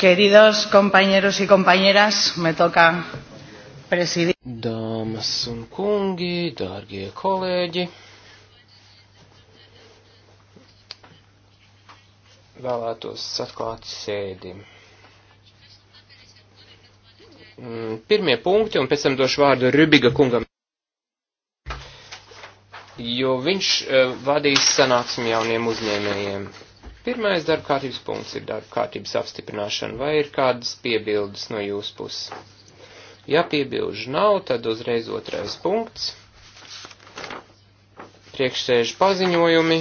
Queridos compañeros y compañeras, me toca presidir. Dāmas un kungi, dārgie kolēģi, vēlētos atklāt sēdi. Mm, pirmie punkti, un pēc tam došu vārdu Rubiga kungam, jo viņš eh, vadīs sanāksmi jauniem uzņēmējiem. Pirmais darba kārtības punkts ir darba kārtības apstiprināšana, vai ir kādas piebildes no jūsu puses? Ja piebilžu nav, tad uzreiz otrais punkts. Priekšsēžu paziņojumi,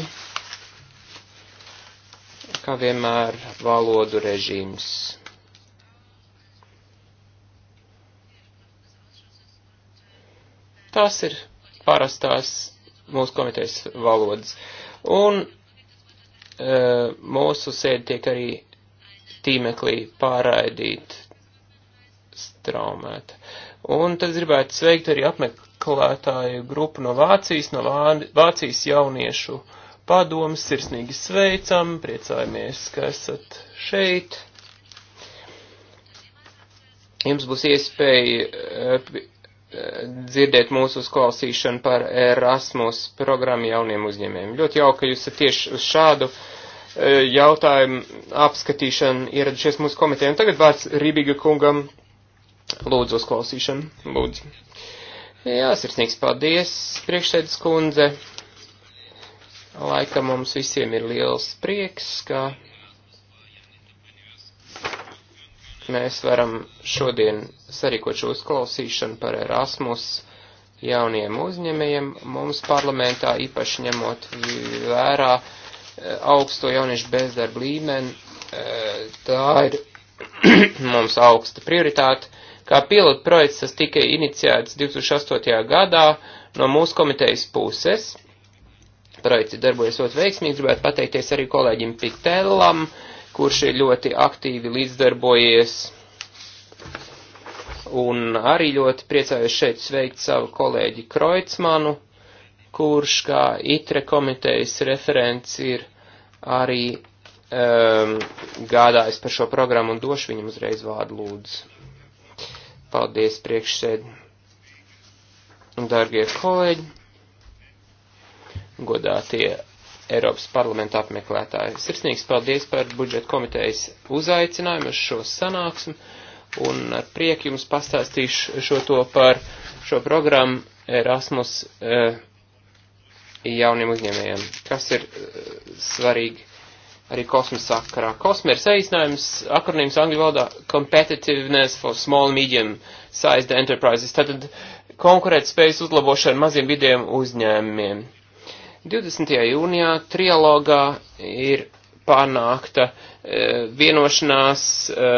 kā vienmēr valodu režīms. Tas ir parastās mūsu komitejas valodas. Un Eh, mūsu sēdi tiek arī tīmeklī pārraidīt, straumēt. Un tad gribētu sveikt arī apmeklētāju grupu no Vācijas, no Vācijas jauniešu padomas, sirsnīgi sveicam, priecājamies, ka esat šeit. Jums būs iespēja eh, dzirdēt mūsu uzklausīšanu par Erasmus programmu jauniem uzņēmējiem. Ļoti jauka, ka jūs esat tieši uz šādu e, jautājumu apskatīšanu ieradušies mūsu komitejā. Un tagad vārds Rībiga kungam. Lūdzu, uzklausīšanu. Lūdzu. Jā, sirsnīgs paldies, priekšsēdus kundze. Laika mums visiem ir liels prieks, ka mēs varam šodien sarīkot šo uzklausīšanu par Erasmus jauniem uzņēmējiem mums parlamentā, īpaši ņemot vērā eh, augsto jauniešu bezdarba līmeni. Eh, tā ir mums augsta prioritāte. Kā pilotu projekts tas tika iniciēts 2008. gadā no mūsu komitejas puses. Projekts darbojas ļoti veiksmīgi, gribētu pateikties arī kolēģim Pitellam, uh, kurš ir ļoti aktīvi līdzdarbojies un arī ļoti priecājos šeit sveikt savu kolēģi Kreutzmanu, kurš kā itre komitejas referents ir arī um, gādājis par šo programmu un došu viņam uzreiz vārdu lūdzu. Paldies priekšsēd. Dargie kolēģi, godātie Eiropas parlamenta apmeklētāji. Sirsnīgs paldies par budžeta komitejas uzaicinājumu uz šo sanāksmu un ar prieku jums pastāstīšu šo to par šo programmu Erasmus eh, jauniem uzņēmējiem, kas ir eh, svarīgi arī kosmosa sakarā. Kosma ir saīsinājums, akronīms angļu valodā Competitiveness for Small Medium Sized Enterprises, tātad konkurētspējas uzlabošana maziem vidiem uzņēmumiem. 20. jūnijā trialogā ir panākta e, vienošanās e,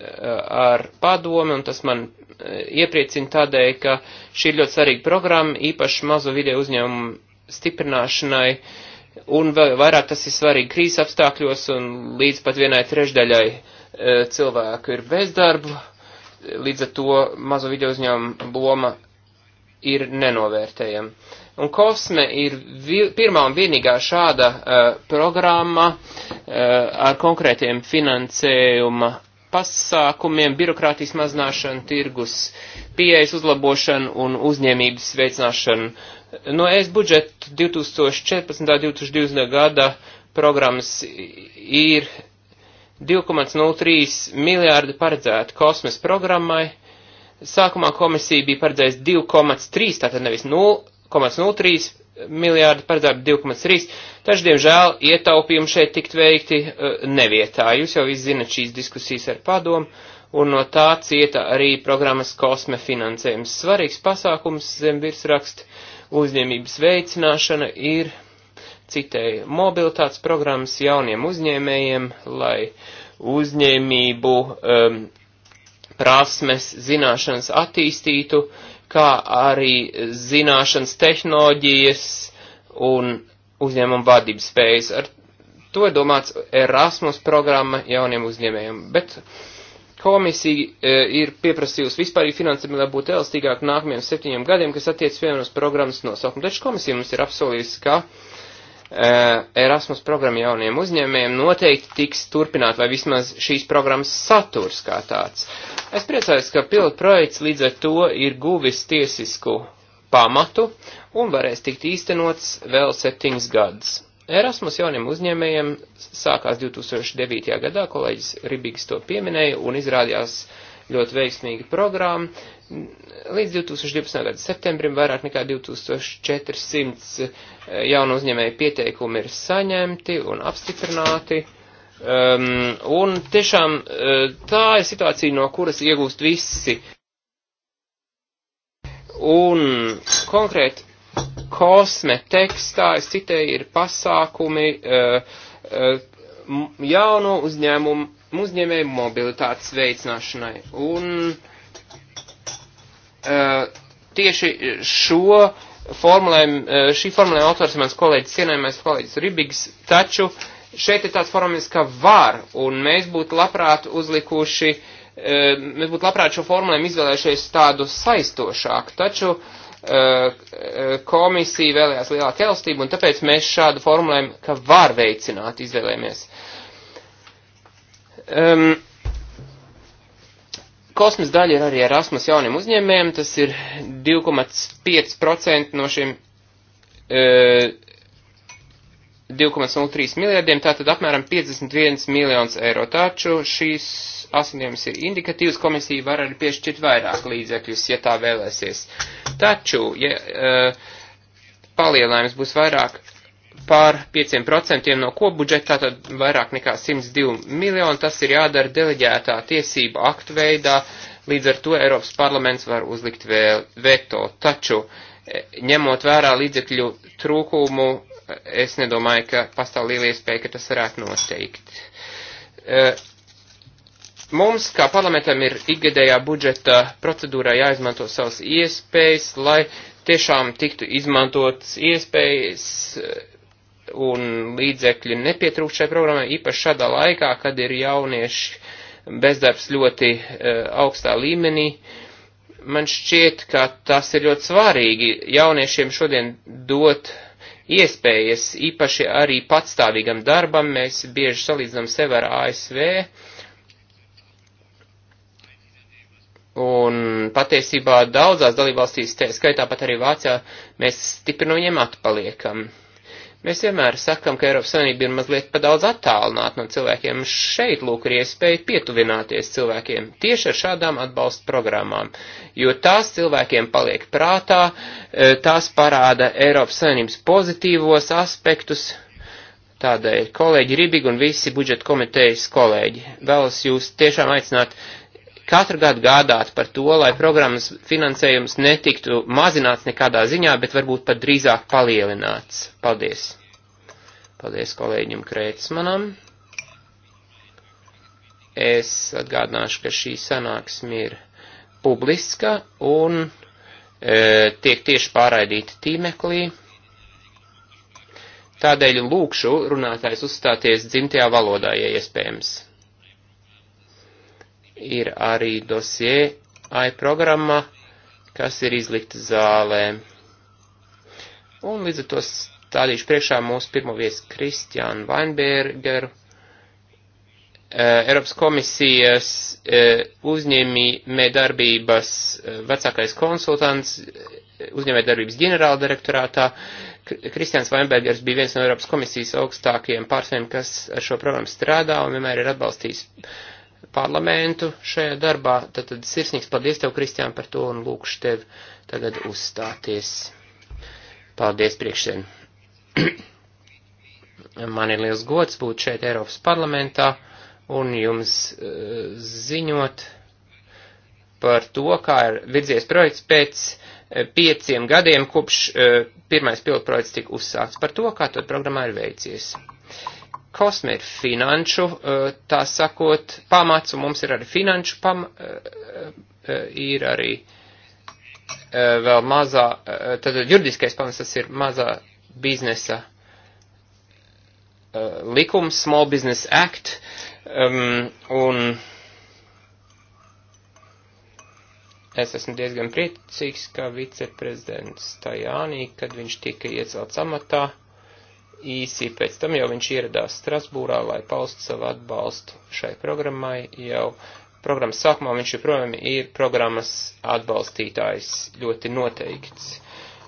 e, ar padomi, un tas man iepriecina tādēļ, ka šī ir ļoti svarīga programma, īpaši mazo video uzņēmumu stiprināšanai, un vēl vairāk tas ir svarīgi krīzes apstākļos, un līdz pat vienai trešdaļai cilvēku ir bezdarbu, līdz ar to mazo video uzņēmumu loma ir nenovērtējama. Un Kosme ir pirmā un vienīgā šāda uh, programma uh, ar konkrētiem finansējuma pasākumiem, birokrātijas mazināšanu, tirgus pieejas uzlabošanu un uzņēmības veicināšanu. No ES budžeta 2014. 2020. gada programmas ir 2,03 miljārdi paredzēti kosmes programmai, uh, Sākumā komisija bija paredzējusi 2,3, tātad nevis 0,03 miljārdi, paredzēta 2,3, taču, diemžēl, ietaupījumi šeit tikt veikti eh, nevietā. Jūs jau visi zinat šīs diskusijas ar padomu, un no tā cieta arī programmas kosme finansējums. Svarīgs pasākums zem virsraksta uzņēmības veicināšana ir, citēju, mobilitātes programmas jauniem uzņēmējiem, lai uzņēmību um, prasmes, zināšanas attīstītu, kā arī zināšanas tehnoloģijas un uzņēmuma vadības spējas. Ar to ir domāts Erasmus programma jauniem uzņēmējiem, bet komisija e, ir pieprasījusi vispārīgi finansējumu, lai būtu elastīgāk nākamajiem septiņiem gadiem, kas attiec piemēram uz programmas nosaukumu. Taču komisija mums ir apsolījusi, ka Eh, Erasmus programma jauniem uzņēmējiem noteikti tiks turpināt, vai vismaz šīs programmas saturs kā tāds. Es priecājos, ka pilotu projekts līdz ar to ir guvis tiesisku pamatu un varēs tikt īstenots vēl septiņas gadus. Erasmus jauniem uzņēmējiem sākās 2009. gadā, kolēģis Ribīgs to pieminēja, un izrādījās ļoti veiksmīga programma, Līdz 2012. gada septembrim vairāk nekā 2400 eh, jaunu uzņēmēju pieteikumi ir saņemti un apstiprināti. Um, un tiešām eh, tā ir situācija, no kuras iegūst visi. Un konkrēti kosme tekstā, es citēju, ir pasākumi uh, eh, uh, jauno uzņēmumu, uzņēmēju mobilitātes veicināšanai. Un uh, Eh, tieši šo formulējumu, eh, šī formulējuma autors ir mans kolēģis, cienējamais kolēģis Ribigs, taču šeit ir tāds formulējums, ka var, un mēs būtu labprāt uzlikuši, eh, mēs būtu labprāt šo formulējumu izvēlējušies tādu saistošāku, taču komisija vēlējās lielāku elastību, un tāpēc mēs šādu formulējumu, ka var veicināt, izvēlējamies. Um, kosmas daļa ir arī Erasmus ar jauniem uzņēmējiem, tas ir 2,5% no šiem e, 2,03 miljardiem, tātad apmēram 51 miljonus eiro. Taču šīs asinījums ir indikatīvs, komisija var arī piešķirt vairāk līdzekļus, ja tā vēlēsies. Taču, ja e, palielinājums būs vairāk pār 5% no kopbudžeta, tātad vairāk nekā 102 miljoni. Tas ir jādara deleģētā tiesība aktu veidā, līdz ar to Eiropas parlaments var uzlikt vēl veto. Taču, e, ņemot vērā līdzekļu trūkumu, e, es nedomāju, ka pastāv liela iespēja, ka tas varētu noteikt. E, mums, kā parlamentam, ir ikgadējā budžeta procedūrā jāizmanto savas iespējas, lai tiešām tiktu izmantotas iespējas un līdzekļi nepietrūkst šai programmai, īpaši šādā laikā, kad ir jaunieši bezdarbs ļoti uh, augstā līmenī. Man šķiet, ka tas ir ļoti svarīgi jauniešiem šodien dot iespējas, īpaši arī patstāvīgam darbam. Mēs bieži salīdzinām sevi ar ASV. Un patiesībā daudzās dalībvalstīs, tā skaitā pat arī Vācijā, mēs stipri no viņiem atpaliekam. Mēs vienmēr sakam, ka Eiropas Savienība ir mazliet pa daudz attālināta no cilvēkiem. Šeit, lūk, ir iespēja pietuvināties cilvēkiem tieši ar šādām atbalsta programmām, jo tās cilvēkiem paliek prātā, e, tās parāda Eiropas Savienības pozitīvos aspektus. Tādēļ kolēģi Ribīgi un visi budžeta komitejas kolēģi vēlas jūs tiešām aicināt uh, katru gadu gādāt par to, lai programmas finansējums netiktu mazināts nekādā ziņā, bet varbūt pat drīzāk palielināts. Paldies! Paldies kolēģim Krētsmanam. Es atgādināšu, ka šī sanāksme ir publiska un e, tiek tieši pārraidīta tīmeklī. Tādēļ lūkšu runātājs uzstāties dzimtajā valodā, ja iespējams ir arī dosie AI programma, kas ir izlikta zālē. Un līdz ar to stādīšu priekšā mūsu pirmo viesu Kristiānu Vainbergeru. Eh, Eiropas komisijas eh, uzņēmē darbības eh, vecākais konsultants uzņēmē darbības ģenerāla direktorātā. Kristians Vainbergers bija viens no Eiropas komisijas augstākajiem pārstāvjiem, kas ar šo programmu strādā un vienmēr ir atbalstījis parlamentu šajā darbā, tad, tad sirsnīgs paldies tev, Kristiāna, par to un lūkšu tev tagad uzstāties. Paldies priekšsien. Man ir liels gods būt šeit Eiropas parlamentā un jums uh, ziņot par to, kā ir virzies projekts pēc eh, pieciem gadiem, kopš uh, pirmais pilotprojekts tika uzsākts, par to, kā to programmā ir veicies. Uh, kosmē ir finanšu, eh, tā sakot, pamats, un mums ir arī finanšu pam, eh, eh, ir arī vēl mazā, tad juridiskais pamats, tas ir mazā biznesa likums, Small Business Act, um, un es esmu diezgan priecīgs, ka viceprezidents Tajānī, kad viņš tika iecelts amatā, īsi pēc tam jau viņš ieradās Strasbūrā, lai paustu savu atbalstu šai programmai. Jau programmas sākumā viņš joprojām ir programmas atbalstītājs ļoti noteikts.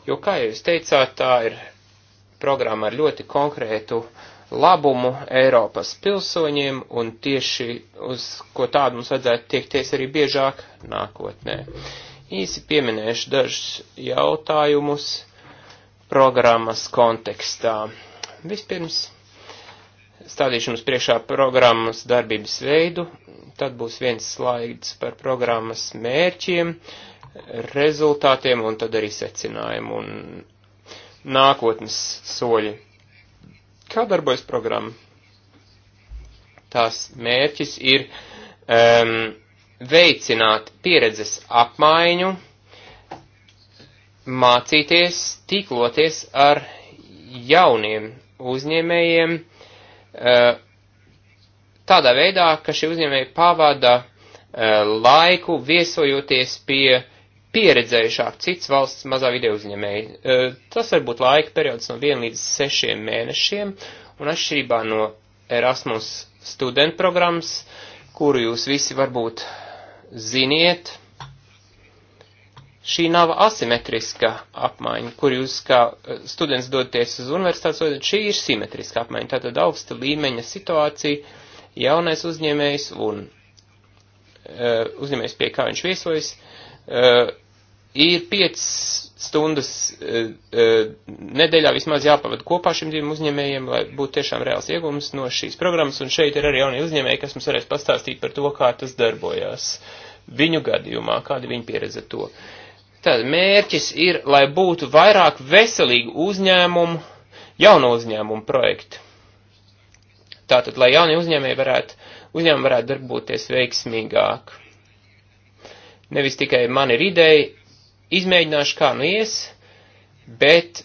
Jo, kā jūs teicāt, tā ir programma ar ļoti konkrētu labumu Eiropas pilsoņiem, un tieši uz ko tādu mums vajadzētu tiekties arī biežāk nākotnē. Īsi pieminēšu dažus jautājumus programmas kontekstā. Vispirms stādīšu jums priekšā programmas darbības veidu, tad būs viens slaids par programmas mērķiem, rezultātiem un tad arī secinājumu un nākotnes soļi. Kā darbojas programma? Tās mērķis ir um, veicināt pieredzes apmaiņu, mācīties, tīkloties ar jauniem uzņēmējiem eh, tādā veidā, ka šie uzņēmēji pavada eh, laiku viesojoties pie pieredzējušāk cits valsts mazā video uzņēmēji. Eh, tas var būt laika periods no 1 līdz 6 mēnešiem, un atšķirībā no Erasmus studentu programmas, kuru jūs visi varbūt ziniet, šī nav asimetriska apmaiņa, kur jūs kā eh, students doties uz universitātes, vai šī ir simetriska apmaiņa, tātad augsta līmeņa situācija, jaunais uzņēmējs un uh, uzņēmējs pie kā viņš viesojas, uh, ir 5 stundas uh, uh, nedēļā vismaz jāpavada kopā šiem diviem uzņēmējiem, lai būtu tiešām reāls iegums no šīs programmas, un šeit ir arī jaunie uzņēmēji, kas mums varēs pastāstīt par to, kā tas darbojās viņu gadījumā, kāda viņa pieredze to. Uh, Tad mērķis ir, lai būtu vairāk veselīgu uzņēmumu, jauno uzņēmumu projektu. Tātad, lai jaunie uzņēmēji varētu, uzņēmumi varētu darboties veiksmīgāk. Nevis tikai man ir ideja, izmēģināšu kā nu ies, bet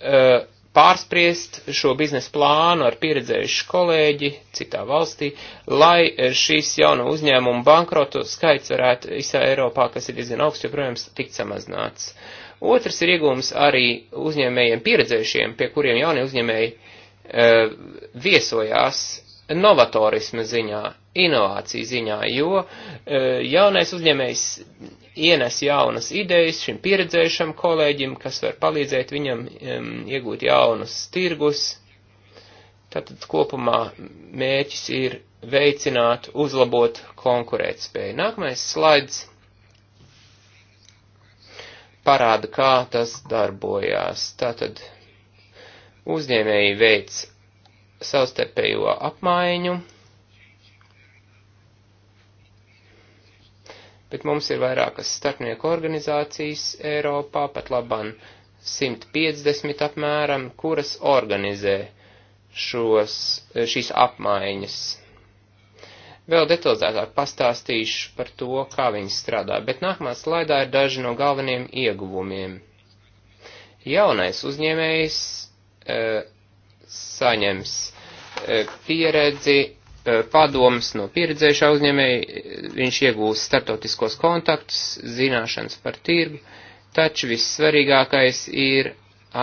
uh, pārspriest šo biznesa plānu ar pieredzējušu kolēģi citā valstī, lai eh, šīs jauno uzņēmumu bankrotu skaits varētu visā Eiropā, kas ir diezgan augsts, joprojām tikt samazināts. Otrs ir iegūms arī uzņēmējiem pieredzējušiem, pie kuriem jaunie uzņēmēji e, viesojās novatorisma ziņā, inovāciju ziņā, jo e, jaunais uzņēmējs ienes jaunas idejas šim pieredzējušam kolēģim, kas var palīdzēt viņam um, iegūt jaunus tirgus. Tātad kopumā mērķis ir veicināt, uzlabot konkurētspēju. Nākamais slaids parāda, kā tas darbojās. Tātad uzņēmēji veic savstarpējo apmaiņu bet mums ir vairākas starpnieku organizācijas Eiropā, pat laban 150 apmēram, kuras organizē šos, šīs apmaiņas. Vēl detalizētāk pastāstīšu par to, kā viņi strādā, bet nākamā slaidā ir daži no galveniem ieguvumiem. Jaunais uzņēmējs e, saņems e, pieredzi Eh, padomas no pieredzējušā uzņēmēja, eh, viņš iegūst startautiskos kontaktus, zināšanas par tirgu, taču vissvarīgākais ir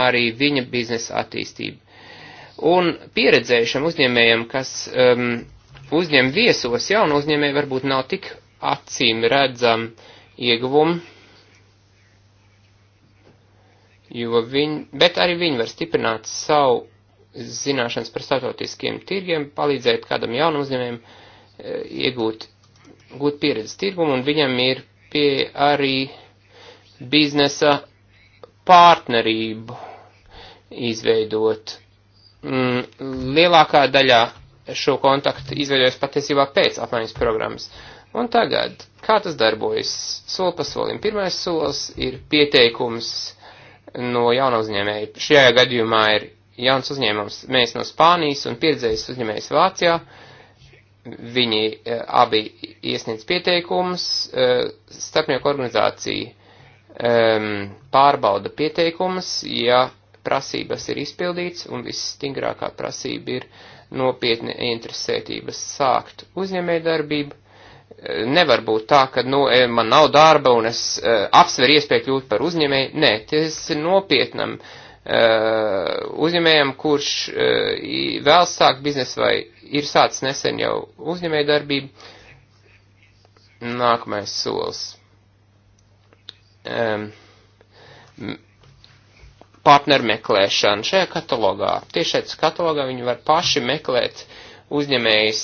arī viņa biznesa attīstība. Un pieredzējušam uzņēmējam, kas um, uzņem viesos, jaunu uzņēmēju varbūt nav tik acīm redzam ieguvumu, jo viņi, bet arī viņi var stiprināt savu zināšanas par startautiskiem tirgiem, palīdzēt kādam jaunam uzņēmējam eh, iegūt gūt pieredzi tirgumu, un viņam ir pie arī biznesa partnerību izveidot. Mm, lielākā daļā šo kontaktu izveidojas patiesībā pēc apmaiņas programmas. Un tagad, kā tas darbojas? Soli pa solim. Pirmais solis ir pieteikums no jauna uzņēmēja. Šajā gadījumā ir jauns uzņēmums. Mēs no Spānijas un pieredzējis uzņēmējs Vācijā. Viņi uh, abi iesniedz pieteikumus, uh, starpnieku organizācija um, pārbauda pieteikumus, ja prasības ir izpildīts, un visstingrākā prasība ir nopietna interesētības sākt uzņēmējdarbību. Eh, nevar būt tā, ka nu, man nav darba un es uh, apsveru iespēju kļūt par uzņēmēju. Nē, tas ir nopietnam uh, Eh, uzņēmējam, kurš eh, vēl sāk biznesu vai ir sācis nesen jau uzņēmēju darbību, nākamais solis. Partner meklēšana šajā katalogā. Tieši šeit katalogā viņi var paši meklēt uzņēmējs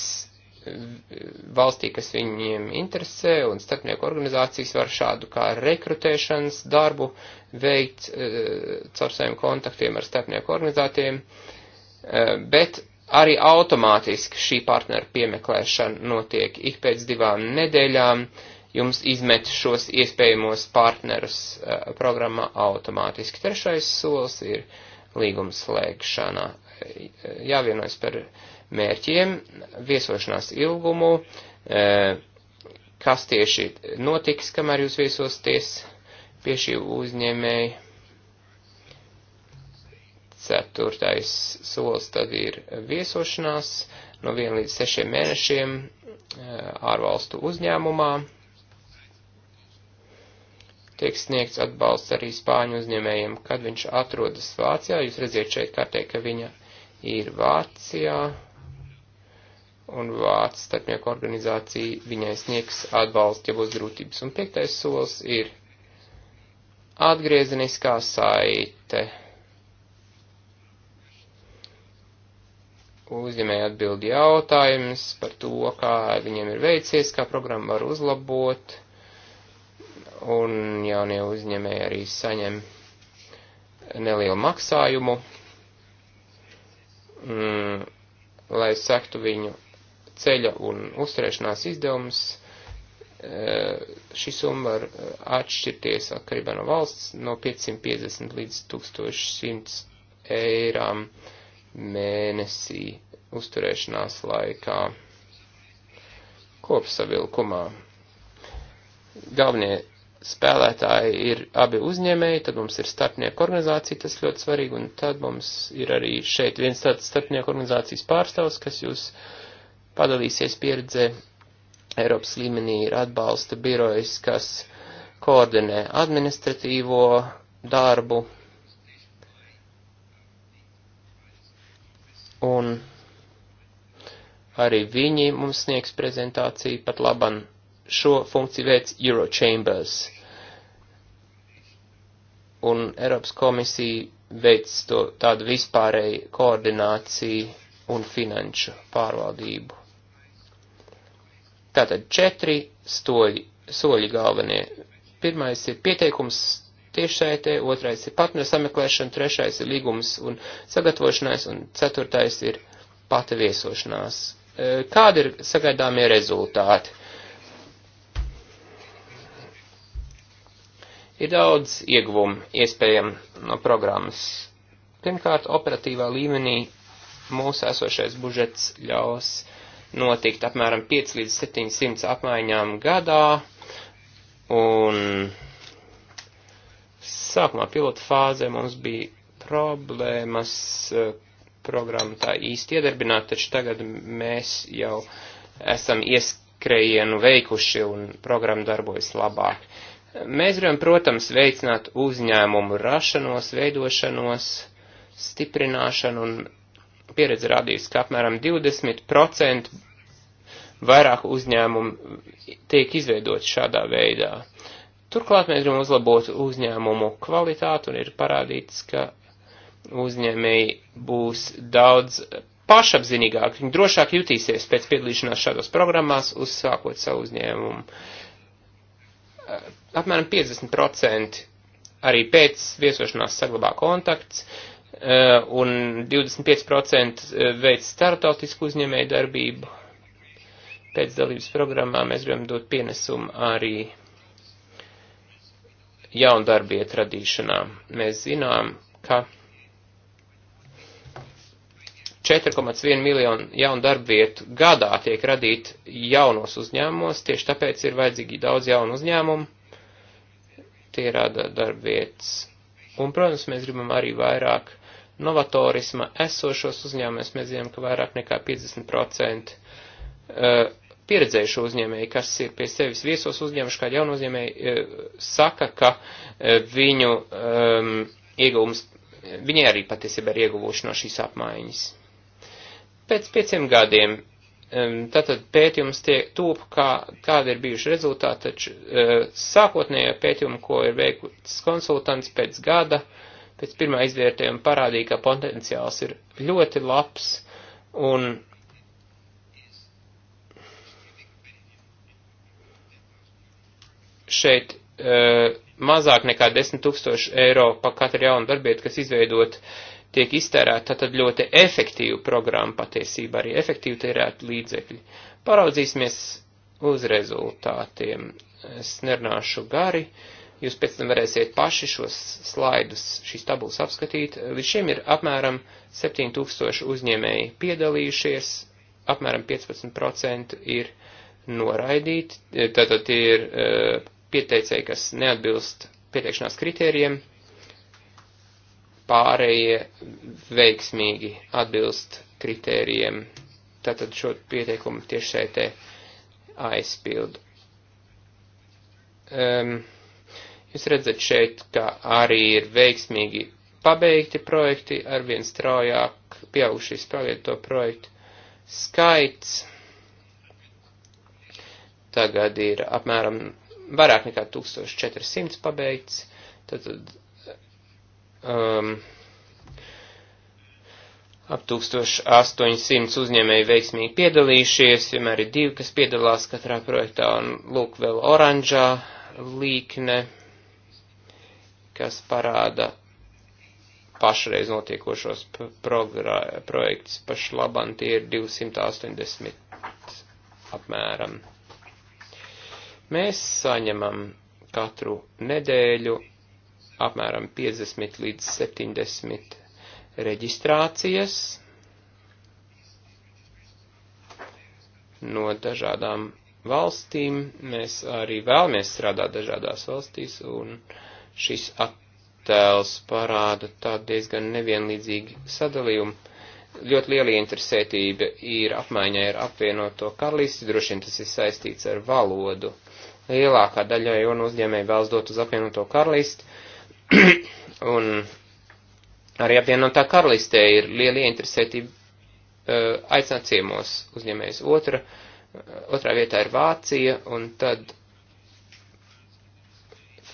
valstī, kas viņiem interesē, un starpnieku organizācijas var šādu kā rekrutēšanas darbu veikt eh, caur saviem kontaktiem ar starpnieku organizācijiem, eh, bet arī automātiski šī partneru piemeklēšana notiek ik pēc divām nedēļām. Jums izmet šos iespējamos partnerus eh, programmā automātiski. Trešais solis ir līgums slēgšana. Jāvienojas par uh, mērķiem, viesošanās ilgumu, e, kas tieši notiks, kamēr jūs viesosties pie šī uzņēmēja. Ceturtais solis tad ir viesošanās no 1 līdz 6 mēnešiem e, ārvalstu uzņēmumā. Tiek sniegts atbalsts arī spāņu uzņēmējiem, kad viņš atrodas Vācijā. Jūs redziet šeit kartē, ka viņa ir Vācijā un Vācu starpnieku organizācija viņai sniegs atbalstu, ja būs grūtības. Un piektais solis ir atgriezeniskā saite. Uzņēmēji atbild jautājums par to, kā viņiem ir veicies, kā programma var uzlabot, un jaunie uzņēmēji arī saņem nelielu maksājumu, mm, lai sektu viņu ceļa un uzturēšanās izdevumus, eh, šī summa var eh, atšķirties atkarībā no valsts no 550 līdz 1100 eirām mēnesī uzturēšanās laikā kopsavilkumā. Galvenie spēlētāji ir abi uzņēmēji, tad mums ir starpnieku organizācija, tas ļoti svarīgi, un tad mums ir arī šeit viens tāds starpnieku organizācijas pārstāvs, kas jūs uh, padalīsies pieredzē. Eiropas līmenī ir atbalsta birojas, kas koordinē administratīvo darbu un arī viņi mums sniegs prezentāciju pat laban šo funkciju veids Eurochambers. Un Eiropas komisija veids to tādu vispārēju koordināciju un finanšu pārvaldību. Tātad četri stoļi, soļi galvenie. Pirmais ir pieteikums tiešsaitē, otrais ir partneru sameklēšana, trešais ir līgums un sagatavošanās, un ceturtais ir pata viesošanās. E, kādi ir sagaidāmie rezultāti? Ir daudz ieguvumu iespējami no programmas. Pirmkārt, operatīvā līmenī mūsu esošais budžets ļaus uh, notikt apmēram 5 līdz 700 apmaiņām gadā, un sākumā pilota fāzē mums bija problēmas eh, programmu tā īsti iedarbināt, taču tagad mēs jau esam ieskrējienu veikuši un programma darbojas labāk. Mēs gribam, protams, veicināt uzņēmumu rašanos, veidošanos, stiprināšanu un pieredze rādījusi, ka apmēram 20% vairāk uzņēmumu tiek izveidot šādā veidā. Turklāt mēs gribam uzlabot uzņēmumu kvalitāti un ir parādīts, ka uzņēmēji būs daudz pašapzinīgāki, viņi drošāk jutīsies pēc piedalīšanās šādos programmās, uzsākot savu uzņēmumu. Apmēram 50% arī pēc viesošanās saglabā kontakts, eh, un 25% eh, veids startautisku uzņēmēju darbību, pēcdalības programmā mēs gribam dot pienesumu arī jaunu darbietu radīšanā. Mēs zinām, ka 4,1 miljonu jaunu darbvietu gadā tiek radīt jaunos uzņēmumos, tieši tāpēc ir vajadzīgi daudz jaunu uzņēmumu, tie rada darbvietas. Un, protams, mēs gribam arī vairāk novatorisma esošos uzņēmumus, mēs zinām, ka vairāk nekā 50% pieredzējuši uzņēmēji, kas ir pie sevis viesos uzņēmuši, kādi jauni uzņēmēji, e, saka, ka e, viņu um, ieguvums, viņai arī patiesībā ir ieguvuši no šīs apmaiņas. Pēc pieciem gadiem um, tātad pētījums tiek tūp, kā, kāda ir bijuši rezultāti, taču uh, sākotnējā pētījuma, ko ir veikts konsultants pēc gada, pēc pirmā izvērtējuma parādīja, ka potenciāls ir ļoti labs un šeit uh, mazāk nekā 10 tūkstoši eiro pa katru jaunu darbietu, kas izveidot, tiek iztērēta, tad ļoti efektīva programma patiesībā, arī efektīvi tērēt līdzekļi. Paraudzīsimies uz rezultātiem. Es nerunāšu gari, jūs pēc tam varēsiet paši šos slaidus, šīs tabulas apskatīt. Līdz šim ir apmēram 7000 uzņēmēji piedalījušies, apmēram 15% ir noraidīti, tātad ir uh, pieteicēji, kas neatbilst pieteikšanās kritērijiem, pārējie veiksmīgi atbilst kritērijiem. Tātad šo pieteikumu tiešsaitē aizpildu. Um, ehm, jūs redzat šeit, ka arī ir veiksmīgi pabeigti projekti, arvien straujāk pieaugušies pavieto projektu skaits. Tagad ir apmēram vairāk nekā 1400 pabeigts. Tad, um, ap 1800 uzņēmēji veiksmīgi piedalījušies, vienmēr ir divi, kas piedalās katrā projektā, un lūk vēl oranžā līkne, kas parāda pašreiz notiekošos projekts, pašlaban tie ir 280 apmēram. Mēs saņemam katru nedēļu apmēram 50 līdz 70 reģistrācijas no dažādām valstīm. Mēs arī vēlamies strādāt dažādās valstīs, un šis attēls parāda tādu diezgan nevienlīdzīgu sadalījumu. Ļoti liela interesētība ir apmaiņai ar apvienoto karalisti, droši vien tas ir saistīts ar valodu. Uh, lielākā daļa jaunu uzņēmēju vēlas dot uz apvienoto karalisti, un arī apvienotā karalistē ir liela ieinteresētība uh, eh, aicināt ciemos uzņēmējus. Otra, uh, otrā vietā ir Vācija, un tad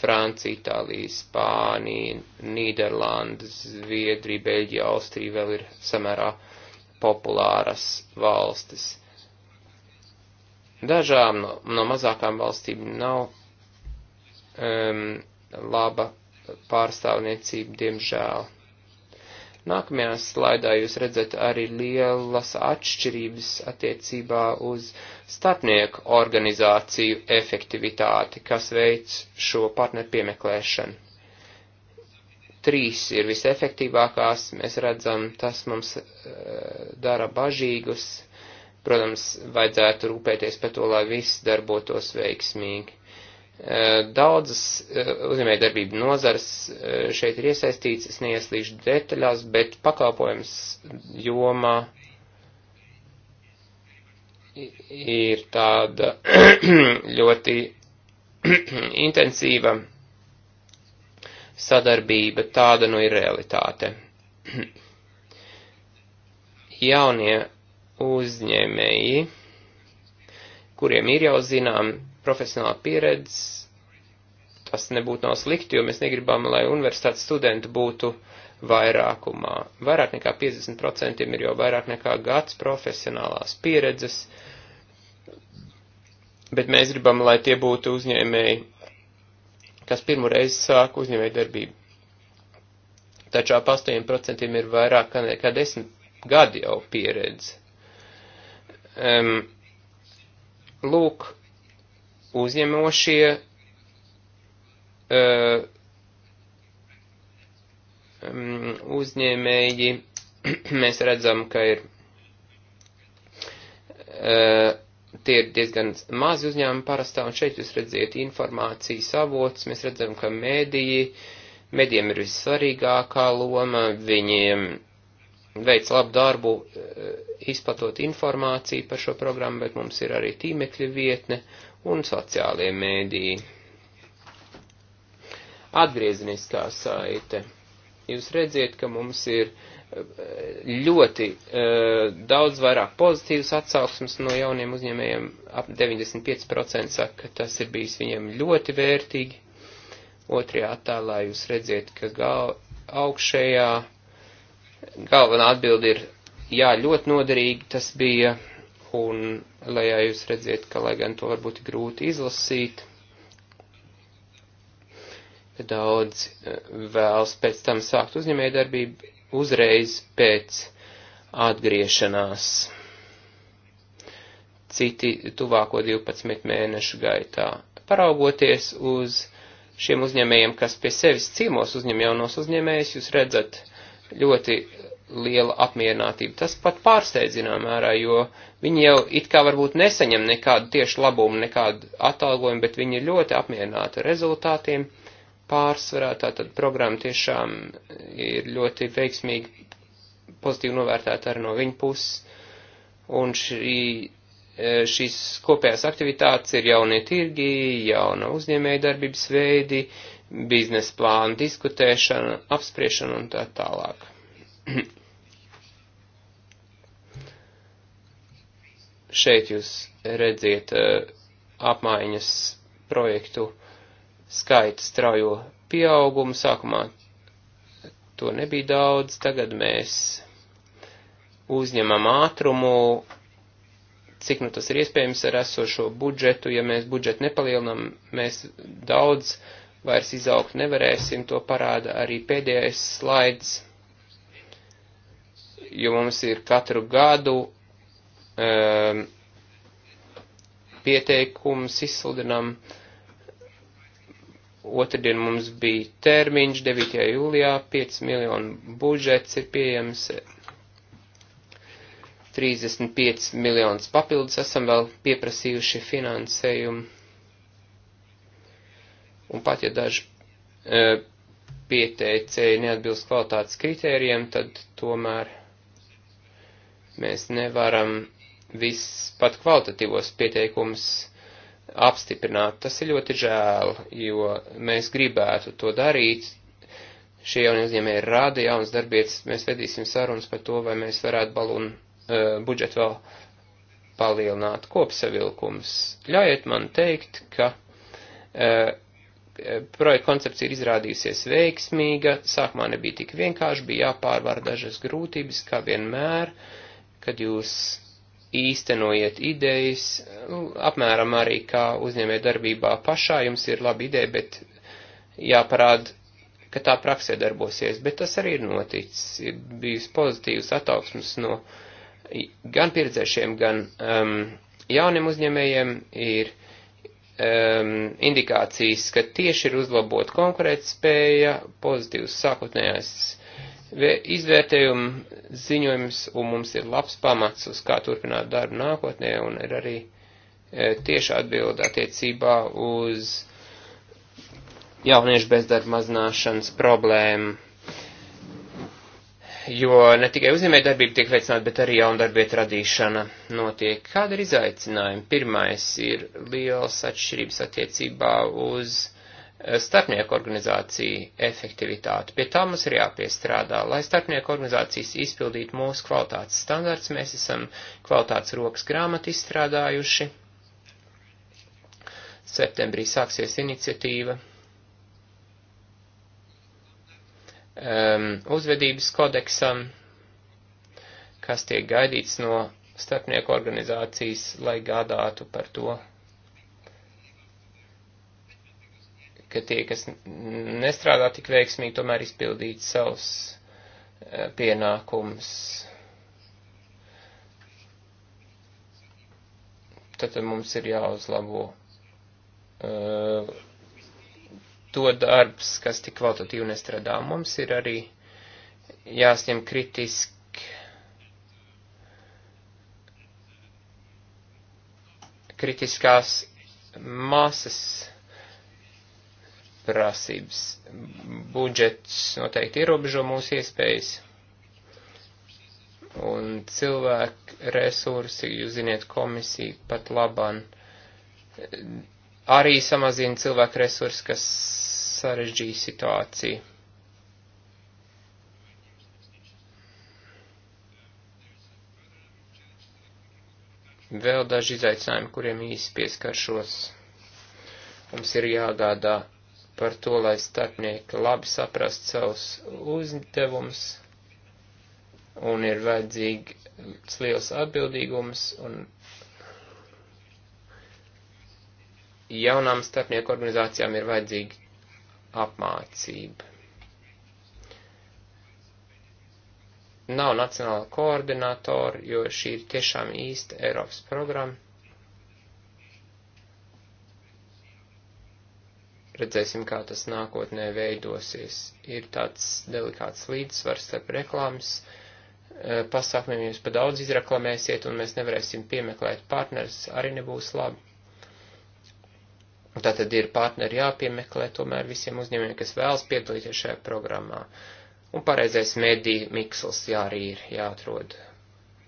Francija, Itālija, Spānija, Nīderlanda, Zviedrija, Beļģija, Austrija vēl ir samērā populāras valstis. Dažām no, no mazākām valstīm nav um, laba pārstāvniecība, diemžēl. Nākamajā slaidā jūs redzat arī lielas atšķirības attiecībā uz starpnieku organizāciju efektivitāti, kas veic šo partneru piemeklēšanu. Trīs ir visefektīvākās, mēs redzam, tas mums eh, dara bažīgus, Protams, vajadzētu rūpēties par to, lai viss darbotos veiksmīgi. Daudzas uzņēmē darbību nozars šeit ir iesaistīts, es neieslīgšu detaļās, bet pakalpojums jomā ir tāda ļoti intensīva sadarbība, tāda nu ir realitāte. Jaunie uzņēmēji, kuriem ir jau zinām profesionāla pieredze, tas nebūtu nav slikti, jo mēs negribam, lai universitātes studenti būtu vairākumā. Vairāk nekā 50% ir jau vairāk nekā gads profesionālās pieredzes, bet mēs gribam, lai tie būtu uzņēmēji, kas pirmo reizi sāk uzņēmēju darbību. Taču ap 8% ir vairāk nekā 10 gadi jau pieredze um, lūk, uzņemošie uh, um, uzņēmēji, mēs redzam, ka ir uh, tie ir diezgan mazi uzņēmumi parastā, un šeit jūs redziet informācijas avots, mēs redzam, ka mēdīji, mēdījiem ir vissvarīgākā loma, viņiem veic labu darbu, eh, izplatot informāciju par šo programmu, bet mums ir arī tīmekļa vietne un sociālie mēdīji. Atgriezeniskā saite. Jūs redziet, ka mums ir eh, ļoti uh, daudz vairāk pozitīvas atsauksmes no jauniem uzņēmējiem. Ap 95% saka, ka tas ir bijis viņiem ļoti vērtīgi. Otrajā attēlā jūs redziet, ka augšējā uh, Galvenā atbilde ir, jā, ļoti noderīgi tas bija, un lai jā, jūs redziet, ka lai gan to varbūt grūti izlasīt, daudz eh, vēlas pēc tam sākt uzņēmējdarbību uzreiz pēc atgriešanās. Citi tuvāko 12 mēnešu gaitā. Paraugoties uz šiem uzņēmējiem, kas pie sevis ciemos uzņem jaunos uzņēmējus, jūs redzat ļoti liela apmierinātība. Tas pat pārsteidzinām ārā, jo viņi jau it kā varbūt nesaņem nekādu tieši labumu, nekādu atalgojumu, bet viņi ir ļoti apmierināti ar rezultātiem. Pārsvarā tātad programma tiešām ir ļoti veiksmīgi pozitīvi novērtēta arī no viņa puses. Un šī, šīs kopējās aktivitātes ir jaunie tirgi, jauna uzņēmēja darbības veidi, uh, biznesa plānu diskutēšana, apspriešana un tā tālāk. Šeit jūs redziet eh, apmaiņas projektu skaita straujo pieaugumu. Sākumā to nebija daudz, tagad mēs uzņemam ātrumu, cik nu tas ir iespējams ar esošo budžetu. Ja mēs budžetu nepalielinam, mēs daudz uh, vairs izaugt nevarēsim, to parāda arī pēdējais slaids, jo mums ir katru gadu um, pieteikums izsludinam. Otradien mums bija termiņš 9. jūlijā, 5 miljonu budžets ir pieejams, 35 miljonus papildus esam vēl pieprasījuši finansējumu Un pat ja daži e, pieteicēji neatbilst kvalitātes kritērijiem, tad tomēr mēs nevaram viss pat kvalitatīvos pieteikumus apstiprināt. Tas ir ļoti žēl, jo mēs gribētu to darīt. Šie jaunie uzņēmēji rada jaunas darbietas, mēs vedīsim sarunas par to, vai mēs varētu balonu uh, budžetu vēl palielināt kopsavilkums. Ļaujiet man teikt, ka uh, projekta koncepcija ir izrādījusies veiksmīga, sākumā nebija tik vienkārši, bija jāpārvar dažas grūtības, kā vienmēr, kad jūs īstenojiet idejas, nu, apmēram arī kā uzņēmē darbībā pašā, jums ir laba ideja, bet jāparāda, ka tā praksē darbosies, bet tas arī ir noticis, ir bijis pozitīvs attauksmes no gan pieredzēšiem, gan um, jauniem uzņēmējiem, ir um, indikācijas, ka tieši ir uzlabot konkurētspēja, pozitīvs sākotnējais izvērtējuma ziņojums, un mums ir labs pamats, uz kā turpināt darbu nākotnē, un ir arī e, tieša atbilda attiecībā uz jauniešu bezdarba mazināšanas problēmu jo ne tikai uzņēmējdarbība tiek veicināta, bet arī jauna darbieta radīšana notiek. Kāda ir izaicinājuma? Pirmais ir liels atšķirības attiecībā uz eh, starpnieku organizāciju efektivitāti. Pie tā mums ir jāpiestrādā. Lai starpnieku organizācijas izpildītu mūsu kvalitātes standarts, mēs esam kvalitātes rokas grāmatu izstrādājuši. Septembrī sāksies iniciatīva um, uzvedības kodeksam, kas tiek gaidīts no starpnieku organizācijas, lai gādātu par to, ka tie, kas nestrādā tik veiksmīgi, tomēr izpildīt savus uh, pienākumus. Tad mums ir jāuzlabo. Uh, to darbs, kas tik kvalitatīvi nestrādā. Mums ir arī jāsņem kritiski. kritiskās masas prasības. Budžets noteikti ierobežo mūsu iespējas. Un cilvēku resursi, jūs ziniet, komisija pat laban arī samazina cilvēku resursi, kas sarežģīja situāciju. Vēl daži izaicinājumi, kuriem īsi pieskaršos. Mums ir jāgādā par to, lai starpnieki labi saprast savus uzdevumus, un ir vajadzīgs liels atbildīgums, un jaunām starpnieku organizācijām ir vajadzīgi apmācība. Nav nacionāla koordinātora, jo šī ir tiešām īsta Eiropas programma. Redzēsim, kā tas nākotnē veidosies. Ir tāds delikāts līdzsvars starp reklāmas e, pasākumiem, jūs pa daudz izreklamēsiet un mēs nevarēsim piemeklēt partners, arī nebūs labi Tātad ir partneri jāpiemeklē tomēr visiem uzņēmumiem, kas vēlas piedalīties šajā programmā. Un pareizais mediju miksls jā, arī ir jāatrod.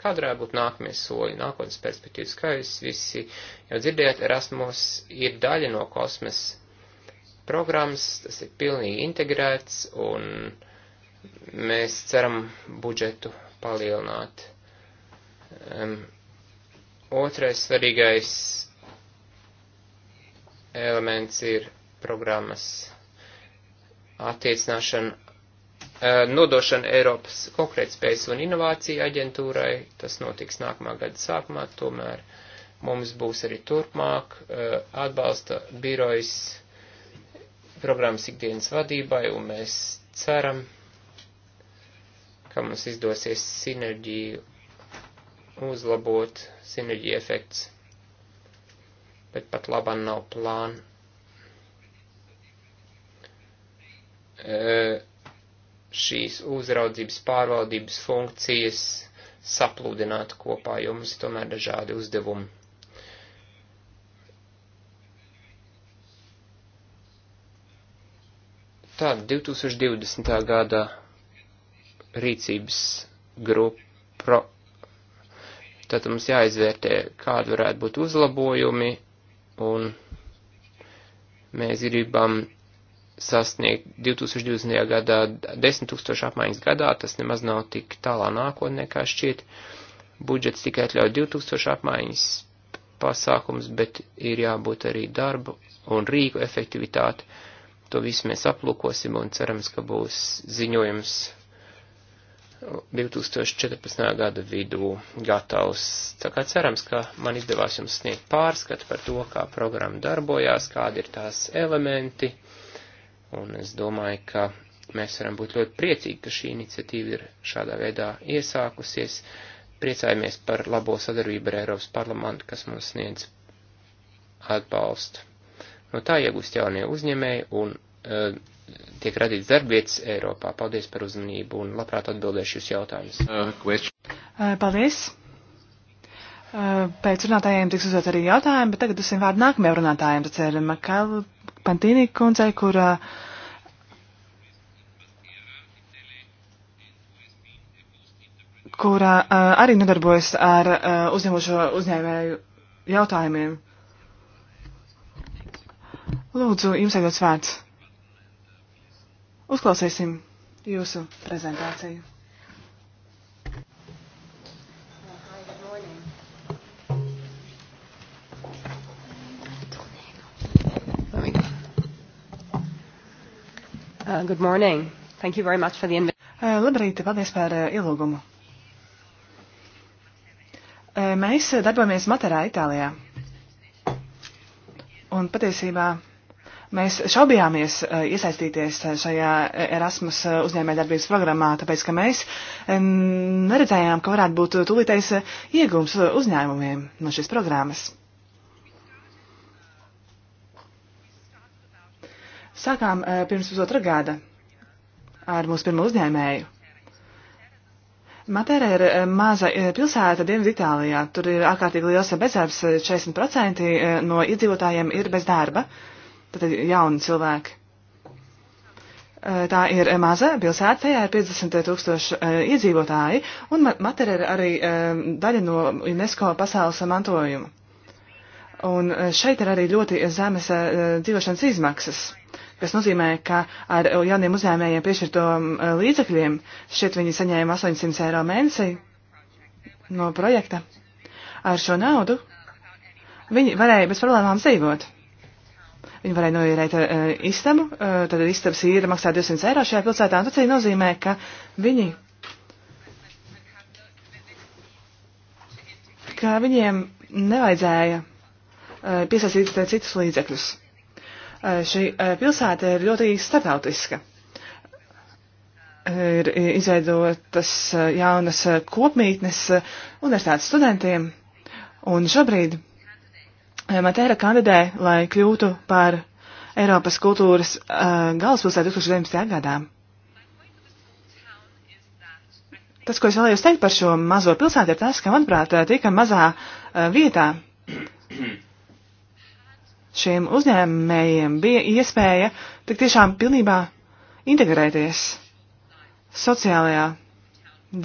Kāda varētu būt nākamie soļi, nākotnes perspektīvas? Kā jūs visi jau dzirdējat, Erasmus ir daļa no kosmes programmas, tas ir pilnīgi integrēts un mēs ceram budžetu palielināt. Um, otrais svarīgais elements ir programmas attiecināšana, nodošana Eiropas konkrētspējas un inovācija aģentūrai. Tas notiks nākamā gada sākumā, tomēr mums būs arī turpmāk atbalsta birojas programmas ikdienas vadībai, un mēs ceram, ka mums izdosies sinerģiju uzlabot, sinerģiju efekts bet pat labam nav plāna. E, šīs uzraudzības pārvaldības funkcijas saplūdināt kopā, jo mums tomēr dažādi uzdevumi. Tad 2020. gada rīcības grupa, tad mums jāizvērtē, kāda varētu būt uzlabojumi, un mēs gribam sasniegt 2020. gadā 10 tūkstoši apmaiņas gadā, tas nemaz nav tik tālā nākotnē, kā šķiet. Budžets tikai atļauj 2000 apmaiņas pasākums, bet ir jābūt arī darbu un rīku efektivitāti. To visu mēs aplūkosim un cerams, ka būs ziņojums 2014. gada vidū gatavs. Tā kā cerams, ka man izdevās jums sniegt pārskatu par to, kā programma darbojās, kādi ir tās elementi, un es domāju, ka mēs varam būt ļoti priecīgi, ka šī iniciatīva ir šādā veidā iesākusies. Priecājamies par labo sadarbību ar Eiropas parlamentu, kas mums sniedz atbalstu. No tā iegūst jaunie uzņēmēji un uh, tiek radīts darbvietas Eiropā. Paldies par uzmanību un labprāt atbildēšu jūs jautājumus. Uh, uh, paldies! Uh, pēc runātājiem tiks uzdot arī jautājumi, bet tagad dosim vārdu nākamajam runātājiem. Tas ir Makala Pantīnī kundzei, kur kurā arī nodarbojas ar uzņemošo uzņēmēju jautājumiem. Lūdzu, jums ir dots vārds. Uzklausīsim jūsu prezentāciju. Uh, good morning. Thank you very much for the invitation. Uh, labrīt, paldies par uh, ielūgumu. Uh, mēs darbojamies Materā, Itālijā. Un patiesībā Mēs šaubījāmies eh, iesaistīties eh, šajā eh, Erasmus uzņēmējdarbības programmā, tāpēc ka mēs neredzējām, ka varētu būt tūlītais iegūms uzņēmumiem no šīs programmas. Sākām pirms pusotra gada ar mūsu pirmo uzņēmēju. Matēra ir maza pilsēta Dienvidu Itālijā. Tur ir ārkārtīgi liels bezdarbs, 40% no iedzīvotājiem ir bez darba. Uh, tad jauni cilvēki. Tā ir maza pilsēta, tajā ir 50 tūkstoši iedzīvotāji, un Matera ir arī daļa no UNESCO pasaules mantojuma. Un šeit ir arī ļoti zemes dzīvošanas izmaksas, kas nozīmē, ka ar jauniem uzņēmējiem piešķirto līdzekļiem šeit viņi saņēma 800 eiro mēnesī no projekta. Ar šo naudu viņi varēja bez problēmām dzīvot. Viņi varēja noīrēt uh, eh, istabu, uh, tad istabas īra maksā 200 eiro šajā pilsētā, un tas arī nozīmē, ka viņi, ka viņiem nevajadzēja uh, piesaistīt citus līdzekļus. Uh, šī uh, pilsēta ir ļoti starptautiska ir izveidotas jaunas kopmītnes universitātes studentiem. Un šobrīd Matēra kandidē, lai kļūtu par Eiropas kultūras uh, galvaspilsētu 2019. gadā. Tas, ko es vēlējos teikt par šo mazo pilsētu, ir tas, ka, manuprāt, tika mazā uh, vietā šiem uzņēmējiem bija iespēja tik tiešām pilnībā integrēties sociālajā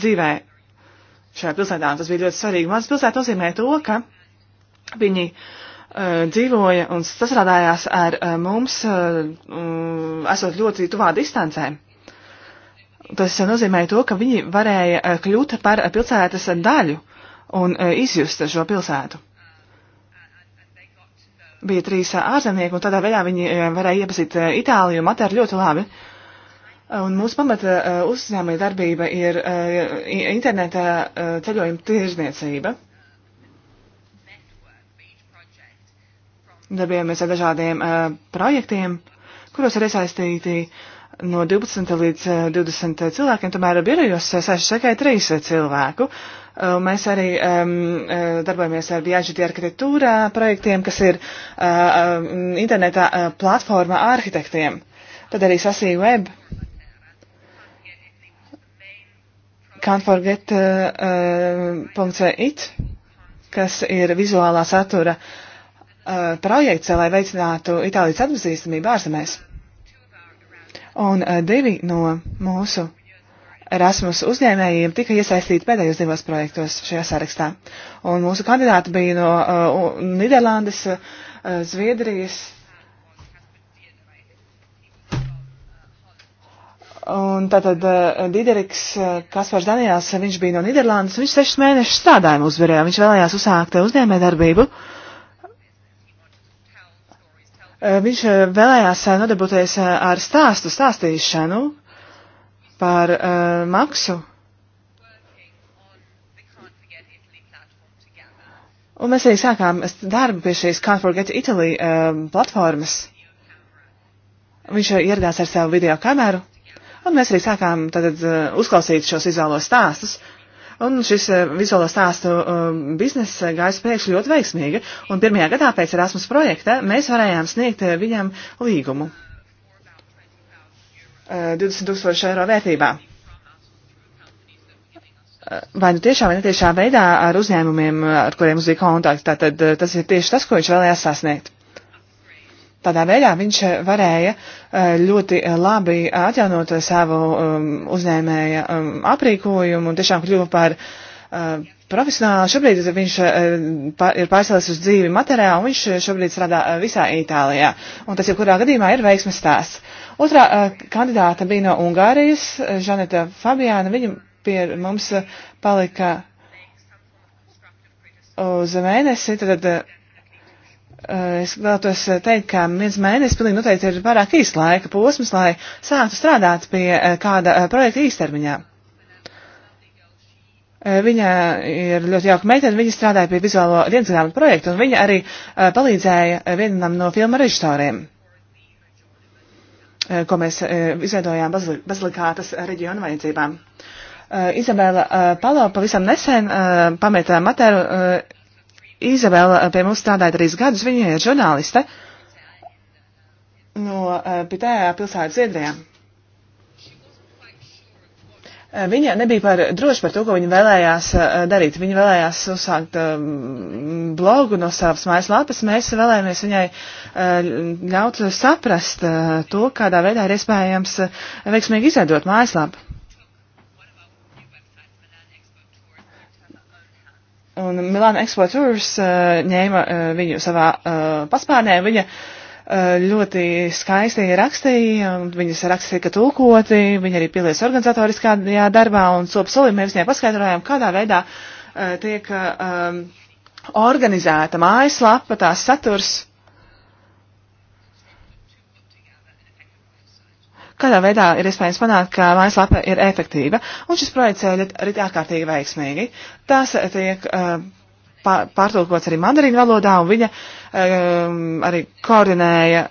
dzīvē šajā pilsētā. Tas bija ļoti svarīgi. Mazas pilsēta nozīmē to, ka viņi Eh, dzīvoja un sasrādājās ar eh, mums, eh, mm, esot ļoti tuvā distancē. Tas nozīmēja to, ka viņi varēja kļūt par pilsētas daļu un izjust šo pilsētu. Bija trīs ārzemnieki, un tādā veidā viņi varēja iepazīt Itāliju un Materu ļoti labi. Un mūsu pamata uzņēmēja darbība ir interneta ceļojuma tirzniecība. darbojamies ar dažādiem uh, projektiem, kuros ir iesaistīti no 12 līdz uh, eh, 20 cilvēkiem, tomēr birojos sēž tikai 3 cilvēku. Uh, mēs arī um, darbojamies ar viāžģīti arhitektūrā projektiem, kas ir uh, internetā uh, platforma arhitektiem. Tad arī sasīja web. Can't forget.it, uh, uh, it, kas ir vizuālā satura uh, Eh, projekts, lai veicinātu Itālijas atpazīstamību ārzemēs. Un eh, divi no mūsu Erasmus uzņēmējiem tika iesaistīti pēdējos divos projektos šajā sarakstā. Un mūsu kandidāti bija no uh, eh, Niderlandes, uh, Zviedrijas. Un tātad uh, Dideriks uh, Kaspars Daniels, viņš bija no Niderlandes, viņš sešas mēnešus strādāja mūsu birojā, viņš vēlējās uzsākt uzņēmē darbību. Uh, Eh, viņš eh, vēlējās eh, nodarboties ar stāstu stāstīšanu par uh, maksu. Un mēs arī sākām darbu pie šīs Can't Forget Italy uh, platformas. Viņš ieradās ar savu video kameru, un mēs arī sākām tad uh, uzklausīt šos izvēlos stāstus. Uh, un šis eh, vizuālo stāstu um, bizness gājas pēkšņi ļoti veiksmīgi, un pirmajā gadā pēc Erasmus projekta mēs varējām sniegt eh, viņam līgumu 20 eh, tūkstoši eiro vērtībā vai nu tiešā vai netiešā veidā ar uzņēmumiem, ar kuriem mums bija kontakts. Tātad tas ir tieši tas, ko viņš vēlējās sasniegt. Tādā veidā viņš eh, varēja eh, ļoti eh, labi atjaunot savu um, uzņēmēja um, aprīkojumu un tiešām kļuva par profesionāli. Šobrīd viņš ir pārcēlis uz dzīvi materiālu, viņš šobrīd strādā visā Itālijā. Un tas jebkurā gadījumā ir veiksmes stāsts. Otrā kandidāta bija no Ungārijas, Žaneta Fabiāna. Viņa pie mums palika uz mēnesi. Tad, Eh, es vēlētos eh, teikt, ka viens mēnesis pilnīgi noteikti ir pārāk īs laika posms, lai sāktu strādāt pie eh, kāda projekta īstermiņā. Viņa ir ļoti jauka meitene, viņa strādāja pie vizuālo dienas grāmatu projektu, un viņa arī palīdzēja vienam no filmu režisoriem ko mēs izveidojām bazilikātas reģionu vajadzībām. Izabela Palo pavisam nesen pameta materu Izabela eh, pie mums strādāja trīs gadus, viņa ir žurnāliste no eh, Pitējā pilsētas Zviedrijā. Eh, viņa nebija par droši par to, ko viņa vēlējās darīt. Viņa vēlējās uzsākt ehm, blogu no savas mājaslapas. Mēs vēlējāmies viņai ļaut saprast to, kādā veidā ir iespējams veiksmīgi izveidot mājaslapu. Un Milāna Export Tours uh, ņēma uh, viņu savā uh, paspārnē. Viņa uh, ļoti skaisti rakstīja, viņas raksti tika tulkoti, viņa arī pielies organizatoriskajā darbā un sopa solim mēs viņai paskaidrojām, kādā veidā uh, tiek uh, um, organizēta mājaslapa, tās saturs. kādā veidā ir iespējams panākt, ka mājaslapa ir efektīva, un šis projekts ir ārkārtīgi veiksmīgi. Tas eh, tiek eh, pārtulkots arī mandarīnu valodā, un viņa eh, arī koordinēja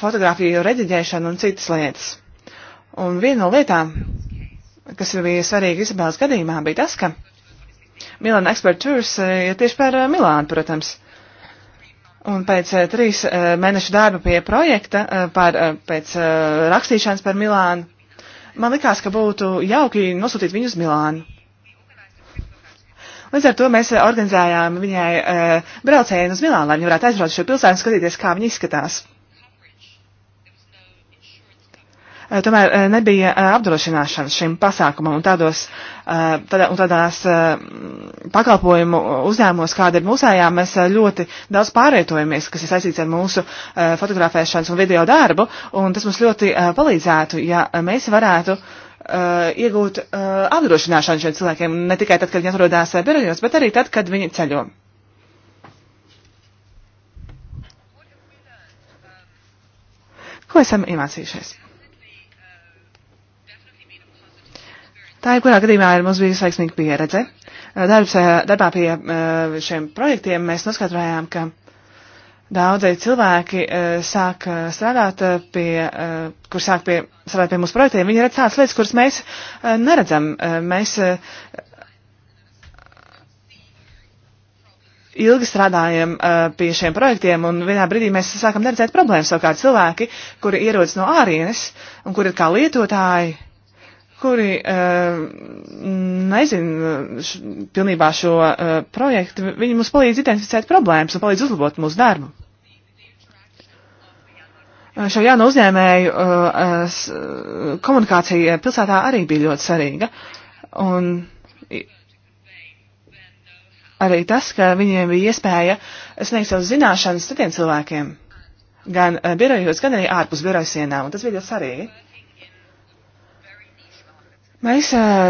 fotografiju reģiģēšanu un citas lietas. Un viena no lietām, kas ir bija svarīga Izabēlas gadījumā, bija tas, ka Milāna Expert Tours ir tieši par Milānu, protams. Un pēc uh, trīs uh, mēnešu darba pie projekta, uh, par, uh, pēc uh, rakstīšanas par Milānu, man likās, ka būtu jauki nosūtīt viņu uz Milānu. Līdz ar to mēs organizējām viņai uh, braucēju uz Milānu, lai viņa varētu aizbraukt šo pilsētu un skatīties, kā viņa izskatās. Eh, tomēr eh, nebija eh, apdrošināšanas šim pasākumam un, tādos, tādā, un tādās pakalpojumu uzņēmumos, kāda ir mūsējā, mēs ļoti daudz pārvietojamies, kas ir saistīts ar mūsu fotografēšanas un video darbu, un tas mums ļoti palīdzētu, ja mēs varētu iegūt apdrošināšanu šiem cilvēkiem, ne tikai tad, kad viņi atrodas birojos, bet arī tad, kad viņi ceļo. Ko esam iemācījušies? Tā ir kurā gadījumā ir mums bijusi veiksmīga pieredze. Darbs, darbā pie šiem projektiem mēs noskatrājām, ka daudzi cilvēki sāk strādāt pie, kur sāk pie, strādāt pie mūsu projektiem. Viņi redz tādas lietas, kuras mēs neredzam. Mēs ilgi strādājam uh, pie šiem projektiem, un vienā brīdī mēs sākam neredzēt problēmas. Savukārt cilvēki, kuri ierodas no ārienes un kuri ir kā lietotāji, kuri uh, eh, nezina š, pilnībā šo uh, projektu, viņi mums palīdz identificēt problēmas un palīdz uzlabot mūsu darbu. Uh, šo jauno uzņēmēju uh, komunikācija pilsētā arī bija ļoti svarīga. Un arī tas, ka viņiem bija iespēja sniegt savas zināšanas citiem cilvēkiem, gan birojos, gan arī ārpus biroja sienām, un tas bija ļoti svarīgi. Mēs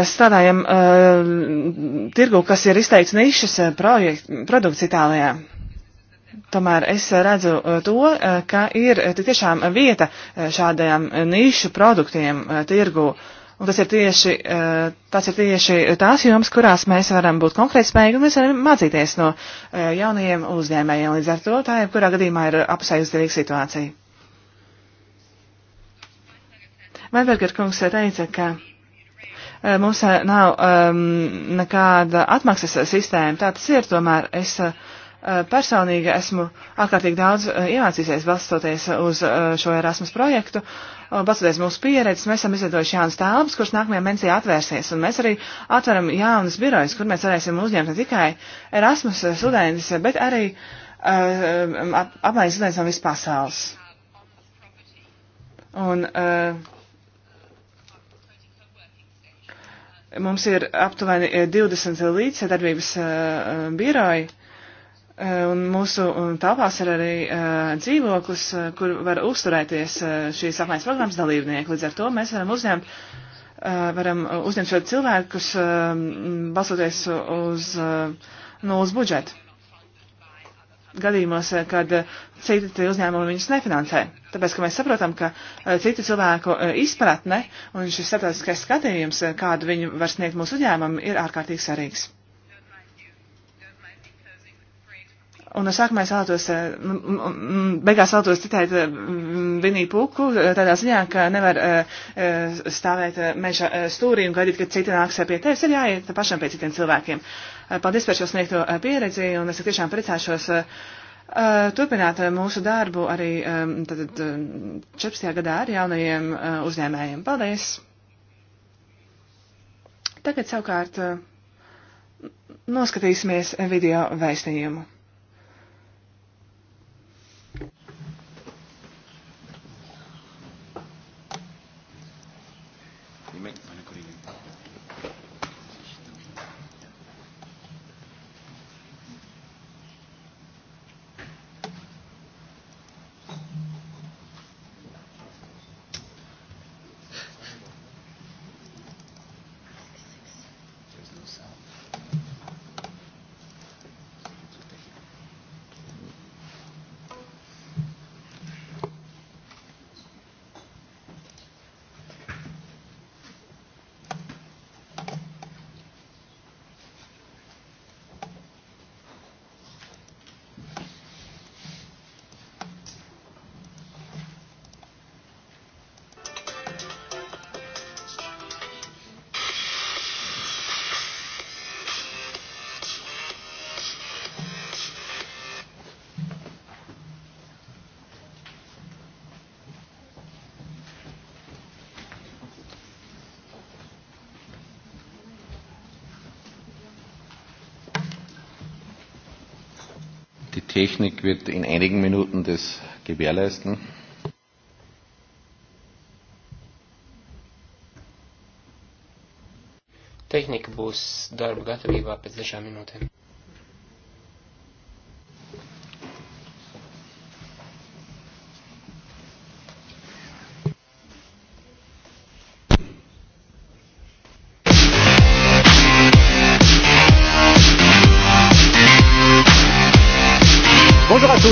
strādājam uh, tirgu, kas ir izteikts nišas projekt, produkts Itālijā. Tomēr es redzu to, ka ir tiešām vieta šādajām nišu produktiem tirgu. Un tas ir tieši, tas ir tieši tās jomas, kurās mēs varam būt konkrēti spējīgi un mēs varam mācīties no jaunajiem uzņēmējiem. Līdz ar to tā ir, kurā gadījumā ir apusēji uzdevīga situācija. Vainberger kungs teica, ka Eh, mums eh, nav um, nekāda atmaksas sistēma, tā tas ir, tomēr es uh, personīgi esmu ārkārtīgi daudz iemācījies balstoties uz šo Erasmus projektu. Balstoties mūsu pieredzes, mēs esam izveidojuši jaunas telpas, kuras nākamajā mēnesī atvērsies, un mēs arī atveram jaunas birojas, kur mēs varēsim uzņemt ne tikai Erasmus studentus, bet arī uh, apmaiņas studentus no visas pasaules. Un uh, Mums ir aptuveni 20 eh, līdzsadarbības eh, eh, biroji, un mūsu telpās ir arī dzīvoklis, kur var uzturēties šīs apmaiņas programmas dalībnieki. Līdz ar to mēs varam uzņemt, varam uzņemt šo cilvēkus, balsoties uz nulles budžetu gadījumos, eh, kad eh, citi uzņēmumi viņus nefinansē. Tāpēc, ka mēs saprotam, ka eh, citu cilvēku izpratne un šis starptautiskais skatījums, kādu viņi var sniegt mūsu uzņēmumam, ir ārkārtīgi svarīgs. Un no sākumā es vēlētos, beigās vēlētos citēt Viniju Puku, tādā ziņā, ka nevar stāvēt meža stūrī un gaidīt, ka citi nāks pie tevis, ir jāiet pašam pie citiem cilvēkiem. Eh, paldies par šo sniegto eh, pieredzi, un es tiešām priecāšos eh, turpināt mūsu darbu arī tad, 14. gadā ar jaunajiem uzņēmējiem. Paldies! Tagad savukārt noskatīsimies video vēstījumu. Technik wird in einigen Minuten das gewährleisten. Tehnika būs darba gatavībā pēc dažām minūtēm.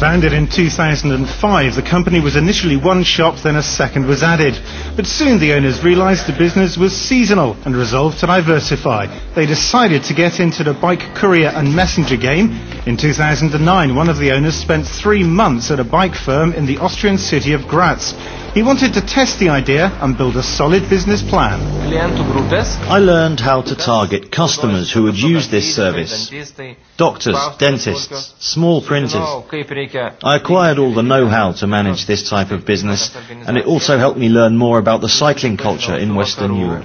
Founded in 2005, the company was initially one shop, then a second was added. But soon the owners realized the business was seasonal and resolved to diversify. They decided to get into the bike courier and messenger game In 2009, one of the owners spent three months at a bike firm in the Austrian city of Graz. He wanted to test the idea and build a solid business plan. I learned how to target customers who would use this service. Doctors, dentists, small printers. I acquired all the know-how to manage this type of business and it also helped me learn more about the cycling culture in Western Europe.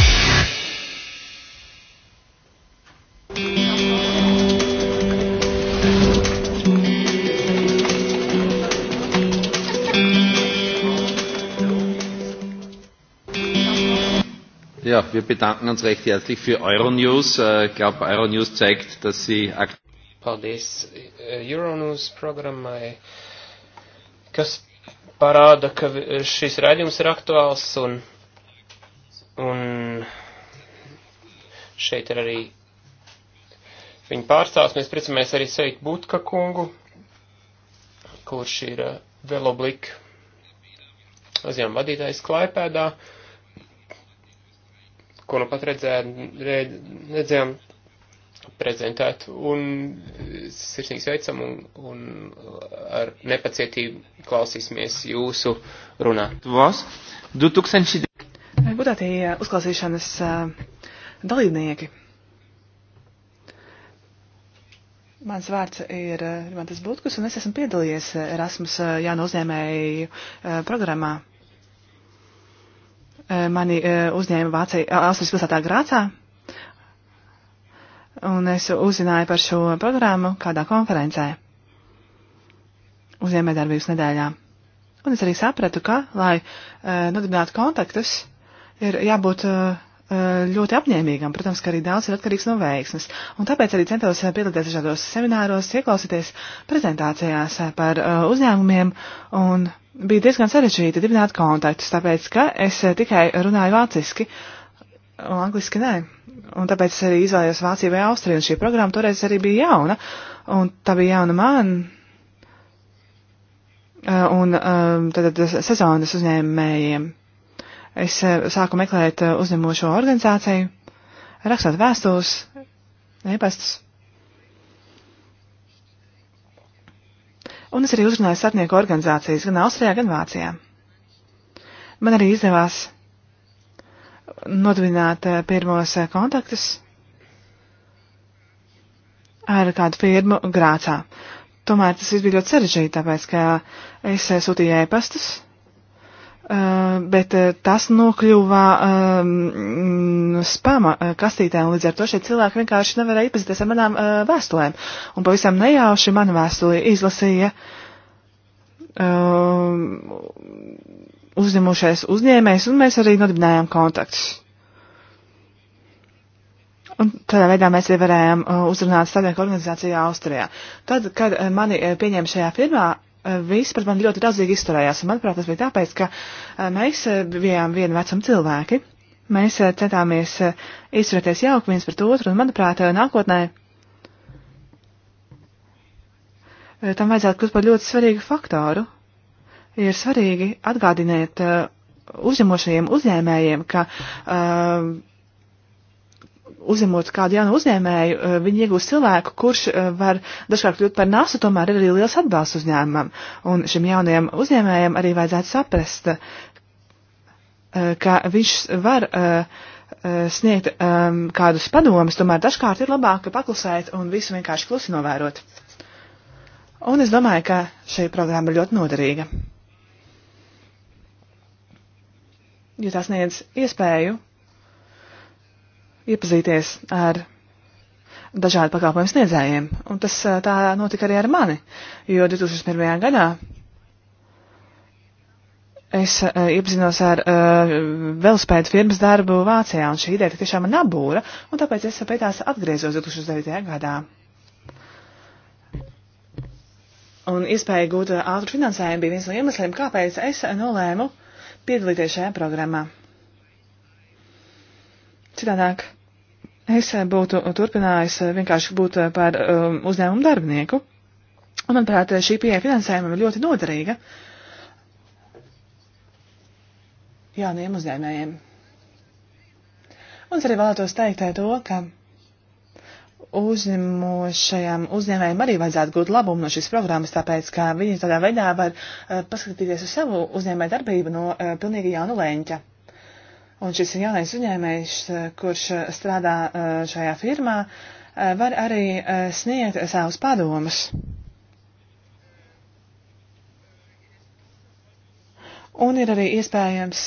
Ja, wir bedanken uns recht herzlich für Euronews. Äh, ich glaube, Euronews zeigt, dass Sie aktiv Paldies äh, Euronews programmai, kas parāda, ka äh, šis raidījums ir aktuāls un, un šeit ir arī viņa pārstāvs. Mēs pricamies arī sveikt Butka kungu, kurš ir Veloblik uzņēmuma vadītājs Klaipēdā ko nu pat redzē, red, redzējām prezentēt, un sirsnīgi sveicam un, un ar nepacietību klausīsimies jūsu runā. Budātie eh, uzklausīšanas eh, dalībnieki. Mans vārds ir eh, Rimantas Butkus, un es esmu piedalījies Erasmus jaunu uzņēmēju programmā mani uzņēma Vācija, Austrijas pilsētā Grācā. Un es uzzināju par šo programmu kādā konferencē uzņēmējdarbības nedēļā. Un es arī sapratu, ka, lai e, nodibinātu kontaktus, ir jābūt e, ļoti apņēmīgam. Protams, ka arī daudz ir atkarīgs no veiksmes. Un tāpēc arī centos piedalīties dažādos semināros, ieklausīties prezentācijās par e, uzņēmumiem un bija diezgan sarežģīti dibināt kontaktus, tāpēc, ka es eh, tikai runāju vāciski, un angliski nē. Un tāpēc es arī izvēlējos Vāciju vai Austriju, un šī programma toreiz arī bija jauna, un tā bija jauna man. Eh, un eh, tad sezonas uzņēmējiem. Es sāku meklēt uzņemošo organizāciju, rakstot vēstules, e-pastus, un es arī uzrunāju starpnieku organizācijas gan Austrijā, gan Vācijā. Man arī izdevās nodibināt eh, pirmos eh, kontaktus ar kādu firmu Grācā. Tomēr tas viss bija ļoti sarežģīti, tāpēc, ka es eh, sūtīju ēpastus Uh, bet uh, tas nokļuva um, spama uh, kastītē, un līdz ar to šie cilvēki vienkārši nevarēja iepazīties ar manām uh, vēstulēm. Un pavisam nejauši manu vēstuli izlasīja um, uzņemušais uzņēmējs, un mēs arī nodibinājām kontaktus. Un tādā veidā mēs arī varējām uzrunāt starpnieku organizāciju Austrijā. Tad, kad mani pieņēma šajā firmā, Eh, visi pret mani ļoti radzīgi izturējās. Un, manuprāt, tas bija tāpēc, ka eh, mēs eh, bijām viena vecuma cilvēki. Mēs centāmies izturēties jauki viens pret otru, un, manuprāt, nākotnē tam vajadzētu kļūt par ļoti svarīgu faktoru. Ir svarīgi atgādināt uzņemošajiem uzņēmējiem, ka uh, uzņemot kādu jaunu uzņēmēju, eh, viņi iegūst cilvēku, kurš eh, var dažkārt kļūt par nasu, tomēr ir arī liels atbalsts uzņēmumam. Un šim jaunajam uzņēmējam arī vajadzētu saprast, eh, ka viņš var sniegt ehm, kādus padomus, tomēr dažkārt ir labāk paklusēt un visu vienkārši klusi novērot. Un es domāju, ka šī programma ir ļoti noderīga. Jo tas sniedz iespēju iepazīties ar dažādu pakalpojumu sniedzējiem. Un tas tā notika arī ar mani, jo 2001. gadā es uh, iepazinos ar uh, velospēdu firmas darbu Vācijā, un šī ideja tiešām man nabūra, un tāpēc es pēc tās atgriezos 2009. gadā. Un iespēja gūt ātru finansējumu bija viens no iemesliem, kāpēc es nolēmu piedalīties šajā programmā. Citādāk es eh, būtu turpinājis eh, vienkārši būt eh, par um, uzņēmumu darbinieku. Un, manuprāt, šī pieeja finansējumam ir ļoti noderīga jauniem uzņēmējiem. Un es arī vēlētos teikt to, ka uzņemošajām uzņēmējiem arī vajadzētu gūt labumu no šīs programmas, tāpēc, ka viņi tādā veidā var uh, paskatīties uz savu uzņēmēju darbību no uh, pilnīgi jauna leņķa. Un šis jaunais uzņēmējs, eh, kurš eh, strādā eh, šajā firmā, var arī sniegt savus padomus. Un ir arī iespējams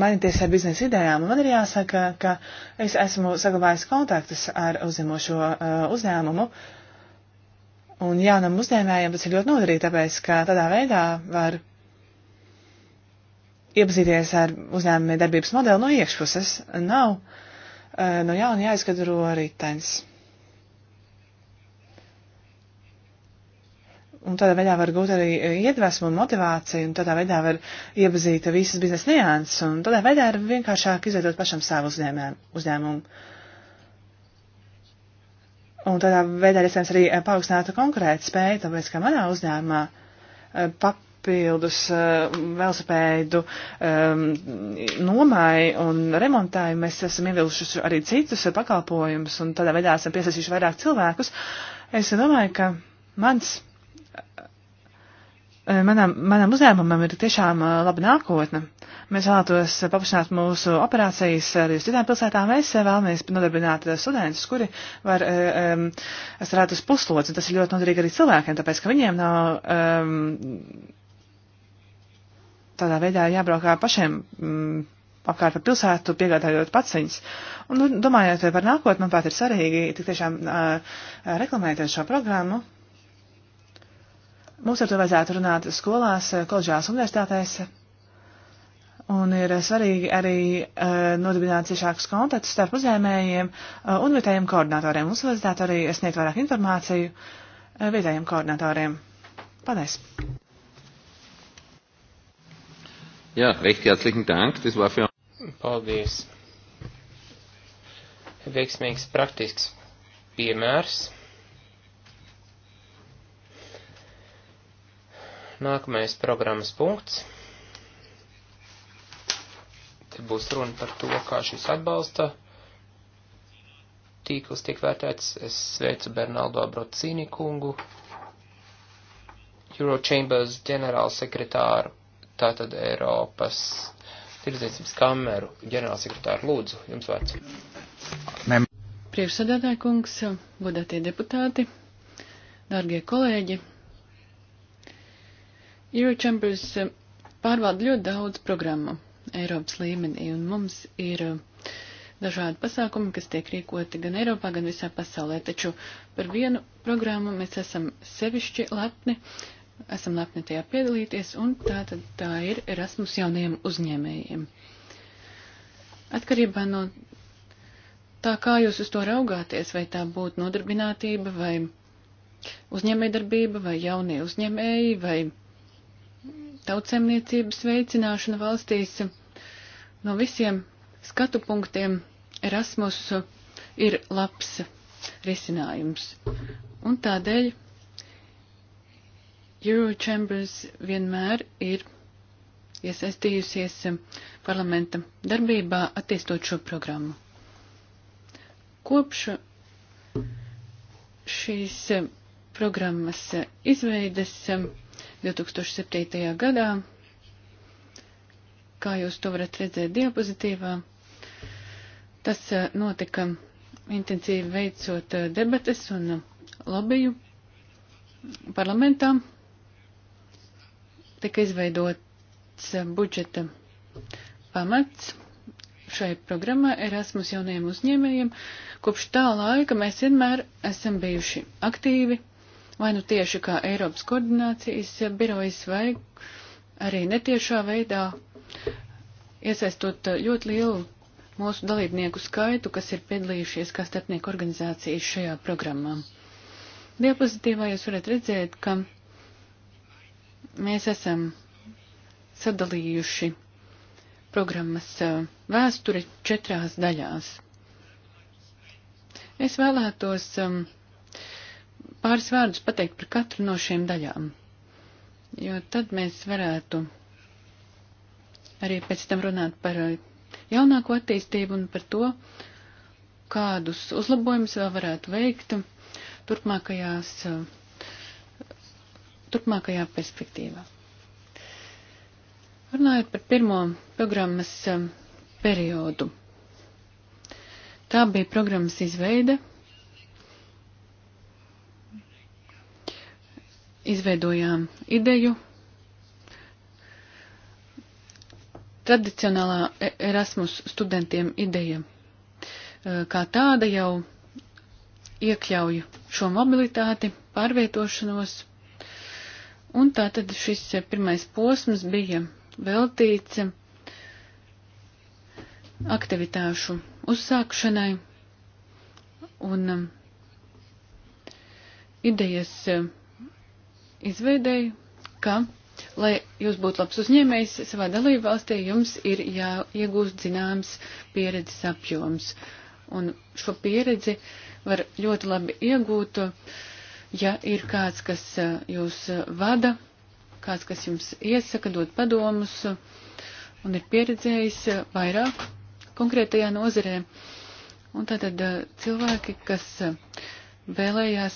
mainīties ar biznesa idejām. Man ir jāsaka, ka es esmu saglabājis kontaktus ar uzņemošo uzņēmumu. Un jaunam uzņēmējam tas ir ļoti noderīgi, tāpēc, ka tādā veidā var iepazīties ar uzņēmumiem darbības modeli no iekšpuses. Nav e, no jauna jāizskatro ritenis. Un tādā veidā var gūt arī e, iedvesmu un motivāciju, un tādā veidā var iepazīt visas biznesa nianses, un tādā veidā ir vienkāršāk izveidot pašam savu uzņēmumu. Un tādā veidā, iespējams, arī e, paaugstināta konkurēta spēja, tāpēc, ka manā uzņēmumā pak papildus uh, eh, velosipēdu um, eh, nomai un remontai mēs esam ievilkuši arī citus pakalpojumus un tādā veidā esam piesaistījuši vairāk cilvēkus. Es domāju, ka mans, eh, manam, manam uzņēmumam ir tiešām laba nākotne. Mēs vēlētos paplašināt mūsu operācijas arī uz citām pilsētām. Mēs vēlamies nodarbināt studentus, kuri var um, strādāt uz puslodzi. Tas ir ļoti noderīgi arī cilvēkiem, tāpēc, ka viņiem nav um, tādā veidā jābraukā pašiem mm, apkārt pa pilsētu, piegādājot paciņas. Un nu, domājot par nākotni, manuprāt, ir svarīgi tik tiešām uh, reklamēt šo programmu. Mums ar to vajadzētu runāt skolās, koledžās, universitātēs. Un ir svarīgi arī uh, nodibināt ciešākus kontaktus starp uzņēmējiem uh, un vietējiem koordinatoriem. Mums vajadzētu arī sniegt vairāk informāciju uh, vietējiem koordinatoriem. Paldies! Jā, recht herzlichen Dank. Tas var für... Paldies. Veiksmīgs praktisks piemērs. Nākamais programmas punkts. Te būs runa par to, kā šis atbalsta tīkls tiek vērtēts. Es sveicu Bernaldo Abrocīni kungu, Eurochambers ģenerālsekretāru tātad Eiropas tirdzniecības kameru ģenerālsekretāru lūdzu, jums vārds. Priekšsēdētāji kungs, godātie deputāti, dārgie kolēģi, Eurochambers pārvalda ļoti daudz programmu Eiropas līmenī, un mums ir dažādi pasākumi, kas tiek rīkoti gan Eiropā, gan visā pasaulē, taču par vienu programmu mēs esam sevišķi lepni, esam lepni tajā piedalīties, un tā tad tā ir Erasmus jaunajiem uzņēmējiem. Atkarībā no tā, kā jūs uz to raugāties, vai tā būtu nodarbinātība, vai uzņēmējdarbība, vai jaunie uzņēmēji, vai tautsemniecības veicināšana valstīs, no visiem skatu punktiem Erasmus ir labs risinājums. Un tādēļ Eurochambers vienmēr ir iesaistījusies um, parlamenta darbībā attīstot šo programmu. Kopš um, šīs um, programmas uh, izveides 2007. gadā, kā jūs to varat redzēt diapozitīvā, tas uh, notika intensīvi veicot uh, debates un lobiju parlamentām tika izveidots eh, budžeta pamats šai programmai Erasmus jauniem uzņēmējiem. Kopš tā laika mēs vienmēr esam bijuši aktīvi, vai nu tieši kā Eiropas koordinācijas birojas, vai arī netiešā veidā, iesaistot eh, ļoti lielu mūsu dalībnieku skaitu, kas ir piedalījušies kā starpnieku organizācijas šajā programmā. Diapozitīvā jūs varat redzēt, ka mēs esam sadalījuši programmas eh, vēsturi četrās daļās. Es vēlētos eh, pāris vārdus pateikt par katru no šiem daļām, jo tad mēs varētu arī pēc tam runāt par eh, jaunāko attīstību un par to, kādus uzlabojumus vēl varētu veikt turpmākajās uh, turpmākajā perspektīvā. Runājot par pirmo programmas um, periodu. Tā bija programmas izveide. Izveidojām ideju. Tradicionālā e- Erasmus studentiem ideja uh, kā tāda jau iekļauj šo mobilitāti, pārvietošanos Un tā tad šis pirmais posms bija veltīts aktivitāšu uzsākšanai un um, idejas um, izveidēji, ka, lai jūs būtu labs uzņēmējs savā dalībvalstī, jums ir jāiegūst zināms pieredzes apjoms. Un šo pieredzi var ļoti labi iegūt uh, ja ir kāds, kas eh, jūs eh, vada, kāds, kas jums iesaka, dod padomus eh, un ir pieredzējis vairāk konkrētajā nozarē. Un tātad cilvēki, kas vēlējās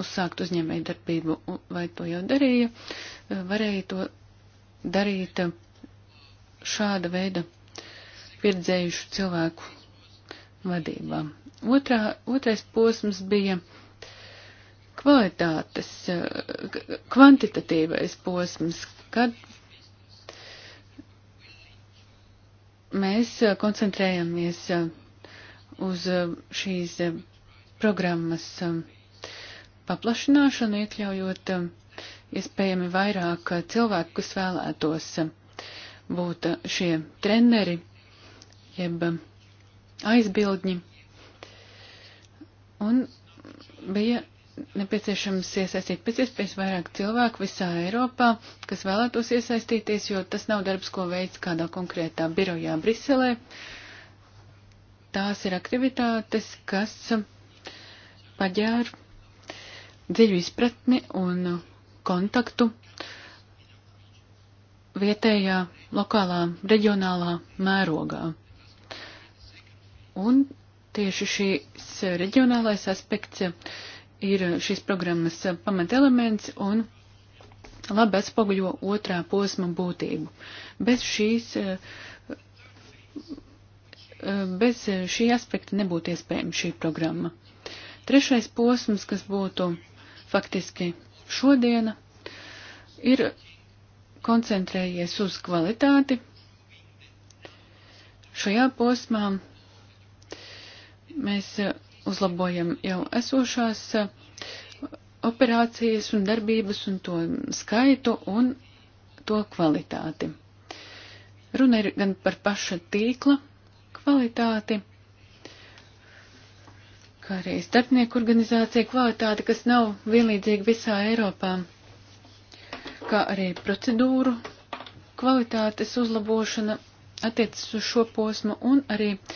uzsākt uzņēmēju darbību vai to jau darīja, varēja to darīt šāda veida pieredzējušu cilvēku vadībā. Otrā, otrais posms bija kvalitātes, kvantitatīvais posms, kad mēs koncentrējamies uz šīs programmas paplašināšanu, iekļaujot iespējami vairāk cilvēku, kas vēlētos būt šie treneri, jeb aizbildņi. Un bija nepieciešams iesaistīt pēc iespējas vairāk cilvēku visā Eiropā, kas vēlētos iesaistīties, jo tas nav darbs, ko veids kādā konkrētā birojā Briselē. Tās ir aktivitātes, kas paģēr dziļu izpratni un kontaktu vietējā, lokālā, reģionālā mērogā. Un tieši šīs reģionālais aspekts ir šīs programmas pamatelements un labi atspoguļo otrā posma būtību. Bez šīs, bez šī aspekta nebūtu iespējama šī programma. Trešais posms, kas būtu faktiski šodiena, ir koncentrējies uz kvalitāti. Šajā posmā mēs uzlabojam jau esošās eh, operācijas un darbības un to skaitu un to kvalitāti. Runa ir gan par paša tīkla kvalitāti, kā arī starpnieku organizācija kvalitāti, kas nav vienlīdzīga visā Eiropā, kā arī procedūru kvalitātes uzlabošana attiecas uz šo posmu un arī uh,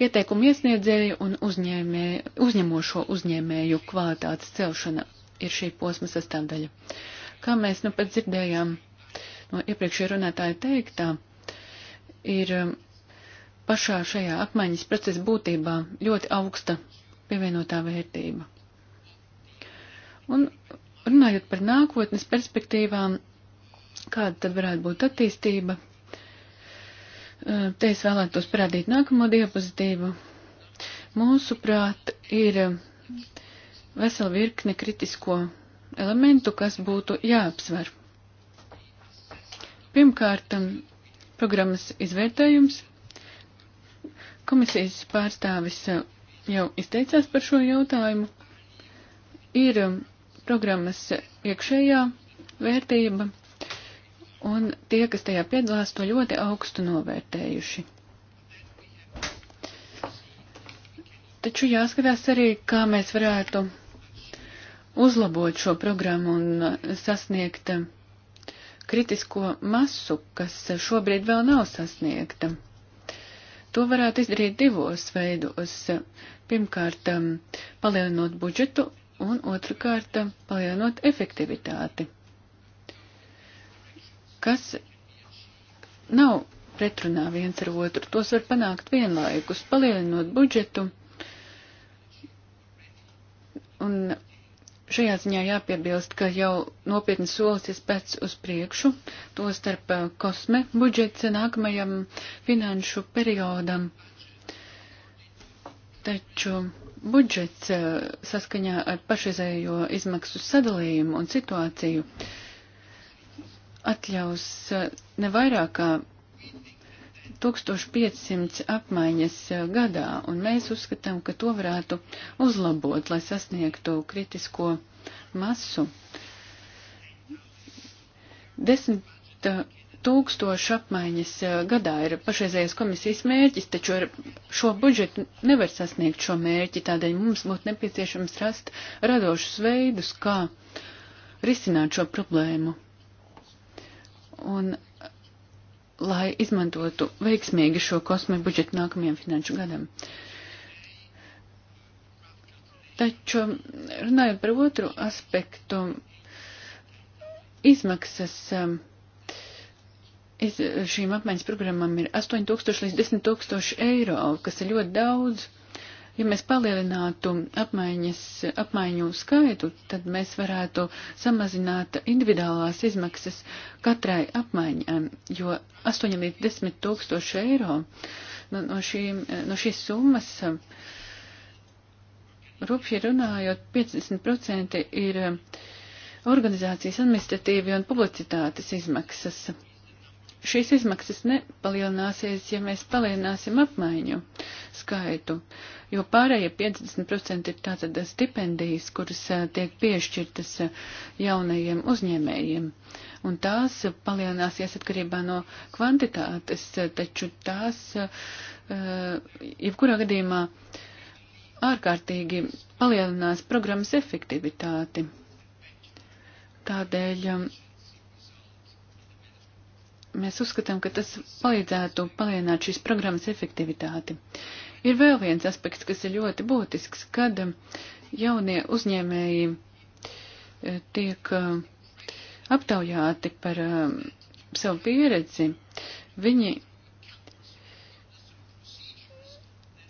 pieteikumu iesniedzēju un uzņēmē, uzņemošo uzņēmēju kvalitātes celšana ir šī posma sastāvdaļa. Kā mēs nu pat dzirdējām no iepriekšējā runātāja teiktā, ir um, pašā šajā apmaiņas procesa būtībā ļoti augsta pievienotā vērtība. Un runājot par nākotnes perspektīvām, kāda tad varētu būt attīstība, Eh, te es vēlētos parādīt nākamo diapozitīvu. Mūsuprāt, ir vesela virkne kritisko elementu, kas būtu jāapsver. Pirmkārt, um, programmas izvērtējums. Komisijas pārstāvis eh, jau izteicās par šo jautājumu. Ir um, programmas iekšējā vērtība, un tie, kas tajā piedalās, to ļoti augstu novērtējuši. Taču jāskatās arī, kā mēs varētu uzlabot šo programmu un sasniegt kritisko masu, kas šobrīd vēl nav sasniegta. To varētu izdarīt divos veidos. Pirmkārt, palielinot budžetu un otrkārt, palielinot efektivitāti kas nav pretrunā viens ar otru. Tos var panākt vienlaikus, palielinot budžetu. Un šajā ziņā jāpiebilst, ka jau nopietni solis ir spēc uz priekšu, to starp uh, kosme budžets nākamajam finanšu periodam. Taču budžets uh, saskaņā ar pašreizējo izmaksu sadalījumu un situāciju uh, atļaus eh, ne vairāk kā 1500 apmaiņas eh, gadā, un mēs uzskatām, ka to varētu uzlabot, lai sasniegtu kritisko masu. 10 eh, tūkstošu apmaiņas gadā ir pašreizējais komisijas mērķis, taču ar šo budžetu nevar sasniegt šo mērķi, tādēļ mums būtu nepieciešams rast radošus veidus, kā risināt šo problēmu un lai izmantotu veiksmīgi šo kosmēju budžetu nākamajam finanšu gadam. Taču runājot par otru aspektu, izmaksas um, iz, šīm apmaiņas programmām ir 8000 līdz 10000 eiro, kas ir ļoti daudz. Ja mēs palielinātu apmaiņas, apmaiņu skaitu, tad mēs varētu samazināt individuālās izmaksas katrai apmaiņai, jo 8 līdz 10 tūkstoši eiro no, no, šī, no šīs summas, rupši runājot, 50% ir organizācijas administratīvi un publicitātes izmaksas šīs izmaksas nepalielināsies, ja mēs palielināsim apmaiņu skaitu, jo pārējie 50% ir tātad stipendijas, kuras tiek piešķirtas jaunajiem uzņēmējiem. Un tās palielināsies atkarībā no kvantitātes, taču tās, jebkurā gadījumā, ārkārtīgi palielinās programmas efektivitāti. Tādēļ Mēs uzskatām, ka tas palīdzētu palielināt šīs programmas efektivitāti. Ir vēl viens aspekts, kas ir ļoti būtisks, kad um, jaunie uzņēmēji eh, tiek um, aptaujāti par um, savu pieredzi, viņi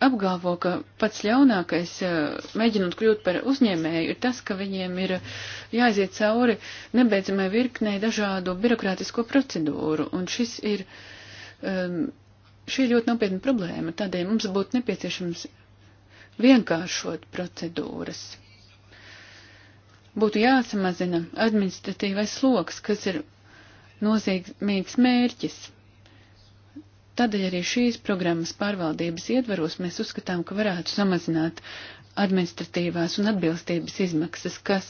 apgalvo, ka pats ļaunākais, eh, mēģinot kļūt par uzņēmēju, ir tas, ka viņiem ir eh, jāiziet cauri nebeidzamai virknei dažādu birokrātisko procedūru. Un šis ir, ehm, šī ir ļoti nopietna problēma, tādēļ mums būtu nepieciešams vienkāršot procedūras. Būtu jāsamazina administratīvais sloks, kas ir nozīmīgs mērķis Tādēļ arī šīs programmas pārvaldības ietvaros mēs uzskatām, ka varētu samazināt administratīvās un atbilstības izmaksas, kas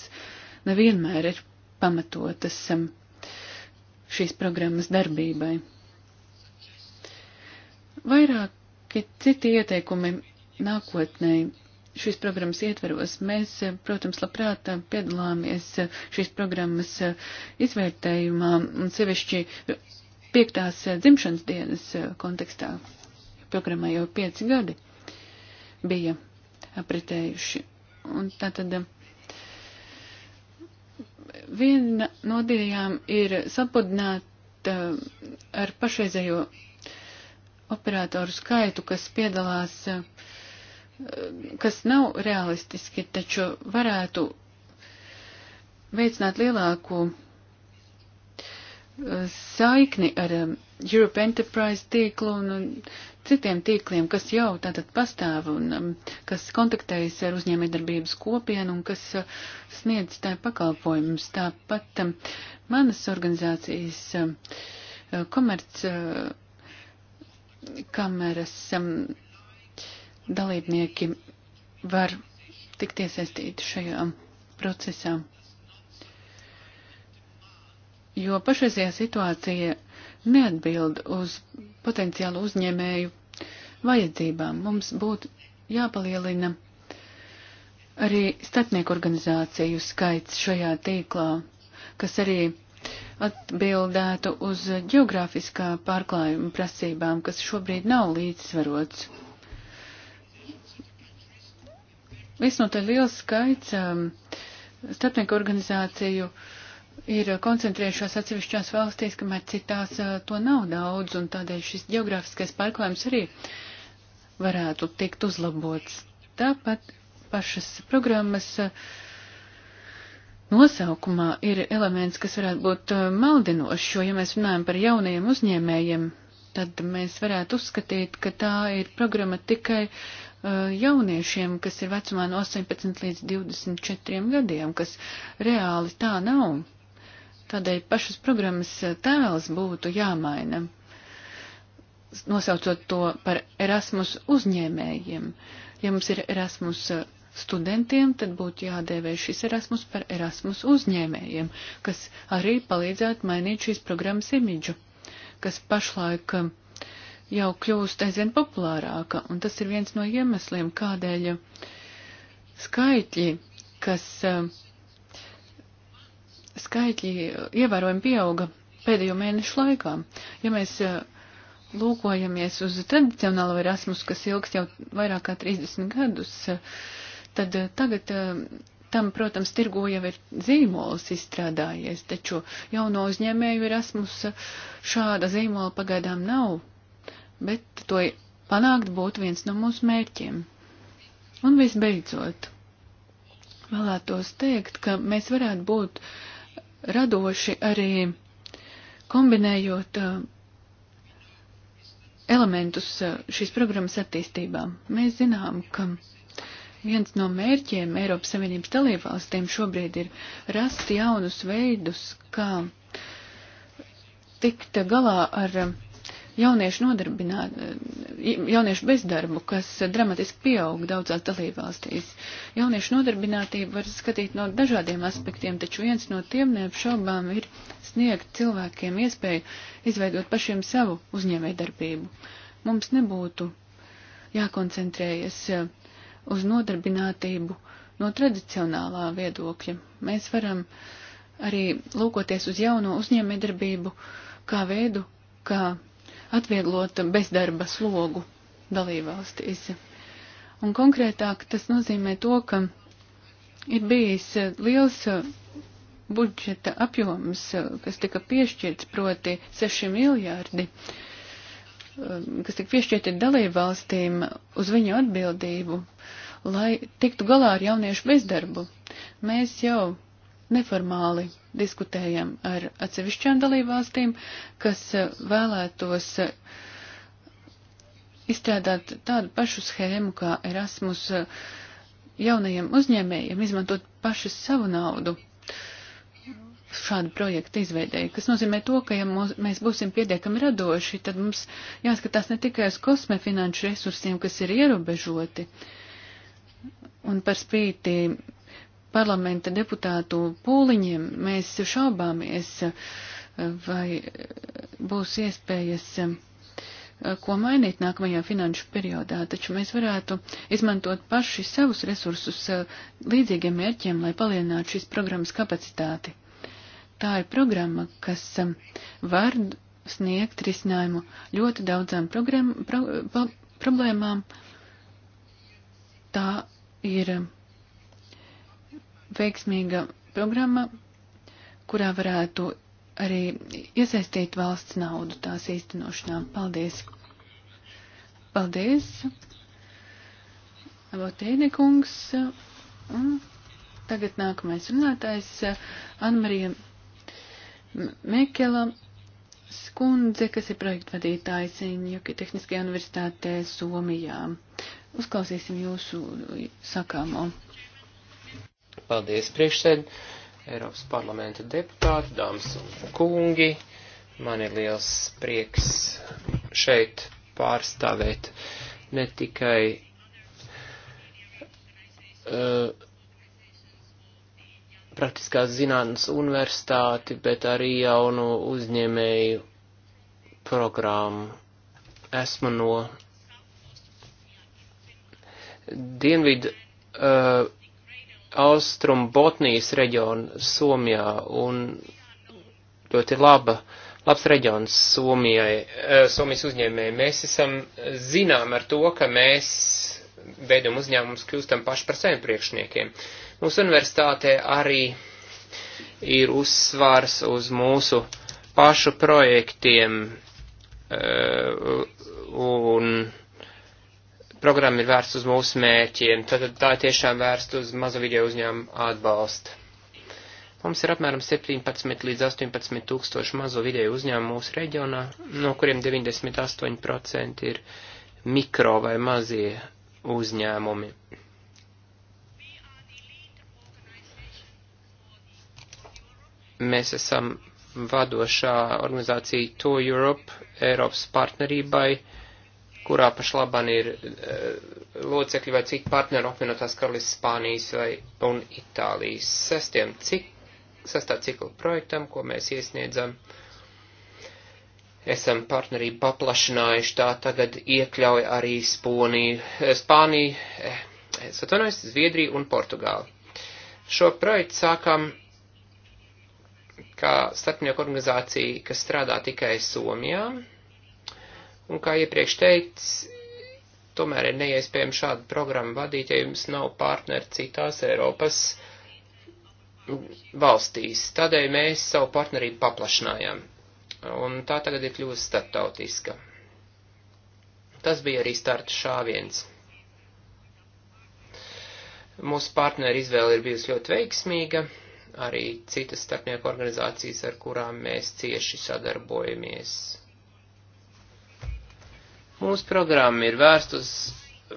nevienmēr ir pamatotas um, šīs programmas darbībai. Vairāki citi ieteikumi nākotnē šīs programmas ietveros. Mēs, uh, protams, labprāt uh, piedalāmies uh, šīs programmas izvērtējumā un sevišķi piektās eh, dzimšanas dienas eh, kontekstā, programmā jau pieci gadi bija apritējuši. Un tātad eh, viena no idejām ir sapudināt ar pašreizējo operatoru skaitu, kas piedalās, kas nav realistiski, taču varētu veicināt lielāku saikni ar um, Europe Enterprise tīklu un citiem tīkliem, kas jau tātad pastāv un um, kas kontaktējas ar uzņēmējdarbības kopienu un kas uh, sniedz tā pakalpojumus. Tāpat um, manas organizācijas uh, komerc uh, kameras dalībnieki var tikt iesaistīti šajā procesā jo pašreizajā situācija neatbild uz potenciālu uzņēmēju vajadzībām. Mums būtu jāpalielina arī starpnieku organizāciju skaits šajā tīklā, kas arī atbildētu uz geogrāfiskā pārklājuma prasībām, kas šobrīd nav līdzsvarots. Visnotaļ liels skaits um, starpnieku organizāciju uh, ir koncentrējušās atsevišķās valstīs, kamēr citās to nav daudz, un tādēļ šis geogrāfiskais pārklājums arī varētu tikt uzlabots. Tāpat pašas programmas nosaukumā ir elements, kas varētu būt maldinošs, jo, ja mēs runājam par jaunajiem uzņēmējiem, tad mēs varētu uzskatīt, ka tā ir programma tikai uh, jauniešiem, kas ir vecumā no 18 līdz 24 gadiem, kas reāli tā nav. Tādēļ pašas programmas eh, tēls būtu jāmaina, nosaucot to par Erasmus uzņēmējiem. Ja mums ir Erasmus eh, studentiem, tad būtu jādēvē šis Erasmus par Erasmus uzņēmējiem, kas arī palīdzētu mainīt šīs programmas imidžu, kas pašlaik eh, jau kļūst aizvien populārāka, un tas ir viens no iemesliem, kādēļ skaitļi, kas uh, skaitļi ievērojami pieauga pēdējo mēnešu laikā. Ja mēs eh, lūkojamies uz tradicionālo Erasmus, kas ilgst jau vairāk kā 30 gadus, eh, tad eh, tagad tam, protams, tirgo jau ir zīmols izstrādājies, taču jauno uzņēmēju Erasmus šāda zīmola pagaidām nav, bet to panākt būtu viens no mūsu mērķiem. Un visbeidzot, vēlētos teikt, ka mēs varētu būt uh, radoši arī kombinējot eh, elementus eh, šīs programmas attīstībā. Mēs zinām, ka viens no mērķiem Eiropas Savienības dalībvalstīm šobrīd ir rast jaunus veidus, kā tikt galā ar eh, jauniešu nodarbināt, eh, jauniešu bezdarbu, kas dramatiski pieaug daudzās dalībvalstīs. Jauniešu nodarbinātību var skatīt no dažādiem aspektiem, taču viens no tiem neapšaubām ir sniegt cilvēkiem iespēju izveidot pašiem savu uzņēmējdarbību. Mums nebūtu jākoncentrējas eh, uz nodarbinātību no tradicionālā viedokļa. Mēs varam arī lūkoties uz jauno uzņēmējdarbību kā veidu, kā atvieglot bezdarba slogu dalībvalstīs. Un konkrētāk tas nozīmē to, ka ir bijis liels budžeta apjoms, kas tika piešķirts, proti 6 miljārdi, kas tika piešķirti dalībvalstīm uz viņu atbildību, lai tiktu galā ar jauniešu bezdarbu. Mēs jau neformāli diskutējam ar atsevišķām dalībvalstīm, kas eh, vēlētos eh, izstrādāt tādu pašu schēmu kā Erasmus eh, jaunajiem uzņēmējiem, izmantot paši savu naudu šādu projektu izveidēji, kas nozīmē to, ka ja mūs, mēs būsim pietiekami radoši, tad mums jāskatās ne tikai uz kosmē finanšu resursiem, kas ir ierobežoti, un par spīti parlamenta deputātu pūliņiem, mēs šaubāmies, vai būs iespējas eh, ko mainīt nākamajā finanšu periodā, taču mēs varētu izmantot paši savus resursus eh, līdzīgiem mērķiem, lai palielinātu šīs programmas kapacitāti. Tā ir programma, kas eh, var sniegt risinājumu ļoti daudzām pro, pro, problēmām. Tā ir veiksmīga programma, kurā varētu arī iesaistīt valsts naudu tās īstenošanā. Paldies! Paldies! Labotēne kungs! Un tagad nākamais runātājs Anmarija Mekela skundze, kas ir projektvadītājs Injuki Tehniskajā universitātē Somijā. Uzklausīsim jūsu sakāmo. Paldies priekšsēd, Eiropas parlamenta deputāti, dāmas un kungi. Man ir liels prieks šeit pārstāvēt ne tikai uh, praktiskās zinātnes universitāti, bet arī jaunu uzņēmēju programmu. Esmu no Dienvidu uh, Austrum Botnijas reģionu Somijā un ļoti laba, labs reģions Somijai, e, Somijas uzņēmēji. Mēs esam zinām ar to, ka mēs veidam uzņēmumus, kļūstam paši par saviem priekšniekiem. Mūsu universitātē arī ir uzsvars uz mūsu pašu projektiem e, un programma ir vērsta uz mūsu mērķiem, tad tā ir tiešām vērsta uz mazo video uzņēmumu atbalstu. Mums ir apmēram 17 līdz 18 tūkstoši mazo video uzņēmumu mūsu reģionā, no kuriem 98% ir mikro vai mazie uzņēmumi. Mēs esam vadošā organizācija To Europe, Eiropas partnerībai, uh, kurā pašlaban ir eh, locekļi vai cik partneri apvienotās karalists Spānijas vai un Itālijas sestiem cik, sestā cikla projektam, ko mēs iesniedzam. Esam partnerību paplašinājuši, tā tagad iekļauj arī Sponiju, Spāniju, eh, eh, es atvainojos, Zviedriju un Portugāli. Šo projektu sākam kā starpnieku organizācija, kas strādā tikai Somijā, Un kā iepriekš teikts, tomēr ir neiespējami šādu programmu vadīt, ja jums nav partneri citās Eiropas valstīs. Tādēļ mēs savu partnerību paplašinājām. Un tā tagad ir kļuvusi starptautiska. Tas bija arī starta šāviens. Mūsu partneri izvēle ir bijusi ļoti veiksmīga, arī citas starpnieku organizācijas, ar kurām mēs cieši sadarbojamies. Mūsu programma ir vērsta uz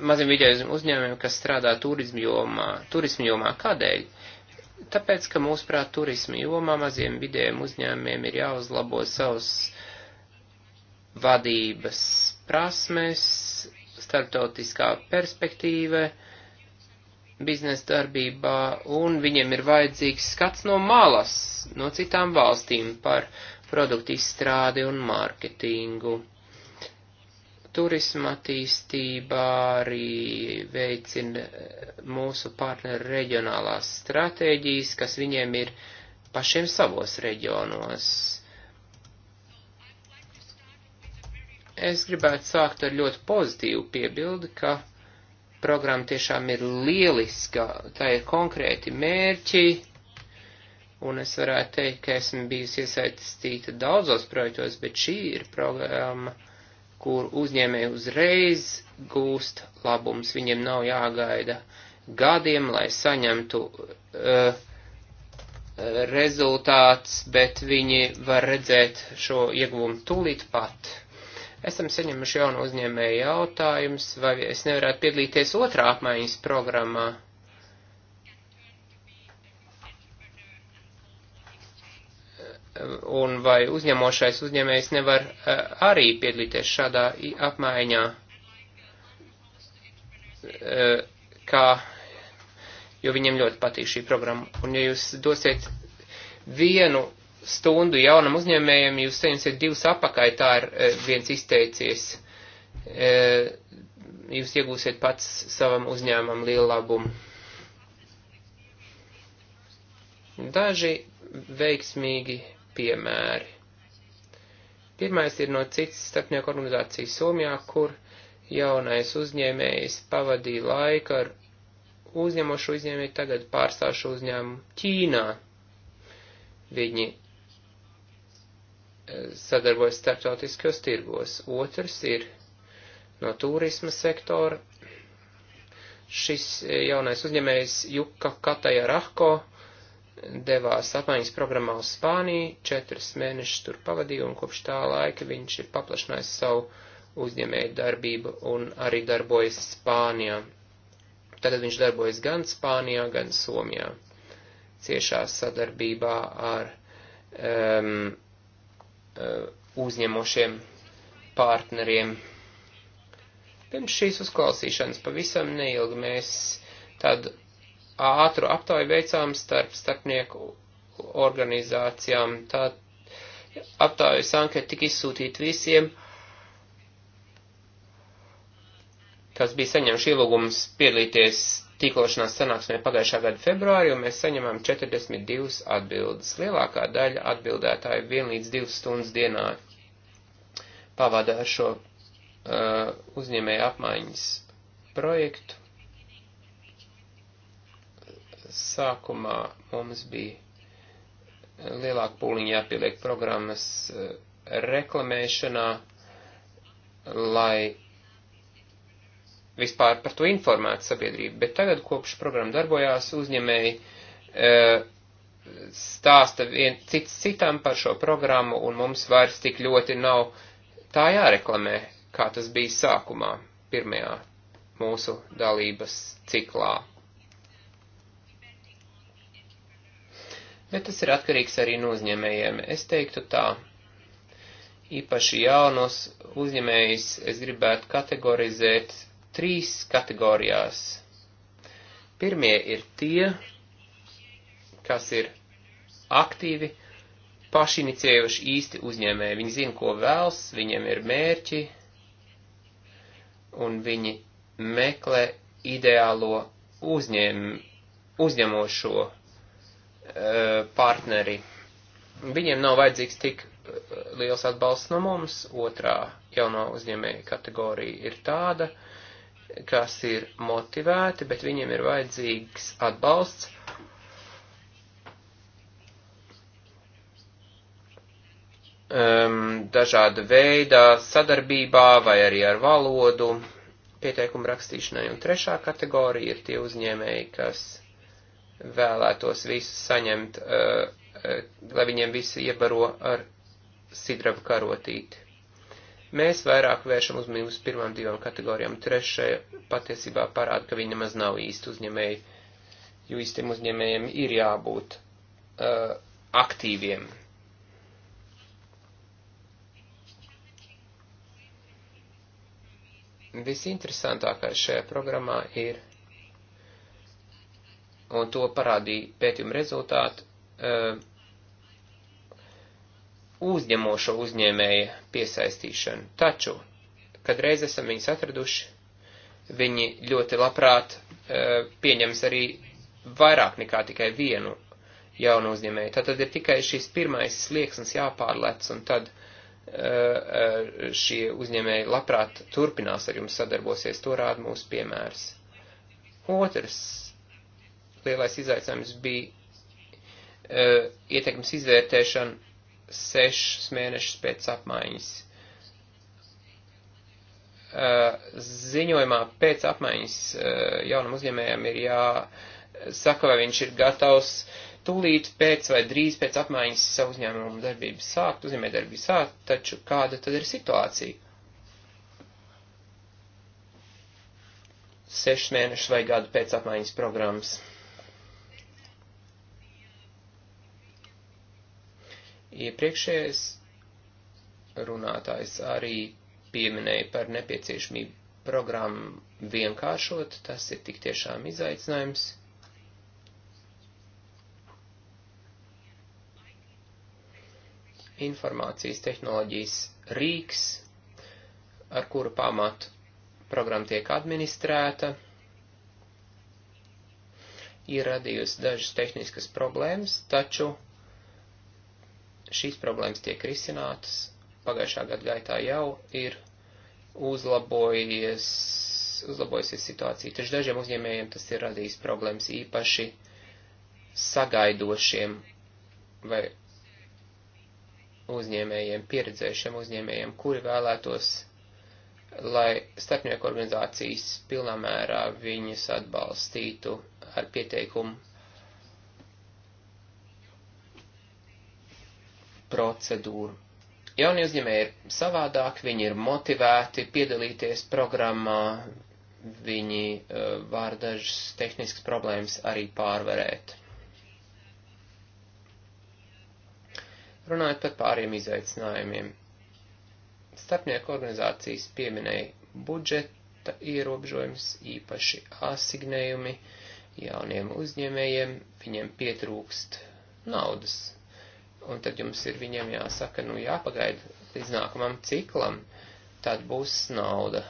maziem vidējiem uzņēmumiem, kas strādā turismu jomā. Turismu jomā kādēļ? Tāpēc, ka mūsuprāt turismu jomā maziem vidējiem uzņēmumiem ir jāuzlabo savus vadības prasmes, starptautiskā perspektīve, biznesa darbībā, un viņiem ir vajadzīgs skats no malas, no citām valstīm par produktu izstrādi un mārketingu turisma attīstība arī veicina eh, mūsu partneru reģionālās stratēģijas, kas viņiem ir pašiem savos reģionos. Es gribētu sākt ar ļoti pozitīvu piebildi, ka programma tiešām ir lieliska, tā ir konkrēti mērķi, un es varētu teikt, ka esmu bijusi iesaistīta daudzos projektos, bet šī ir programma, uh, kur uzņēmēji uzreiz gūst labums, viņiem nav jāgaida gadiem, lai saņemtu uh, rezultāts, bet viņi var redzēt šo ieguvumu tūlīt pat. Esam saņemuši jaunu uzņēmēju jautājumus, vai es nevarētu piedalīties otrā apmaiņas programmā. Uh, un vai uzņemošais uzņēmējs nevar eh, arī piedalīties šādā apmaiņā, eh, kā, jo viņiem ļoti patīk šī programma. Un ja jūs dosiet vienu stundu jaunam uzņēmējam, jūs saņemsiet divas apakai, tā ir eh, viens izteicies. Jūs iegūsiet pats savam uzņēmumam lielu labumu. Daži veiksmīgi piemēri. Pirmais ir no citas starpnieku organizācijas Somijā, kur jaunais uzņēmējs pavadīja laiku ar uzņemošu uzņēmēju, tagad pārstāšu uzņēmumu Ķīnā. Viņi eh, sadarbojas starptautiskos tirgos. Otrs ir no turisma sektora. Šis eh, jaunais uzņēmējs Juka Kataja Rahko devās apmaiņas programmā uz Spāniju, četras mēnešus tur pavadīja, un kopš tā laika viņš ir paplašinājis savu uzņēmēju darbību un arī darbojas Spānijā. Tātad viņš darbojas gan Spānijā, gan Somijā, ciešā sadarbībā ar um, uzņemošiem partneriem. Pirms šīs uzklausīšanas pavisam neilgi mēs tādu ātru aptauju veicām starp starpnieku organizācijām. Tā aptaujas anketa tika izsūtīta visiem, kas bija saņemši ielūgums piedalīties tīklošanās sanāksmē pagājušā gada februārī, un mēs saņemam 42 atbildes. Lielākā daļa atbildētāji 1 līdz 2 stundas dienā pavadā ar šo uh, uzņēmēju apmaiņas projektu. Sākumā mums bija lielāka pūliņa jāpieliek programmas eh, reklamēšanā, lai vispār par to informētu sabiedrību, bet tagad kopš programma darbojās uzņēmēji e, stāsta vien, cits citam par šo programmu un mums vairs tik ļoti nav tā jāreklamē, kā tas bija sākumā, pirmajā mūsu dalības ciklā. bet tas ir atkarīgs arī no uzņēmējiem. Es teiktu tā, īpaši jaunos uzņēmējus es gribētu kategorizēt trīs kategorijās. Pirmie ir tie, kas ir aktīvi, pašinicējuši īsti uzņēmēji. Viņi zina, ko vēlas, viņiem ir mērķi, un viņi meklē ideālo uzņēm, uzņemošo Eh, partneri. Viņiem nav vajadzīgs tik eh, liels atbalsts no mums. Otrā jauno uzņēmēju kategorija ir tāda, kas ir motivēti, bet viņiem ir vajadzīgs atbalsts. Um, dažāda veida sadarbībā vai arī ar valodu pieteikumu rakstīšanai. Un trešā kategorija ir tie uzņēmēji, kas vēlētos visus saņemt, eh, eh, lai viņiem visi iebaro ar sidrabu karotīti. Mēs vairāk vēršam uzmanību uz pirmām divām kategorijām. Trešajā patiesībā parāda, ka viņi nemaz nav īsti uzņēmēji, jo īstiem uzņēmējiem ir jābūt uh, aktīviem. Visinteresantākais šajā programmā ir un to parādīja pētījuma rezultāti, e, uzņemošo uzņēmēja piesaistīšanu. Taču, kad reiz esam viņus atraduši, viņi ļoti labprāt e, pieņems arī vairāk nekā tikai vienu jaunu uzņēmēju. Tad ir tikai šis pirmais slieksnis jāpārlec, un tad e, šie uzņēmēji labprāt turpinās ar jums sadarbosies. To rāda mūsu piemērs. Otrs lielais izaicinājums bija uh, ietekmes izvērtēšana sešus mēnešus pēc apmaiņas. Uh, ziņojumā pēc apmaiņas uh, jaunam uzņēmējam ir jāsaka, vai viņš ir gatavs tūlīt pēc vai drīz pēc apmaiņas savu uzņēmumu darbību sākt, uzņēmē darbību sākt, taču kāda tad ir situācija? Sešas mēnešus vai gadu pēc apmaiņas programmas. Iepriekšējais runātājs arī pieminēja par nepieciešamību programmu vienkāršot, tas ir tik tiešām izaicinājums. Informācijas tehnoloģijas rīks, ar kuru pamatu programma tiek administrēta, ir radījusi dažas tehniskas problēmas, taču šīs problēmas tiek risinātas. Pagājušā gada gaitā jau ir uzlabojies, uzlabojusies situācija, taču dažiem uzņēmējiem tas ir radījis problēmas īpaši sagaidošiem vai uzņēmējiem, pieredzējušiem uzņēmējiem, kuri vēlētos, lai starpnieku organizācijas pilnā mērā viņus atbalstītu ar pieteikumu procedūru. Jaunie uzņēmēji ir savādāk, viņi ir motivēti piedalīties programmā, viņi uh, var dažas tehniskas problēmas arī pārvarēt. Runājot par pāriem izaicinājumiem. Starpnieku organizācijas pieminēja budžeta ierobežojums, īpaši asignējumi jauniem uzņēmējiem, viņiem pietrūkst naudas Un tad jums ir viņiem jāsaka, nu jāpagaida līdz nākamam ciklam, tad būs nauda.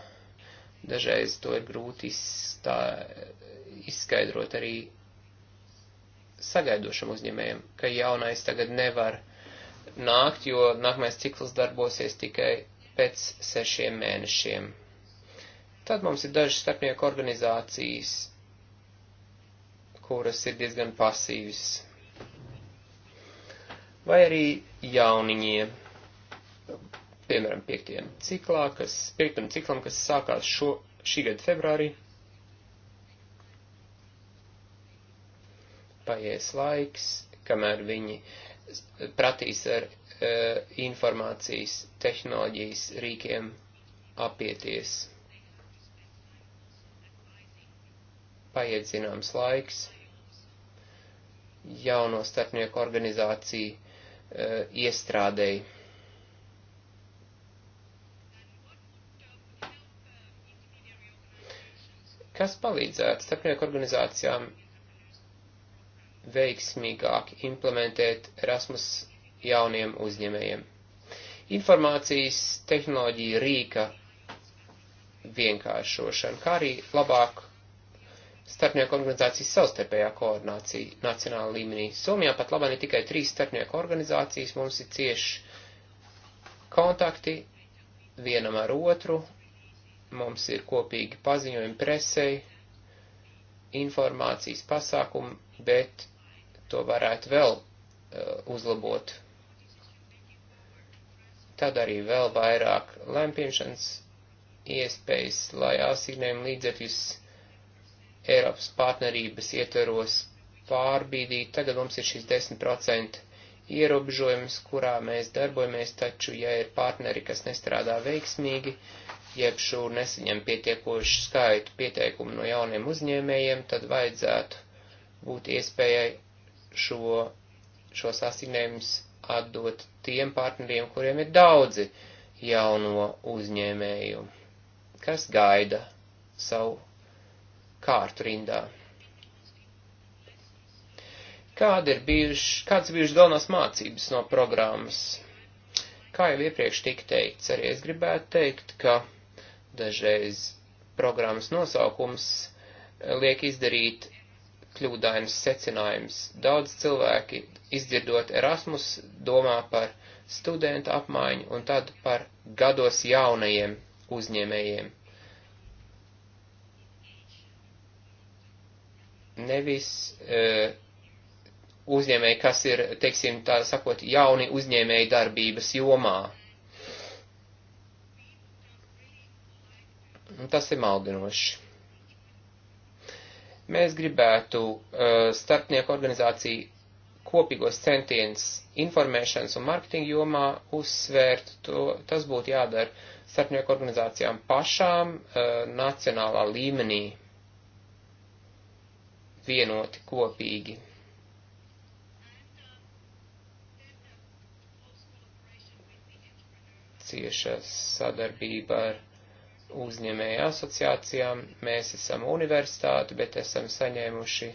Dažreiz to ir grūti izstā, izskaidrot arī sagaidošam uzņēmējam, ka jaunais tagad nevar nākt, jo nākamais cikls darbosies tikai pēc sešiem mēnešiem. Tad mums ir dažas starpnieku organizācijas, kuras ir diezgan pasīvas vai arī jauniņiem, piemēram, piektiem ciklā, kas, piektam ciklam, kas sākās šo, šī gada februārī. Paies laiks, kamēr viņi pratīs ar e, informācijas tehnoloģijas rīkiem apieties. Paiet zināms laiks, jauno starpnieku organizāciju Eh, iestrādēji. Kas palīdzētu starpnieku organizācijām veiksmīgāk implementēt Erasmus jauniem uzņēmējiem? Informācijas tehnoloģija rīka vienkāršošana, kā arī labāku starpnieku organizācijas savstarpējā koordinācija nacionāla līmenī. Somijā pat labāk ir tikai trīs starpnieku organizācijas, mums ir cieši kontakti vienam ar otru, mums ir kopīgi paziņojumi presei, informācijas pasākumi, bet to varētu vēl uh, uzlabot. Tad arī vēl vairāk lēmpiešanas iespējas, lai asignējumu līdzekļus Eiropas partnerības ietveros pārbīdīt. Tagad mums ir šis 10% ierobežojums, kurā mēs darbojamies, taču, ja ir partneri, kas nestrādā veiksmīgi, jeb šur nesaņem pietiekošu skaitu pieteikumu no jauniem uzņēmējiem, tad vajadzētu būt iespējai šo, šos asignējumus atdot tiem partneriem, kuriem ir daudzi jauno uzņēmēju, kas gaida savu kārtu rindā. Kāda ir bijuši, kāds bijuši galvenās mācības no programmas? Kā jau iepriekš tika teikts, arī es gribētu teikt, ka dažreiz programmas nosaukums eh, liek izdarīt kļūdainas secinājums. Daudz cilvēki, izdzirdot Erasmus, domā par studentu apmaiņu un tad par gados jaunajiem uzņēmējiem. nevis uh, uzņēmēji, kas ir, teiksim, tā sakot, jauni uzņēmēji darbības jomā. Tas ir maldinoši. Mēs gribētu uh, starpnieku organizāciju kopīgos centienus informēšanas un marketinga jomā uzsvērt, to, tas būtu jādara starpnieku organizācijām pašām uh, nacionālā līmenī vienoti kopīgi. Cieša sadarbība ar uzņēmēju asociācijām. Mēs esam universitāti, bet esam saņēmuši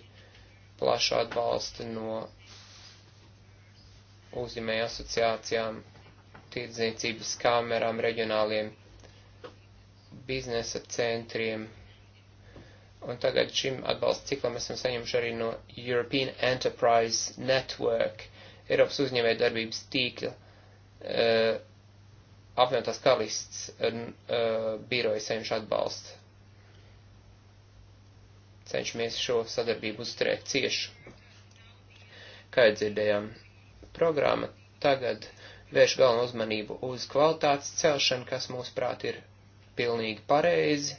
plašu atbalstu no uzņēmēju asociācijām, tirdzniecības kamerām, reģionāliem biznesa centriem. Un tagad šim atbalsta ciklam esam saņemši arī no European Enterprise Network, Eiropas uzņēmēja darbības tīkla, uh, apvienotās kalists uh, eh, eh, biroja saņemši atbalstu. Cenšamies šo sadarbību uzturēt ciešu. Kā dzirdējām, programma tagad vērš galvenu uzmanību uz kvalitātes celšanu, kas mūsuprāt ir pilnīgi pareizi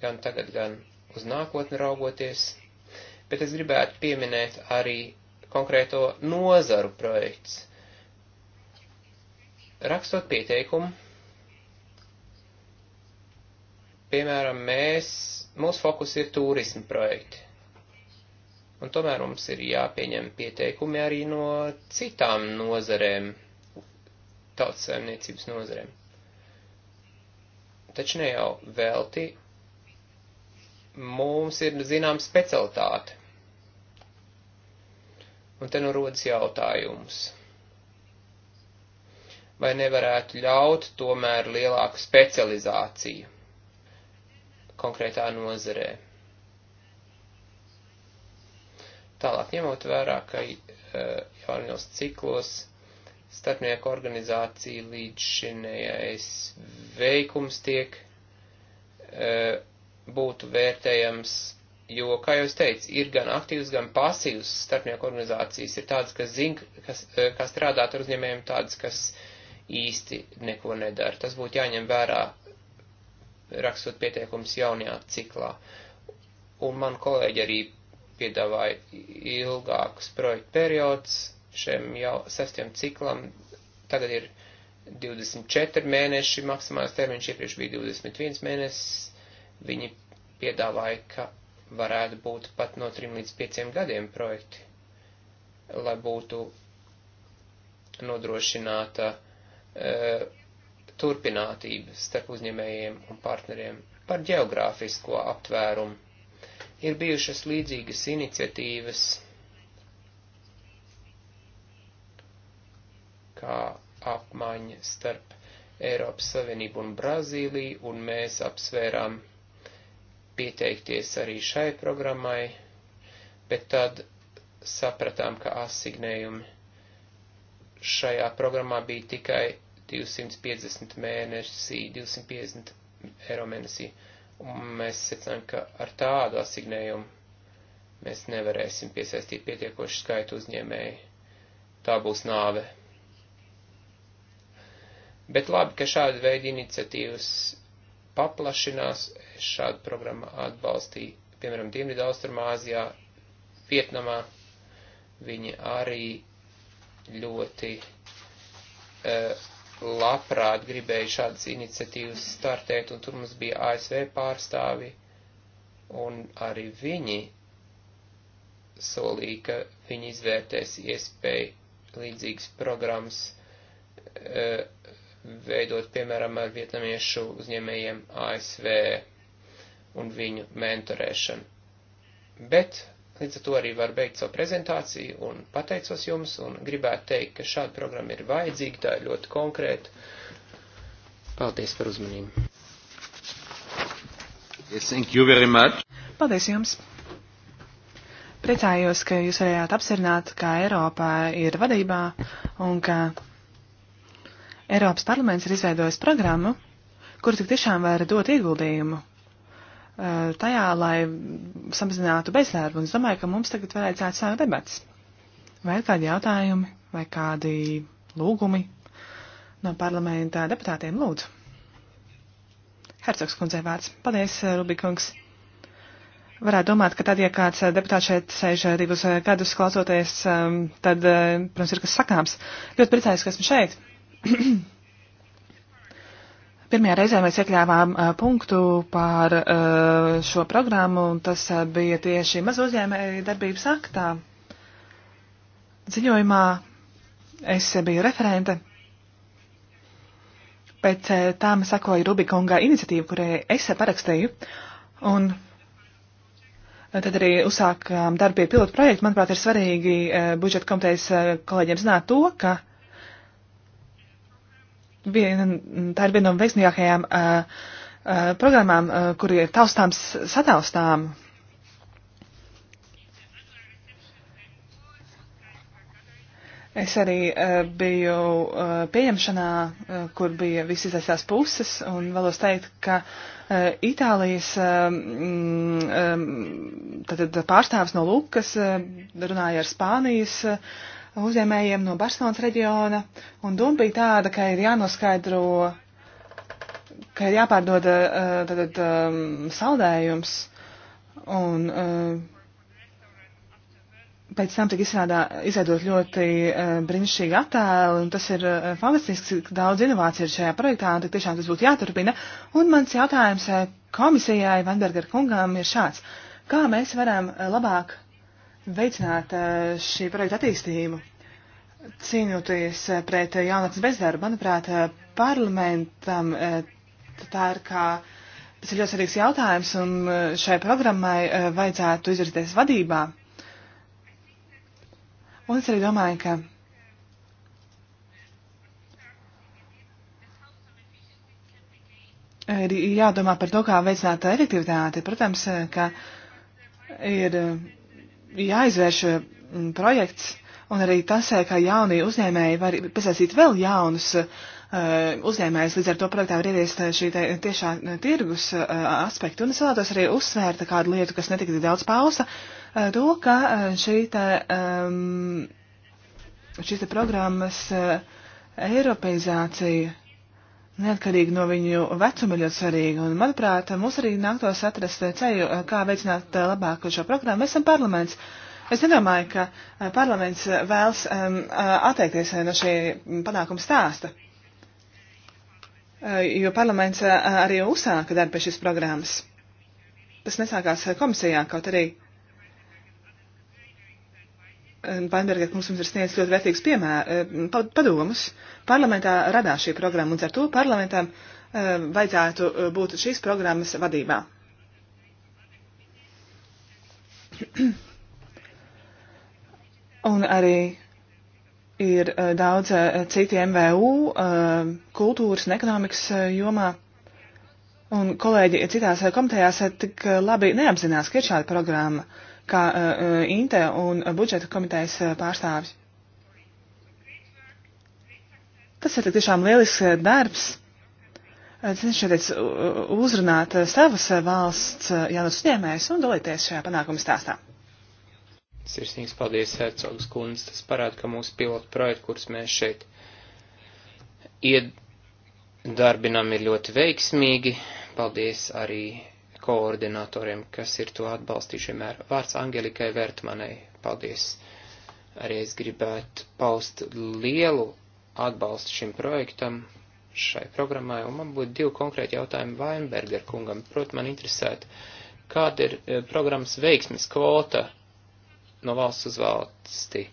gan tagad, gan uz nākotni raugoties, bet es gribētu pieminēt arī konkrēto nozaru projekts. Rakstot pieteikumu, piemēram, mēs, mūsu fokus ir turismu projekti. Un tomēr mums ir jāpieņem pieteikumi arī no citām nozarēm, tautsēmniecības nozarēm. Taču ne jau velti mums ir zinām specialitāte. Un te nu rodas jautājums. Vai nevarētu ļaut tomēr lielāku specializāciju konkrētā nozarē? Tālāk ņemot vērā, ka e, jaunajos ciklos starpnieku organizācija līdz šinējais veikums tiek uh, būtu vērtējams, jo, kā jau es teicu, ir gan aktīvs, gan pasīvs starpnieku organizācijas. Ir tādas, kas zina, kas, e, kas strādā ar uzņēmējiem, tādas, kas īsti neko nedara. Tas būtu jāņem vērā, rakstot pieteikums jaunajā ciklā. Un man kolēģi arī piedāvāja ilgākus projektu periods šiem jau sestiem ciklam. Tagad ir 24 mēneši maksimāls termiņš, iepriekš bija 21 mēnesis Viņi piedāvāja, ka varētu būt pat no 3 līdz 5 gadiem projekti, lai būtu nodrošināta e, turpinātība starp uzņēmējiem un partneriem par geogrāfisko aptvērumu. Ir bijušas līdzīgas iniciatīvas, kā apmaiņa starp Eiropas Savienību un Brazīliju, un mēs apsvērām pieteikties arī šai programmai, bet tad sapratām, ka asignējumi šajā programmā bija tikai 250 mēnesī, 250 eiro mēnesī. Un mēs secinām, ka ar tādu asignējumu mēs nevarēsim piesaistīt pietiekošu skaitu uzņēmēju. Tā būs nāve. Bet labi, ka šāda veida iniciatīvas paplašinās šādu programmu atbalstīja, piemēram, Dienvidu Austrumāzijā, Vietnamā. Viņi arī ļoti e, labprāt gribēja šādas iniciatīvas startēt, un tur mums bija ASV pārstāvi, un arī viņi solīja, ka viņi izvērtēs iespēju līdzīgas programmas e, veidot, piemēram, ar vietnamiešu uzņēmējiem ASV un viņu mentorēšanu. Bet līdz ar to arī var beigt savu prezentāciju un pateicos jums un gribētu teikt, ka šāda programma ir vajadzīga, tā ir ļoti konkrēta. Paldies par uzmanību. Yes, thank you very much. Paldies jums. Priecājos, ka jūs varējāt apsverināt, kā Eiropā ir vadībā un ka Eiropas parlaments ir izveidojis programmu, kur tik tiešām var dot ieguldījumu Eh, tajā, lai samazinātu bezdarbu. Un es domāju, ka mums tagad varētu atsākt debats. Vai ir kādi jautājumi vai kādi lūgumi no parlamenta deputātiem lūdzu? Hercogs kundzei vārds. Paldies, eh, Rubikungs. Varētu domāt, ka tad, ja kāds eh, deputāts šeit sēž divus gadus klausoties, tad, protams, ir kas sakāms. Ļoti priecājos, ka esmu šeit. Pirmajā reizē mēs iekļāvām punktu par šo programmu, un tas bija tieši mazo uzņēmēju darbības aktā. Ziņojumā es biju referente. Pēc tām sakoja Rubikonga iniciatīva, kurai es parakstīju, un tad arī uzsākām darbu pie pilotu projektu. Manuprāt, ir svarīgi budžeta komitejas kolēģiem zināt to, ka viena, tā ir viena no veiksmīgākajām uh, uh, programmām, uh, kur ir taustāms sataustām. Es arī uh, biju uh, pieņemšanā, uh, kur bija visi izlaisās puses, un vēlos teikt, ka uh, Itālijas uh, um, tātad pārstāvs no Lukas uh, runāja ar Spānijas uh, uzņēmējiem no Barcelonas reģiona, un doma bija tāda, ka ir jānoskaidro, ka ir jāpārdod tātad eh, eh, saldējums, un eh, pēc tam tika izrādā, izveidot ļoti brīnišķīgi attēli, un tas ir fantastisks, cik daudz inovāciju ir šajā projektā, un tik tiešām tas būtu jāturpina, un mans jautājums komisijai Vanberger kungām ir šāds. Kā mēs varam labāk veicināt eh, šī projekta attīstību, cīnoties eh, pret jaunatnes bezdarbu. Manuprāt, eh, parlamentam tā ir kā. Tas ir ļoti svarīgs jautājums, un šai programmai vajadzētu izvirzīties vadībā. Un es arī domāju, ka ir jādomā par to, kā veicināt efektivitāti. Protams, ka ir jāizvērš eh, projekts, un arī tas, eh, ka jaunie uzņēmēji var piesaistīt vēl jaunus eh, uzņēmējus, līdz ar to projektā var ieviest šī te, tiešā tirgus aspekta. Un es vēlētos arī uzsvērt kādu lietu, kas netika daudz pausta, to, ka šī te, ehm, šīs te programmas eiropeizācija Neatkarīgi no viņu vecuma ļoti svarīgi, un, manuprāt, mums arī nāktos atrast ceļu, eh, kā veicināt eh, labāk šo programmu. Mēs esam parlaments. Es nedomāju, ka eh, parlaments vēlas um, atteikties no šī panākuma stāsta, jo parlaments arī uzsāka darbu pie šīs programmas. Tas nesākās komisijā, kaut arī Bainberga ehm, kungs mums ir sniedz ļoti vērtīgs piemērs, ehm, padomus. Parlamentā radās šī programma, un ar to parlamentam ehm, vajadzētu e, būt šīs programmas vadībā. Un arī ir e, daudz e, citu MVU kultūras un ekonomikas jomā. Un kolēģi citās komitejās tik labi neapzinās, ka ir šāda programma. Uh, kā eh, eh, INTE un budžeta komitejas eh, pārstāvis. Tas ir tiešām lielisks darbs. Cenšoties uzrunāt savas valsts jaunus uzņēmējus un dalīties šajā panākuma stāstā. Sirsnīgs paldies, Hercogs kundze. Tas parāda, ka mūsu pilotu projektu, kurus mēs šeit iedarbinām, ir ļoti veiksmīgi. Paldies arī koordinatoriem, kas ir to atbalstījuši vienmēr. Vārds Angelikai Vertmanai. Paldies! Arī es gribētu paust lielu atbalstu šim projektam, šai programmai, un man būtu divi konkrēti jautājumi Vainberger kungam. Protams, man interesētu, kāda ir eh, programmas veiksmes kvota no valsts uz valsti.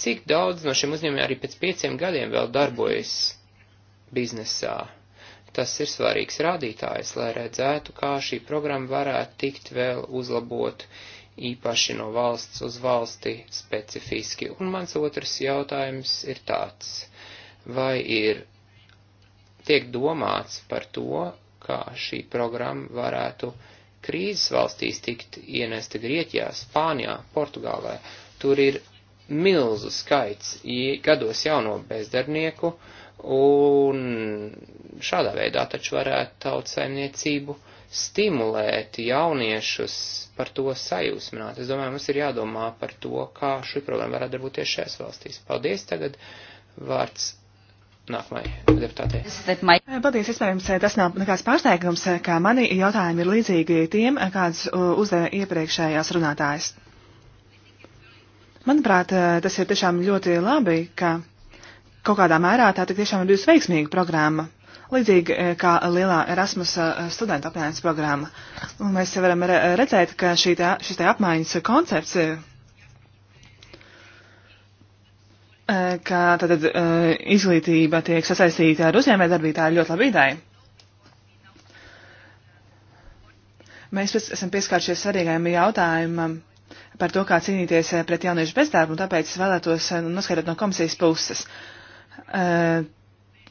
Cik daudz no šiem uzņēmumiem arī pēc pieciem gadiem vēl darbojas biznesā? Tas ir svarīgs rādītājs, lai redzētu, kā šī programma varētu tikt vēl uzlabot īpaši no valsts uz valsti specifiski. Un mans otrs jautājums ir tāds, vai ir tiek domāts par to, kā šī programma varētu krīzes valstīs tikt ienesta Grieķijā, Spānijā, Portugālē. Tur ir milzu skaits gados jauno bezdarbnieku, uh, Un šādā veidā taču varētu tautsaimniecību stimulēt jauniešus par to sajūsmināt. Es domāju, mums ir jādomā par to, kā šī problēma varētu darboties šajās valstīs. Paldies tagad. Vārds nākamajai deputātei. Paldies, iespējams, tas nav nekāds pārsteigums, kā mani jautājumi ir līdzīgi tiem, kāds uh, uzdeva iepriekšējās runātājs. Manuprāt, uh, tas ir tiešām ļoti labi, ka kaut kādā mērā tā tiešām ir bijusi veiksmīga programma. Līdzīgi eh, kā lielā Erasmus eh, studentu apmaiņas programma. Un mēs varam redzēt, ka šī tā, šis tā apmaiņas koncepts, eh, ka tad izglītība tiek sasaistīta ar uzņēmējdarbību, tā ir ļoti laba ideja. Mēs esam pieskāršies svarīgajam jautājumam par to, kā cīnīties pret jauniešu bezdarbu, un tāpēc es vēlētos noskaidrot no komisijas puses. Uh, Eh,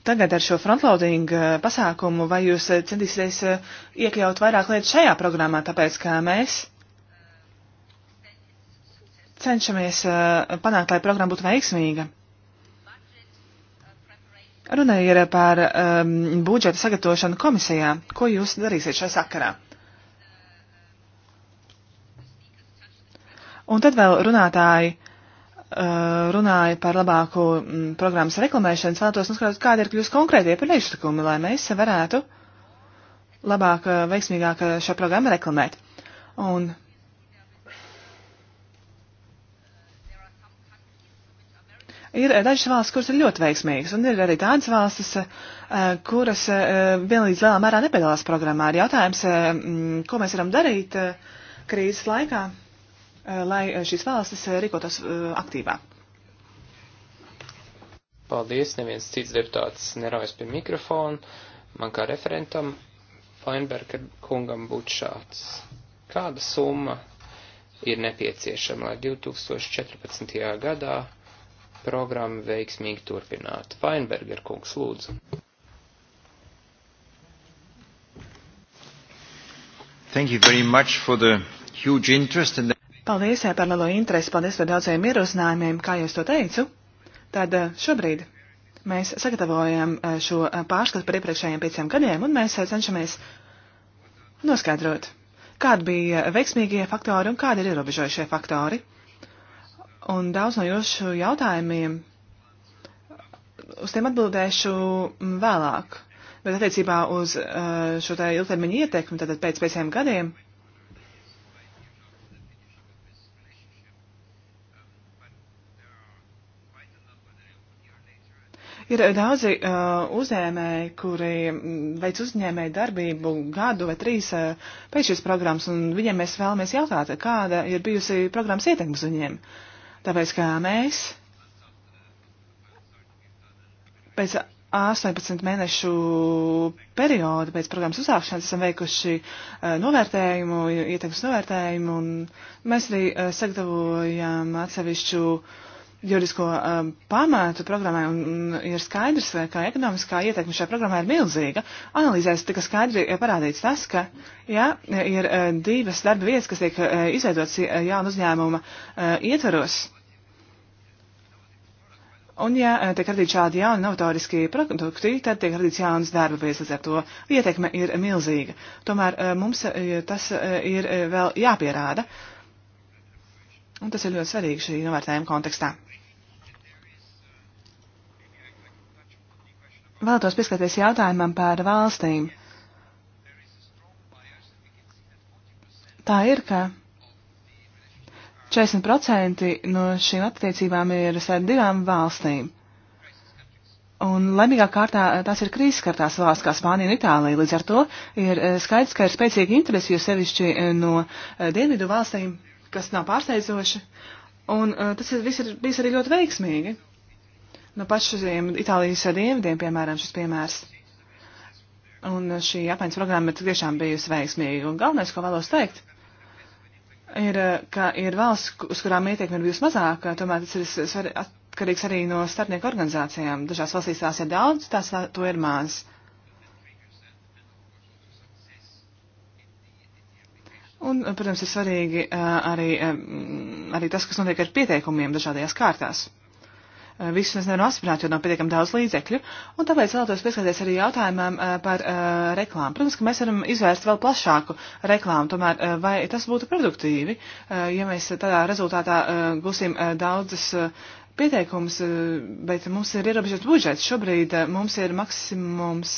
tagad ar šo frontloading eh, pasākumu vai jūs eh, centīsieties iekļaut vairāk lietu šajā programmā, tāpēc kā mēs cenšamies panākt, lai programma būtu veiksmīga. Runa ir par um, budžeta sagatavošanu komisijā. Ko jūs darīsiet šajā sakarā? Un tad vēl runātāji Eh, runāja par labāku mm, programmas reklamēšanu, vēlētos noskaidrot, kādi ir kļūst konkrētie priekšlikumi, lai mēs varētu labāk, eh, veiksmīgāk eh, šo programmu reklamēt. Un ir dažas valsts, kuras ir ļoti veiksmīgas, un ir arī tādas valstis, kuras vienlīdz lielā mērā nepiedalās programmā. Ir jautājums, ko mēs varam darīt krīzes laikā Eh, lai eh, šīs valstis eh, rīkotos aktīvāk. Paldies, neviens cits deputāts neraujas pie mikrofona. Man kā referentam Feinberga kungam būtu šāds. Kāda summa ir nepieciešama, lai 2014. gadā programmu veiksmīgi turpinātu? Feinberger kungs, lūdzu. Thank you very much for the huge interest in the Paldies eh, par lielo interesi, paldies par daudziem ierosinājumiem, kā jau es to teicu. Tad eh, šobrīd mēs sagatavojam eh, šo pārskatu par iepriekšējiem pieciem gadiem, un mēs cenšamies noskaidrot, kādi bija veiksmīgie faktori un kādi ir ierobežojušie faktori. Un daudz no jūsu jautājumiem uz tiem atbildēšu mm, vēlāk. Bet attiecībā uz šo tā ilgtermiņa ietekmi, tad pēc pieciem gadiem Ir daudzi uh, uzņēmēji, kuri mm, veic uzņēmēju darbību gadu vai trīs uh, pēc šīs programmas, un viņiem mēs vēlamies jautāt, kāda ir bijusi programmas ietekmes viņiem. Tāpēc, kā mēs pēc 18 mēnešu perioda pēc programmas uzsākšanas esam veikuši uh, novērtējumu, ietekmes novērtējumu, un mēs arī uh, sagatavojam atsevišķu uh, juridisko um, pamatu programmai un, un ir skaidrs, ka ekonomiskā ietekme šajā programmā ir milzīga. Analīzēs tika skaidri eh, parādīts tas, ka jā, ir uh, divas darba vietas, kas tiek uh, izveidotas uh, jaunu uzņēmuma uh, ietvaros. Un, ja tiek radīti šādi jauni novatoriski produkti, tad tiek radīts jauns darba vietas, līdz ar to ietekme ir milzīga. Tomēr mums tas ir vēl jāpierāda. Un tas ir ļoti svarīgi šī novērtējuma kontekstā. Vēlētos pieskarties jautājumam par valstīm. Tā ir, ka 40% no šīm attiecībām ir ar divām valstīm. Un laimīgā kārtā tās ir krīzes kārtās valsts kā Spānija un Itālija. Līdz ar to ir eh, skaidrs, ka ir spēcīgi interesi, jo sevišķi eh, no eh, dienvidu valstīm, kas nav pārsteidzoši. Un tas ir, viss ir bijis arī ļoti veiksmīgi no nu, pašiem Itālijas dienvidiem, piemēram, šis piemērs. Un šī apmaiņas programma tiešām bijusi veiksmīga. Un galvenais, ko vēlos teikt, ir, ka ir valsts, uz kurām ietekme ir bijusi mazāka, tomēr tas ir svar, atkarīgs arī no starpnieku organizācijām. Dažās valstīs tās ir daudz, tās tā, to ir maz. Un, protams, ir svarīgi arī, arī tas, kas notiek ar pieteikumiem dažādajās kārtās. Eh, visus mēs nevaram apstiprināt, jo nav pietiekami daudz līdzekļu, un tāpēc vēlētos pieskarties arī jautājumam eh, par uh, reklāmu. Protams, ka mēs varam izvērst vēl plašāku reklāmu, tomēr uh, vai tas būtu produktīvi, uh, ja mēs tādā rezultātā uh, gūsim uh, daudzas uh, pieteikumus, uh, bet mums ir ierobežots budžets. Šobrīd uh, mums ir maksimums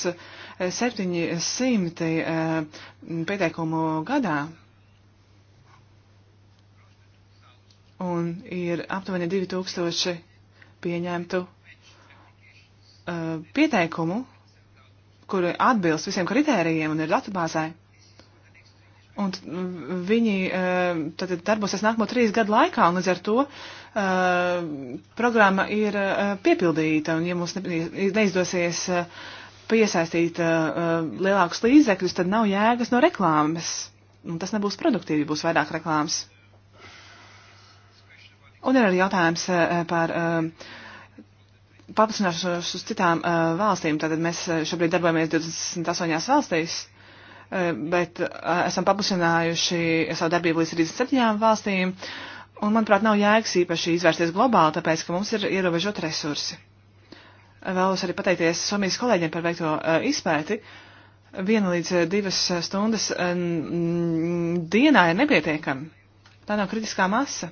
700 uh, pieteikumu gadā. Un ir aptuveni 2000 pieņemtu uh, pieteikumu, kuri atbilst visiem kritērijiem un ir datubāzē. Un mm, viņi uh, tad darbosies nākamo trīs gadu laikā, un līdz ar to uh, programma ir uh, piepildīta, un ja mums ne, neizdosies uh, piesaistīt uh, uh, lielākus līdzekļus, tad nav jēgas no reklāmas. Un tas nebūs produktīvi, būs vairāk reklāmas. Un ir arī jautājums eh, par eh, paplašināšanos uz citām eh, valstīm. Tātad mēs šobrīd darbojamies 28 valstīs, bet esam paplašinājuši savu darbību līdz 37 valstīm. Un, manuprāt, nav jēgas īpaši izvērsties globāli, tāpēc, ka mums ir ierobežot resursi. Vēlos arī pateikties Somijas kolēģiem par veikto izpēti. Viena līdz divas stundas dienā ir nepietiekama. Tā nav kritiskā masa.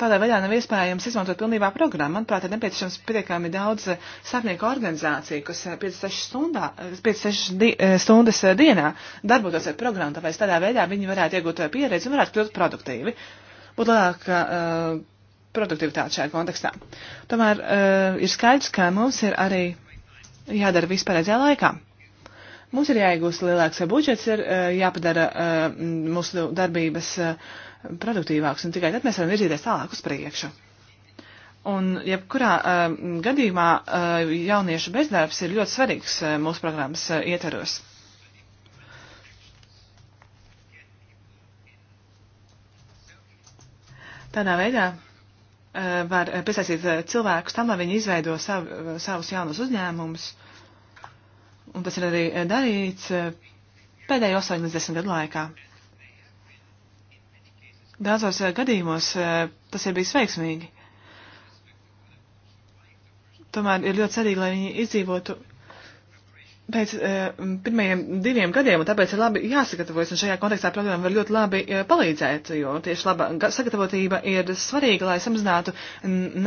tādā veidā nav iespējams izmantot pilnībā programmu. Manuprāt, ir nepieciešams pietiekami daudz eh, starpnieku organizāciju, kas 5-6, eh, stundā, 5-6 eh, di stundas dienā darbotos ar programmu, tāpēc tādā veidā viņi varētu iegūt pieredzi un varētu kļūt produktīvi. Būtu lielāka uh, produktivitāte šajā kontekstā. Tomēr uh, ir skaidrs, ka mums ir arī jādara viss pareizajā laikā. Mums ir jāiegūst lielāks budžets, ir uh, jāpadara uh, mūsu darbības. Uh, produktīvāks, un tikai tad mēs varam virzīties tālāk uz priekšu. Un jebkurā uh, gadījumā uh, jauniešu bezdarbs ir ļoti svarīgs uh, mūsu programmas uh, ietveros. Tādā veidā uh, var piesaistīt uh, cilvēkus tam, lai viņi izveido sav, uh, savus jaunus uzņēmumus. Un tas ir arī darīts uh, pēdējo 80 gadu laikā. Daudzos eh, gadījumos eh, tas ir bijis veiksmīgi. Tomēr ir ļoti svarīgi, lai viņi izdzīvotu pēc eh, pirmajiem diviem gadiem, un tāpēc ir labi jāsagatavojas, un šajā kontekstā programma var ļoti labi palīdzēt, jo tieši laba sagatavotība ir svarīga, lai samazinātu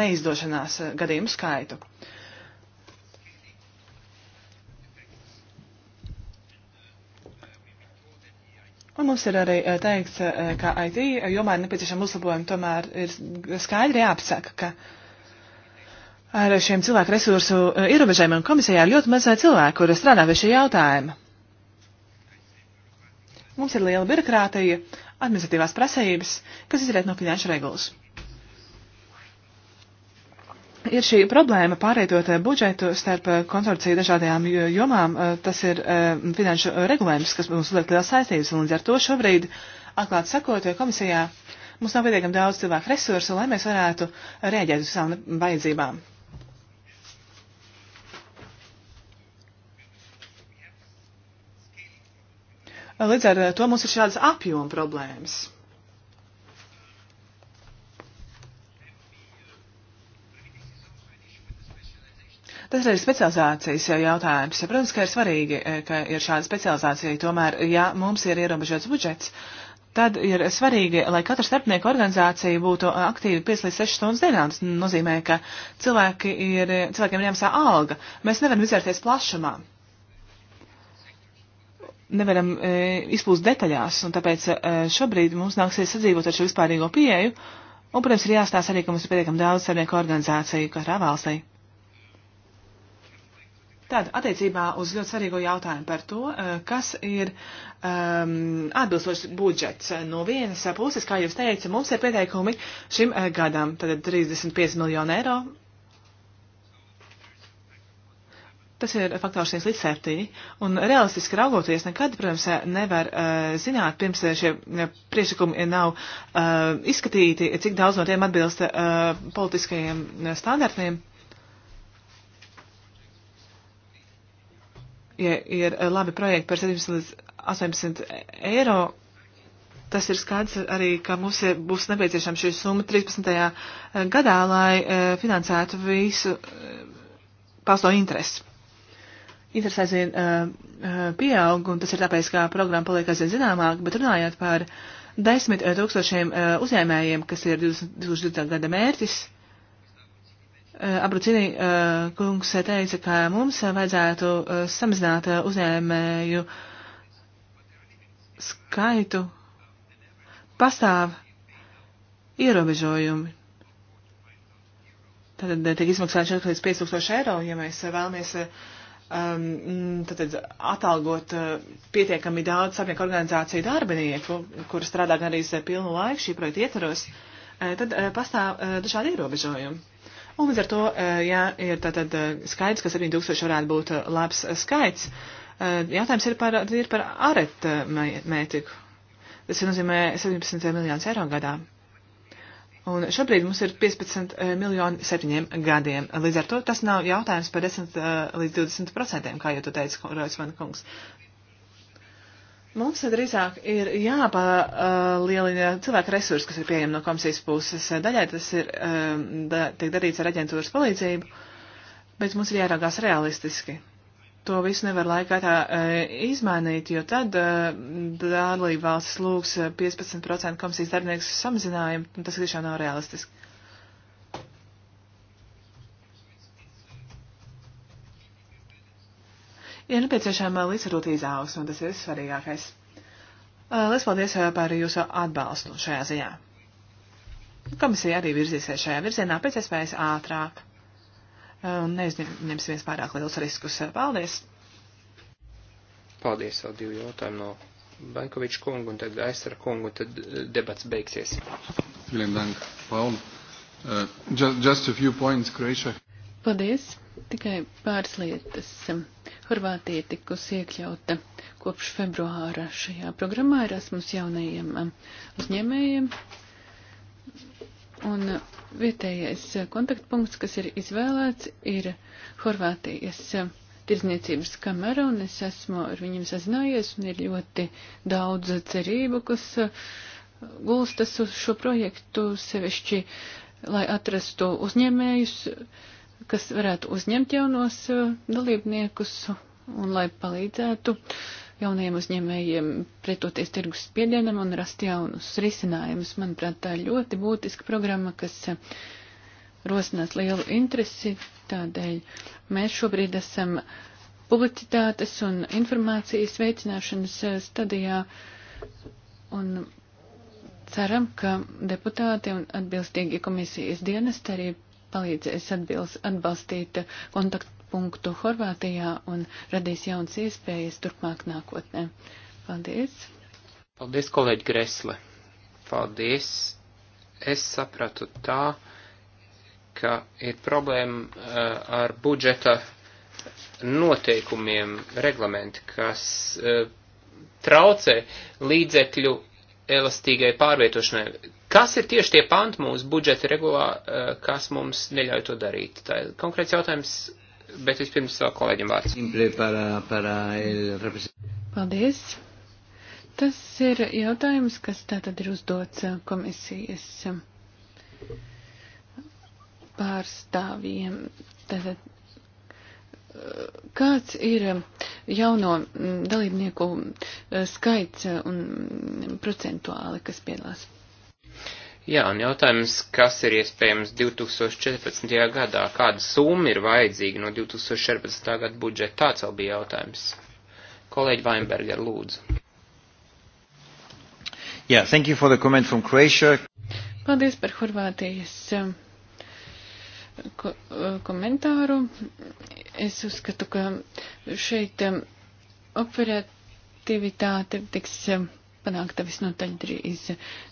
neizdošanās gadījumu skaitu. Uh, Un mums ir arī eh, teikts, eh, ka IT eh, jomā ir nepieciešama uzlabojuma, tomēr ir skaidri jāapsaka, ka ar šiem cilvēku resursu ierobežojumiem komisijā ir ļoti maz cilvēku, kuri strādā pie šī jautājuma. Mums ir liela birokrātija, administratīvās prasības, kas izriet no finanšu regulas ir šī problēma pārveidot eh, budžetu starp eh, konsorciju dažādajām eh, jomām. Tas ir finanšu regulējums, kas mums liek liels saistības, un līdz ar to šobrīd, atklāt sakot, komisijā mums nav pietiekami daudz cilvēku resursu, lai mēs varētu rēģēt uz savām vajadzībām. Līdz ar to mums ir šādas apjoma problēmas. Tas ir specializācijas jautājums. Protams, ka ir svarīgi, eh, ka ir šāda specializācija. Tomēr, ja mums ir ierobežots budžets, tad ir svarīgi, lai katra starpnieku organizācija būtu aktīvi 5 līdz 6 stundas dienā. Tas nozīmē, ka cilvēki ir, cilvēkiem ir jāmaksā alga. Mēs nevaram izvērties plašumā. Nevaram e, izplūst detaļās, un tāpēc e, šobrīd mums nāksies sadzīvot ar šo vispārīgo pieeju. Un, protams, ir jāstāsta arī, ka mums ir pietiekami daudz starpnieku organizāciju katrā valstī. Tad attiecībā uz ļoti svarīgo jautājumu par to, eh, kas ir um, atbilstošs budžets. No vienas puses, kā jūs teicat, mums ir pieteikumi šim eh, gadam, tad 35 miljonu eiro. Tas ir faktors 1 līdz 7. Un realistiski raugoties, nekad, protams, nevar uh, zināt, pirms šie priekšlikumi nav uh, izskatīti, cik daudz no tiem atbilst uh, politiskajiem standartiem. Uh, ja ir eh, labi projekti par 17 līdz 18 eiro, tas ir skaidrs arī, ka mums ir, būs nepieciešama šī summa 13. Eh, gadā, lai eh, finansētu visu pausto interesi. Interesi aizvien pieaug, un tas ir tāpēc, ka programma paliek aizvien zināmāk, bet runājot par desmit tūkstošiem uzņēmējiem, kas ir 2020. gada mērķis, Eh, Abrucīnī eh, kungs teica, ka mums vajadzētu eh, samazināt uzņēmēju skaitu. Pastāv ierobežojumi. Tātad tiek izmaksāti 4 līdz 5 tūkstoši eiro, ja mēs vēlamies um, tātad atalgot pietiekami daudz sabiedrību organizāciju darbinieku, kur strādā gan arī pilnu laiku šī projekta ietvaros, tad pastāv dažādi ierobežojumi. Un līdz ar to, eh, ja ir tātad eh, skaits, ka 7000 varētu būt eh, labs skaits, jautājums ir par, ir par aret mētiku. Tas nozīmē 17 miljonus eiro gadā. Un šobrīd mums ir 15 miljoni septiņiem gadiem. Līdz ar to tas nav jautājums par 10 līdz 20 procentiem, kā jau tu teici, Roisman kungs. Mums drīzāk ir jāpalielina cilvēku resursi, kas ir pieejami no komisijas puses. Daļai tas ir, um, da, tiek darīts ar aģentūras palīdzību, bet mums ir jāragās realistiski. To visu nevar laikā tā uh, izmainīt, jo tad uh, dalība valsts lūgs 15% uh, komisijas darbinieku samazinājumu, un tas tiešām nav realistiski. ir nepieciešama līdzsvarot izaugsme, un tas ir svarīgākais. Lielas paldies par jūsu atbalstu šajā ziņā. Komisija arī virzīsies šajā virzienā pēc iespējas ātrāk. Un neizņemsimies pārāk lielus riskus. Paldies! Paldies, vēl divi jautājumi no Bankoviča kungu un tad Aizsara kungu, un tad debats beigsies. Viljam Dank, Paul. Uh, just, just a few points, Croatia. Paldies! Tikai pāris lietas. Horvātija tikusi iekļauta kopš februāra šajā programmā Erasmus jaunajiem um, uzņēmējiem. Un uh, vietējais uh, kontaktpunkts, kas ir izvēlēts, ir Horvātijas uh, tirdzniecības kamera, un es esmu ar viņiem sazinājies, un ir ļoti daudz cerību, kas gulstas uz šo projektu, sevišķi, lai atrastu uzņēmējus kas varētu uzņemt jaunos uh, dalībniekus un lai palīdzētu jaunajiem uzņēmējiem pretoties tirgus spiedienam un rast jaunus risinājumus. Manuprāt, tā ir ļoti būtiska programma, kas uh, rosinās lielu interesi. Tādēļ mēs šobrīd esam publicitātes un informācijas veicināšanas uh, stadijā un ceram, ka deputāti un atbilstīgi komisijas dienesti arī palīdzēs atbils, atbalstīt kontaktpunktu Horvātijā un radīs jaunas iespējas turpmāk nākotnē. Paldies! Paldies, kolēģi Gresle! Paldies! Es sapratu tā, ka ir problēma eh, ar budžeta noteikumiem, reglamenti, kas eh, traucē līdzekļu elastīgai pārvietošanai. Kas ir tieši tie panti mūsu budžeta regulā, eh, kas mums neļauj to darīt? Tā ir konkrēts jautājums, bet vispirms vēl kolēģim vārds. Paldies. Tas ir jautājums, kas tātad ir uzdots eh, komisijas eh, pārstāvjiem. Tātad, kāds ir jauno mm, dalībnieku skaits un mm, procentuāli, kas piedalās? Jā, un jautājums, kas ir iespējams 2014. gadā, kāda summa ir vajadzīga no 2014. gada budžeta, tāds vēl bija jautājums. Kolēģi Vainberger, lūdzu. Yeah, thank you for the comment from Croatia. Paldies par Horvātijas um, ko uh, komentāru. Es uzskatu, ka šeit um, operatīvitāte tiks um, panākta visnotaļ drīz.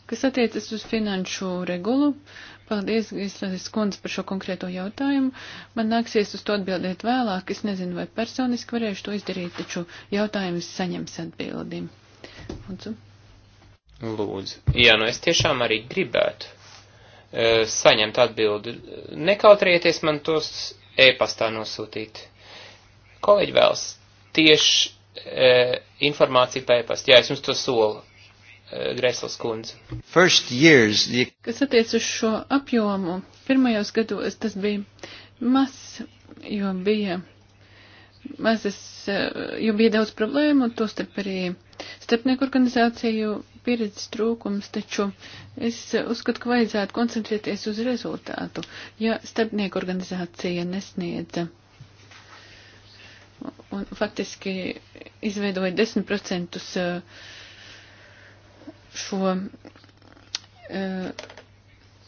Kas attiecas uz finanšu regulu, paldies, Gislas Kundze, par šo konkrēto jautājumu. Man nāksies uz to atbildēt vēlāk, es nezinu, vai personiski varēšu to izdarīt, taču jautājums saņems atbildi. Lūdzu. Lūdzu. Jā, nu es tiešām arī gribētu e, saņemt atbildi. Nekautrieties man tos e-pastā nosūtīt. Kolēģi vēlas tieši E, informāciju pēpast. Jā, es jums to solu. E, Gresls kundze. Years, the... Kas attiec uz šo apjomu, pirmajos gados tas bija maz, jo bija mazas, e, jo bija daudz problēmu, to starp arī starpnieku organizāciju pieredzes trūkums, taču es uzskatu, ka vajadzētu koncentrēties uz rezultātu. Ja starpnieku organizācija nesniedza un faktiski izveidoja 10% eh, šo eh,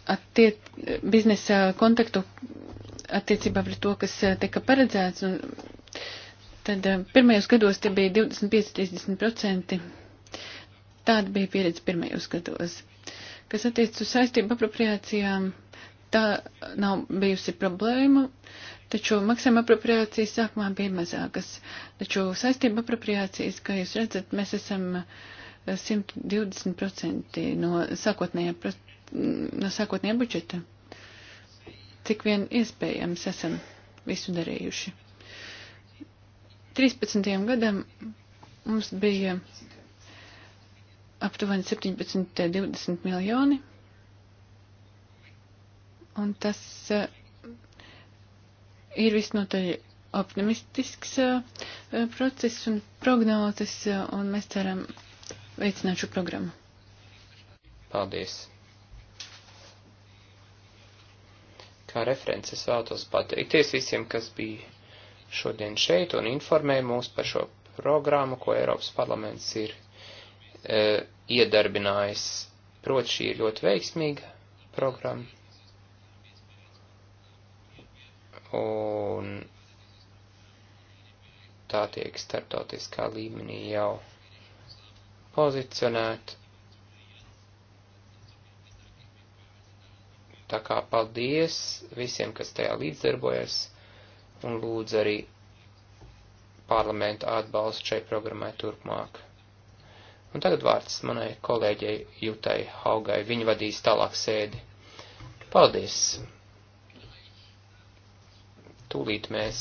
attiec, biznesa kontaktu attiecībā pret to, kas eh, tika paredzēts. Un tad pirmajos gados tie bija 25-30%. Tāda bija pieredze pirmajos gados. Kas attiec uz saistību apropriācijām, tā nav bijusi problēma taču maksājuma apropriācijas sākumā bija mazākas. Taču saistība apropriācijas, kā jūs redzat, mēs esam 120% eh, no sākotnējā, no sākotnējā budžeta. Cik vien iespējams esam visu darījuši. 13. gadam mums bija aptuveni 17, 20 miljoni. Un tas eh, ir visnotaļ optimistisks eh, eh, process un prognozes, eh, un mēs ceram veicināt šo programmu. Paldies! Kā references vēlos pateikties visiem, kas bija šodien šeit un informēja mūs par šo programmu, ko Eiropas parlaments ir e, iedarbinājis. Proti, šī ir ļoti veiksmīga programma un tā tiek starptautiskā līmenī jau pozicionēta. Tā kā paldies visiem, kas tajā līdzdarbojas, un lūdzu arī parlamentu atbalstu šai programmai turpmāk. Un tagad vārds manai kolēģei Jutai Haugai, viņa vadīs tālāk sēdi. Paldies! Tūlīt mēs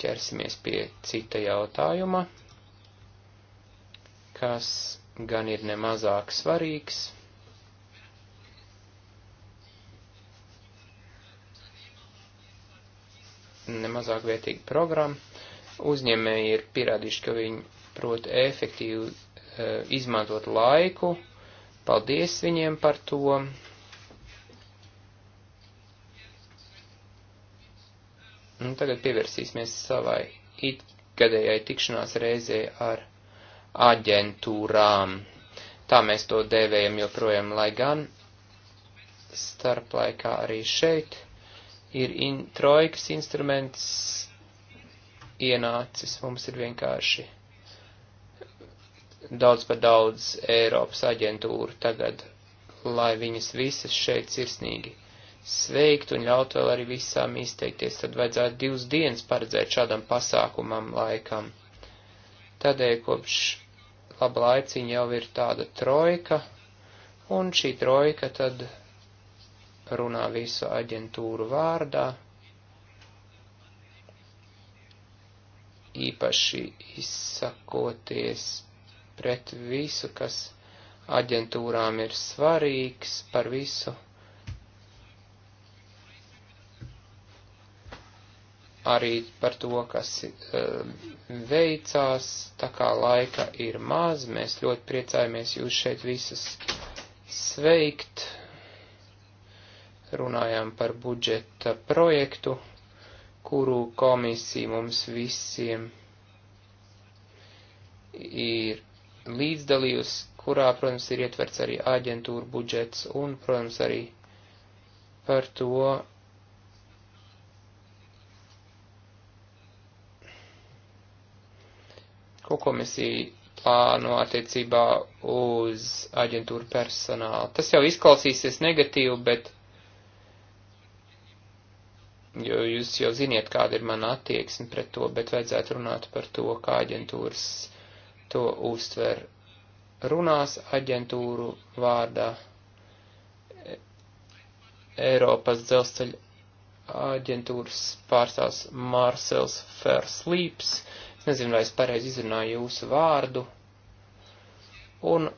ķersimies pie cita jautājuma, kas gan ir nemazāk svarīgs. nemazāk vērtīga programma. Uzņēmēji ir pierādījuši, ka viņi prot efektīvi e, izmantot laiku. Paldies viņiem par to. Nu, tagad pievērsīsimies savai itgadējai tikšanās reizē ar aģentūrām. Tā mēs to dēvējam joprojām, lai gan starplaikā arī šeit ir in, trojkas instruments ienācis. Mums ir vienkārši daudz par daudz Eiropas aģentūru tagad, lai viņas visas šeit sirsnīgi sveikt un ļaut vēl arī visām izteikties, tad vajadzētu divas dienas paredzēt šādam pasākumam laikam. Tādēļ kopš laba laiciņa jau ir tāda trojka, un šī trojka tad runā visu aģentūru vārdā, īpaši izsakoties pret visu, kas aģentūrām ir svarīgs par visu arī par to, kas eh, veicās, tā kā laika ir maz, mēs ļoti priecājamies jūs šeit visus sveikt, runājām par budžeta projektu, kuru komisija mums visiem ir līdzdalījus, kurā, protams, ir ietverts arī aģentūra budžets un, protams, arī par to ko komisija plāno attiecībā uz aģentūru personālu. Tas jau izklausīsies negatīvi, bet jo jūs jau ziniet, kāda ir mana attieksme pret to, bet vajadzētu runāt par to, kā aģentūras to uztver. Runās aģentūru vārdā Eiropas dzelzceļa aģentūras pārstāvs Marcels Ferslīps nezinu, vai es pareizi izrunāju jūsu vārdu, un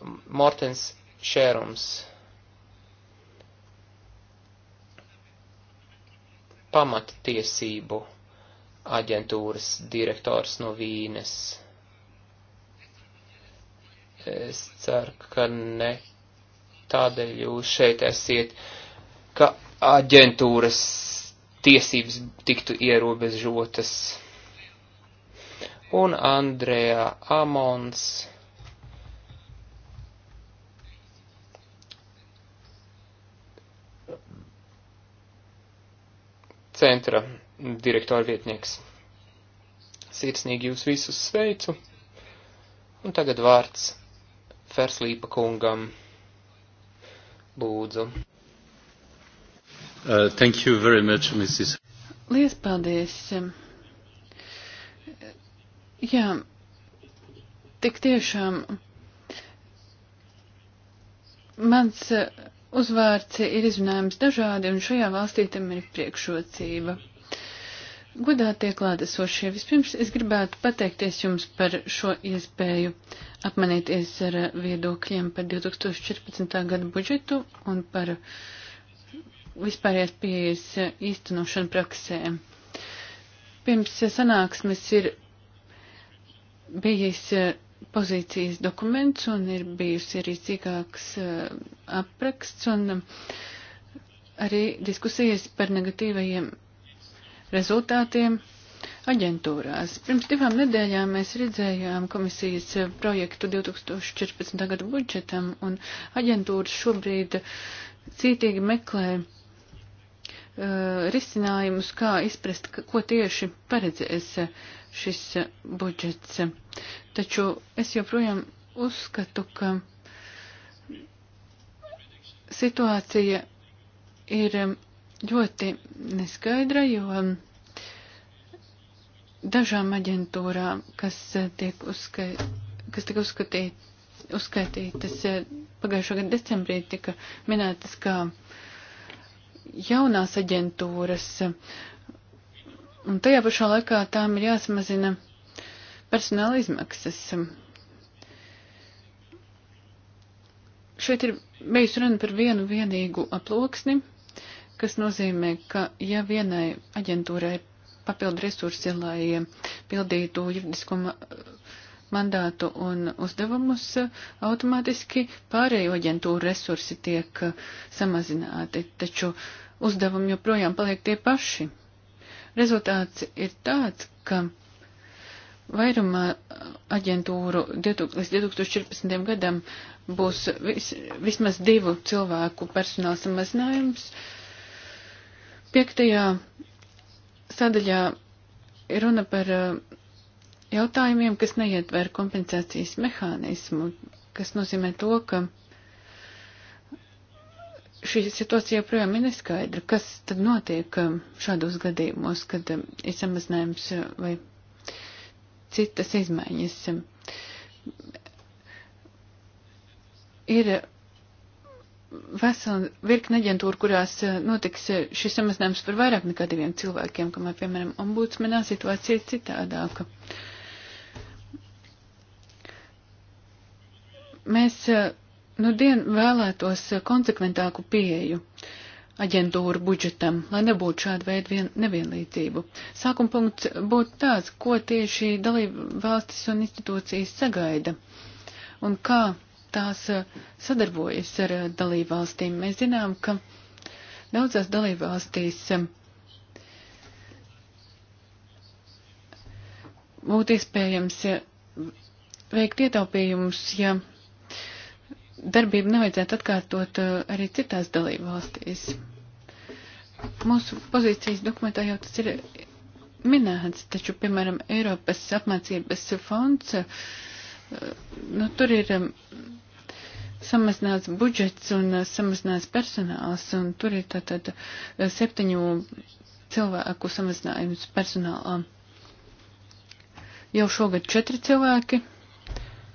Mortens Šērums. Pamattiesību aģentūras direktors no Vīnes. Es ceru, ka ne tādēļ jūs šeit esiet, ka aģentūras tiesības tiktu ierobežotas un Andrejā Amons. Centra direktora vietnieks. Sirsnīgi jūs visus sveicu, un tagad vārds Ferslīpa kungam. Lūdzu. Uh, thank you very much, Mrs. Lies paldies, um, Jā, tik tiešām mans uh, uzvārds ir izrunājums dažādi, un šajā valstī tam ir priekšrocība. Godātie klātesošie, vispirms es gribētu pateikties jums par šo iespēju apmanīties ar viedokļiem par 2014. gada budžetu un par vispārējās pieejas īstenošanu praksē. Pirms sanāksmes ir bijis eh, pozīcijas dokuments un ir bijusi arī cīkāks eh, apraksts un eh, arī diskusijas par negatīvajiem rezultātiem aģentūrās. Pirms divām nedēļām mēs redzējām komisijas projektu 2014. gada budžetam un aģentūras šobrīd cītīgi meklē uh, risinājumus, kā izprast, ko tieši paredzēs uh, šis eh, budžets. Taču es joprojām uzskatu, ka situācija ir eh, ļoti neskaidra, jo eh, dažām aģentūrām, kas tiek uzskait, kas tika uzskatīt, uzskaitītas pagājušā gada decembrī, tika minētas kā jaunās aģentūras. Uh, Un tajā pašā laikā tām ir jāsamazina personāla izmaksas. Šeit ir bijusi runa par vienu vienīgu aploksni, kas nozīmē, ka ja vienai aģentūrai papildu resursi, lai pildītu juridisko mandātu un uzdevumus, automātiski pārējo aģentūru resursi tiek samazināti, taču uzdevumi joprojām paliek tie paši. Rezultāts ir tāds, ka vairumā aģentūru 2000, līdz 2014. gadam būs vis, vismaz divu cilvēku personāla samazinājums. Piektajā sadaļā ir runa par eh, jautājumiem, kas neietver kompensācijas mehānismu, kas nozīmē to, ka šī situācija joprojām ir neskaidra. Kas tad notiek um, šādos gadījumos, kad um, ir samazinājums uh, vai citas izmaiņas? Um, ir uh, vesela virkne aģentūra, kurās uh, notiks šis samazinājums par vairāk nekā diviem cilvēkiem, kamēr, piemēram, ombudsmenā situācija ir citādāka. Mēs Nu, dien vēlētos konsekventāku pieeju aģentūru budžetam, lai nebūtu šāda veida vien, nevienlīdzību. Sākuma punkts būtu tāds, ko tieši dalību valstis un institūcijas sagaida un kā tās sadarbojas ar dalību valstīm. Mēs zinām, ka daudzās dalību valstīs būtu iespējams veikt ietaupījumus, ja darbību nevajadzētu atkārtot uh, arī citās dalību valstīs. Mūsu pozīcijas dokumentā jau tas ir minēts, taču, piemēram, Eiropas apmācības fonds, uh, nu, tur ir um, samazināts budžets un uh, samazināts personāls, un tur ir tātad septiņu cilvēku samazinājums personālā. Jau šogad četri cilvēki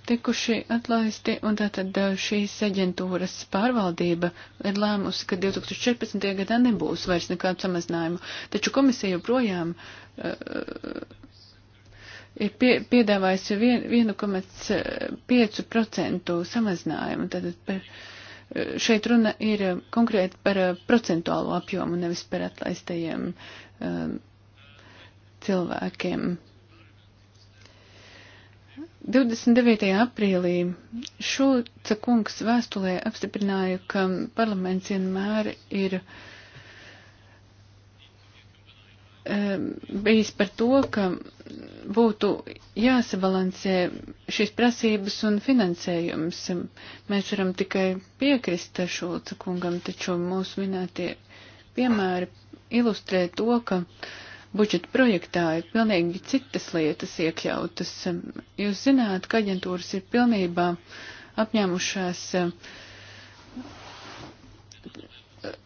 tikuši atlaisti, un tātad šīs aģentūras pārvaldība ir lēmusi, ka 2014. gadā nebūs vairs nekādu samazinājumu. Taču komisija joprojām uh, ir pie, piedāvājusi 1,5% samazinājumu. Tātad par, šeit runa ir konkrēti par procentuālo apjomu, nevis par atlaistajiem uh, cilvēkiem. Uh, 29. aprīlī Šulca kungs vēstulē apstiprināja, ka parlaments vienmēr ir um, bijis par to, ka būtu jāsabalansē šīs prasības un finansējums. Mēs varam tikai piekrist Šulca kungam, taču mūsu minētie piemēri ilustrē to, ka uh, budžeta projektā ir pilnīgi citas lietas iekļautas. Jūs zināt, ka aģentūras ir pilnībā apņēmušās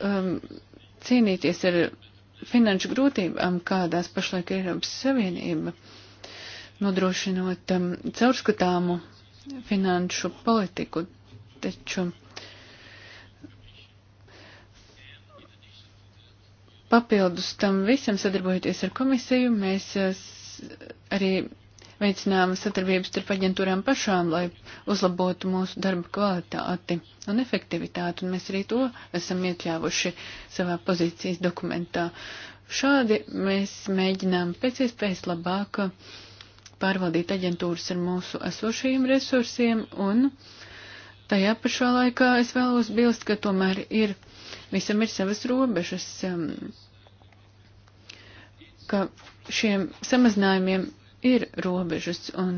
um, cīnīties ar finanšu grūtībām, kādās pašlaik ir Eiropas Savienība, nodrošinot um, caurskatāmu finanšu politiku. Taču Papildus tam visam sadarbojoties ar komisiju, mēs eh, arī veicinām sadarbību starp aģentūrām pašām, lai uzlabotu mūsu darba kvalitāti un efektivitāti, un mēs arī to esam iekļāvuši savā pozīcijas dokumentā. Šādi mēs mēģinām pēc iespējas labāk pārvaldīt aģentūras ar mūsu esošajiem resursiem, un tajā pašā laikā es vēlos bilst, ka tomēr ir visam ir savas robežas, um, ka šiem samazinājumiem ir robežas un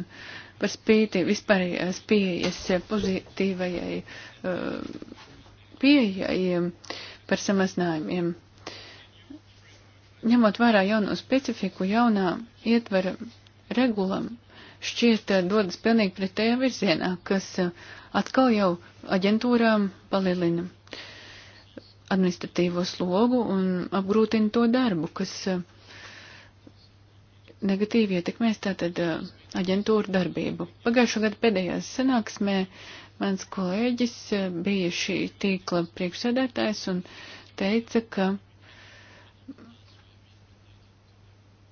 par spīti vispārējās pieejas pozitīvajai uh, pieejai um, par samazinājumiem. Ņemot vērā jauno specifiku, jaunā ietvara regulam šķiet uh, dodas pilnīgi pretējā virzienā, kas uh, atkal jau aģentūrām palielina administratīvo slogu un apgrūtina to darbu, kas eh, negatīvi ietekmēs tātad eh, aģentūru darbību. Pagājušo gadu pēdējās sanāksmē mans kolēģis eh, bija šī tīkla priekšsēdētājs un teica, ka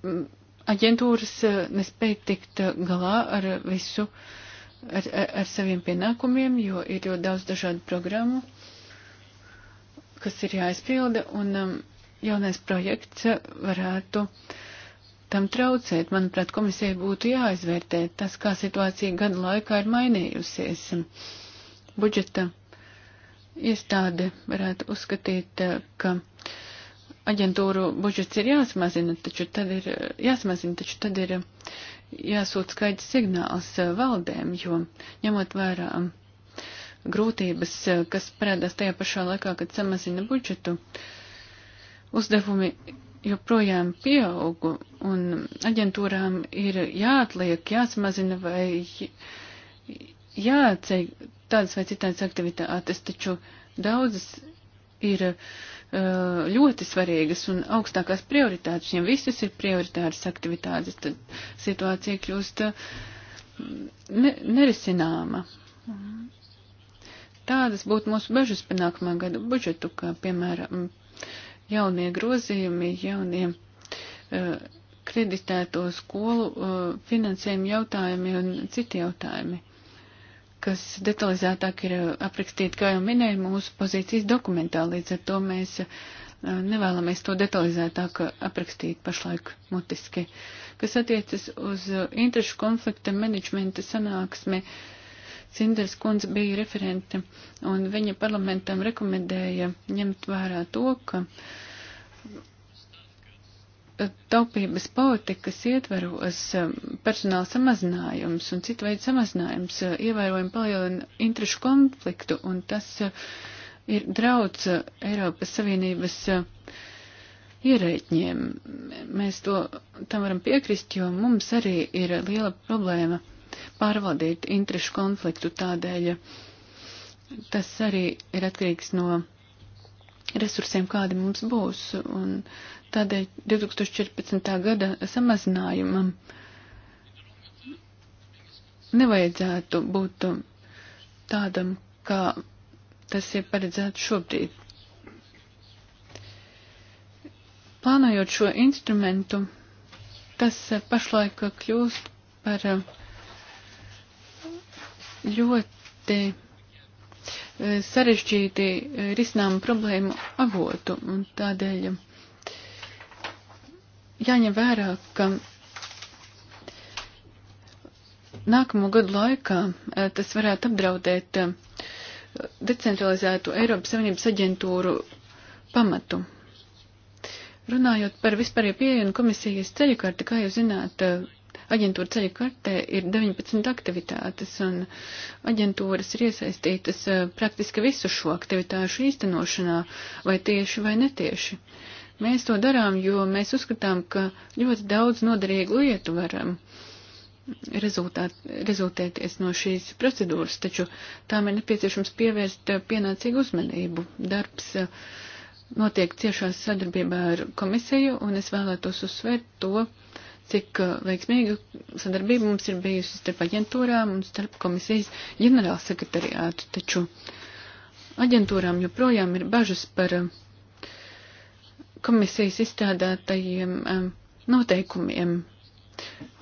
mm, aģentūras nespēja tikt galā ar visu, ar, ar, ar saviem pienākumiem, jo ir ļoti daudz dažādu programmu kas ir jāizpilda, un um, jaunais projekts varētu tam traucēt. Manuprāt, komisijai būtu jāizvērtē tas, kā situācija gada laikā ir mainījusies. Budžeta iestāde varētu uzskatīt, uh, ka aģentūru budžets ir jāsamazina, taču tad ir, uh, jāsamazina, taču tad ir uh, jāsūt skaidrs signāls valdēm, jo ņemot vērā grūtības, eh, kas parādās tajā pašā laikā, kad samazina budžetu. Uzdevumi joprojām pieaugu, un aģentūrām ir jāatliek, jāsamazina vai jāatceļ tādas vai citādas aktivitātes, taču daudzas ir eh, ļoti svarīgas un augstākās prioritātes. Ja visas ir prioritāras aktivitātes, tad situācija kļūst eh, ne, nerisināma. Tādas būtu mūsu bežas par nākamā gada budžetu, kā piemēram jaunie grozījumi, jaunie uh, kreditēto skolu uh, finansējumu jautājumi un citi jautājumi, kas detalizētāk ir e, aprakstīti, kā jau minēju, mūsu pozīcijas dokumentā. Līdz ar to mēs uh, nevēlamies to detalizētāk aprakstīt pašlaik mutiski. Kas attiecas uz interešu konflikta menedžmenta sanāksmi, uh, Cinders kundze bija referente, un viņa parlamentam rekomendēja ņemt vērā to, ka taupības politikas ietveros um, personāla samazinājums un citu veidu samazinājums uh, ievērojami palielina interešu konfliktu, un tas uh, ir draudz uh, Eiropas Savienības ierēķiem. Mēs to tam varam piekrist, jo mums arī ir liela problēma pārvaldīt interešu konfliktu tādēļ. Tas arī ir atkarīgs no resursiem, kādi mums būs, un tādēļ 2014. gada samazinājumam nevajadzētu būt tādam, kā tas ir paredzēts šobrīd. Plānojot šo instrumentu, tas pašlaik kļūst par ļoti e, sarežģīti e, risinām problēmu avotu, un tādēļ jāņem vērā, ka nākamo gadu laikā e, tas varētu apdraudēt decentralizētu Eiropas Savienības aģentūru pamatu. Runājot par vispārējo pieeju un komisijas ceļu karti, kā jūs zināt, aģentūra ceļa kartē ir 19 aktivitātes, un aģentūras ir iesaistītas eh, praktiski visu šo aktivitāšu īstenošanā, vai tieši vai netieši. Mēs to darām, jo mēs uzskatām, ka ļoti daudz noderīgu lietu varam rezultāt, rezultēties no šīs procedūras, taču tām ir nepieciešams pievērst eh, pienācīgu uzmanību. Darbs eh, notiek ciešās sadarbībā ar komisiju, un es vēlētos uzsvērt to, uh, cik uh, veiksmīga sadarbība mums ir bijusi starp aģentūrām un starp komisijas ģenerālsekretariātu, taču aģentūrām joprojām ir bažas par uh, komisijas izstrādātajiem um, noteikumiem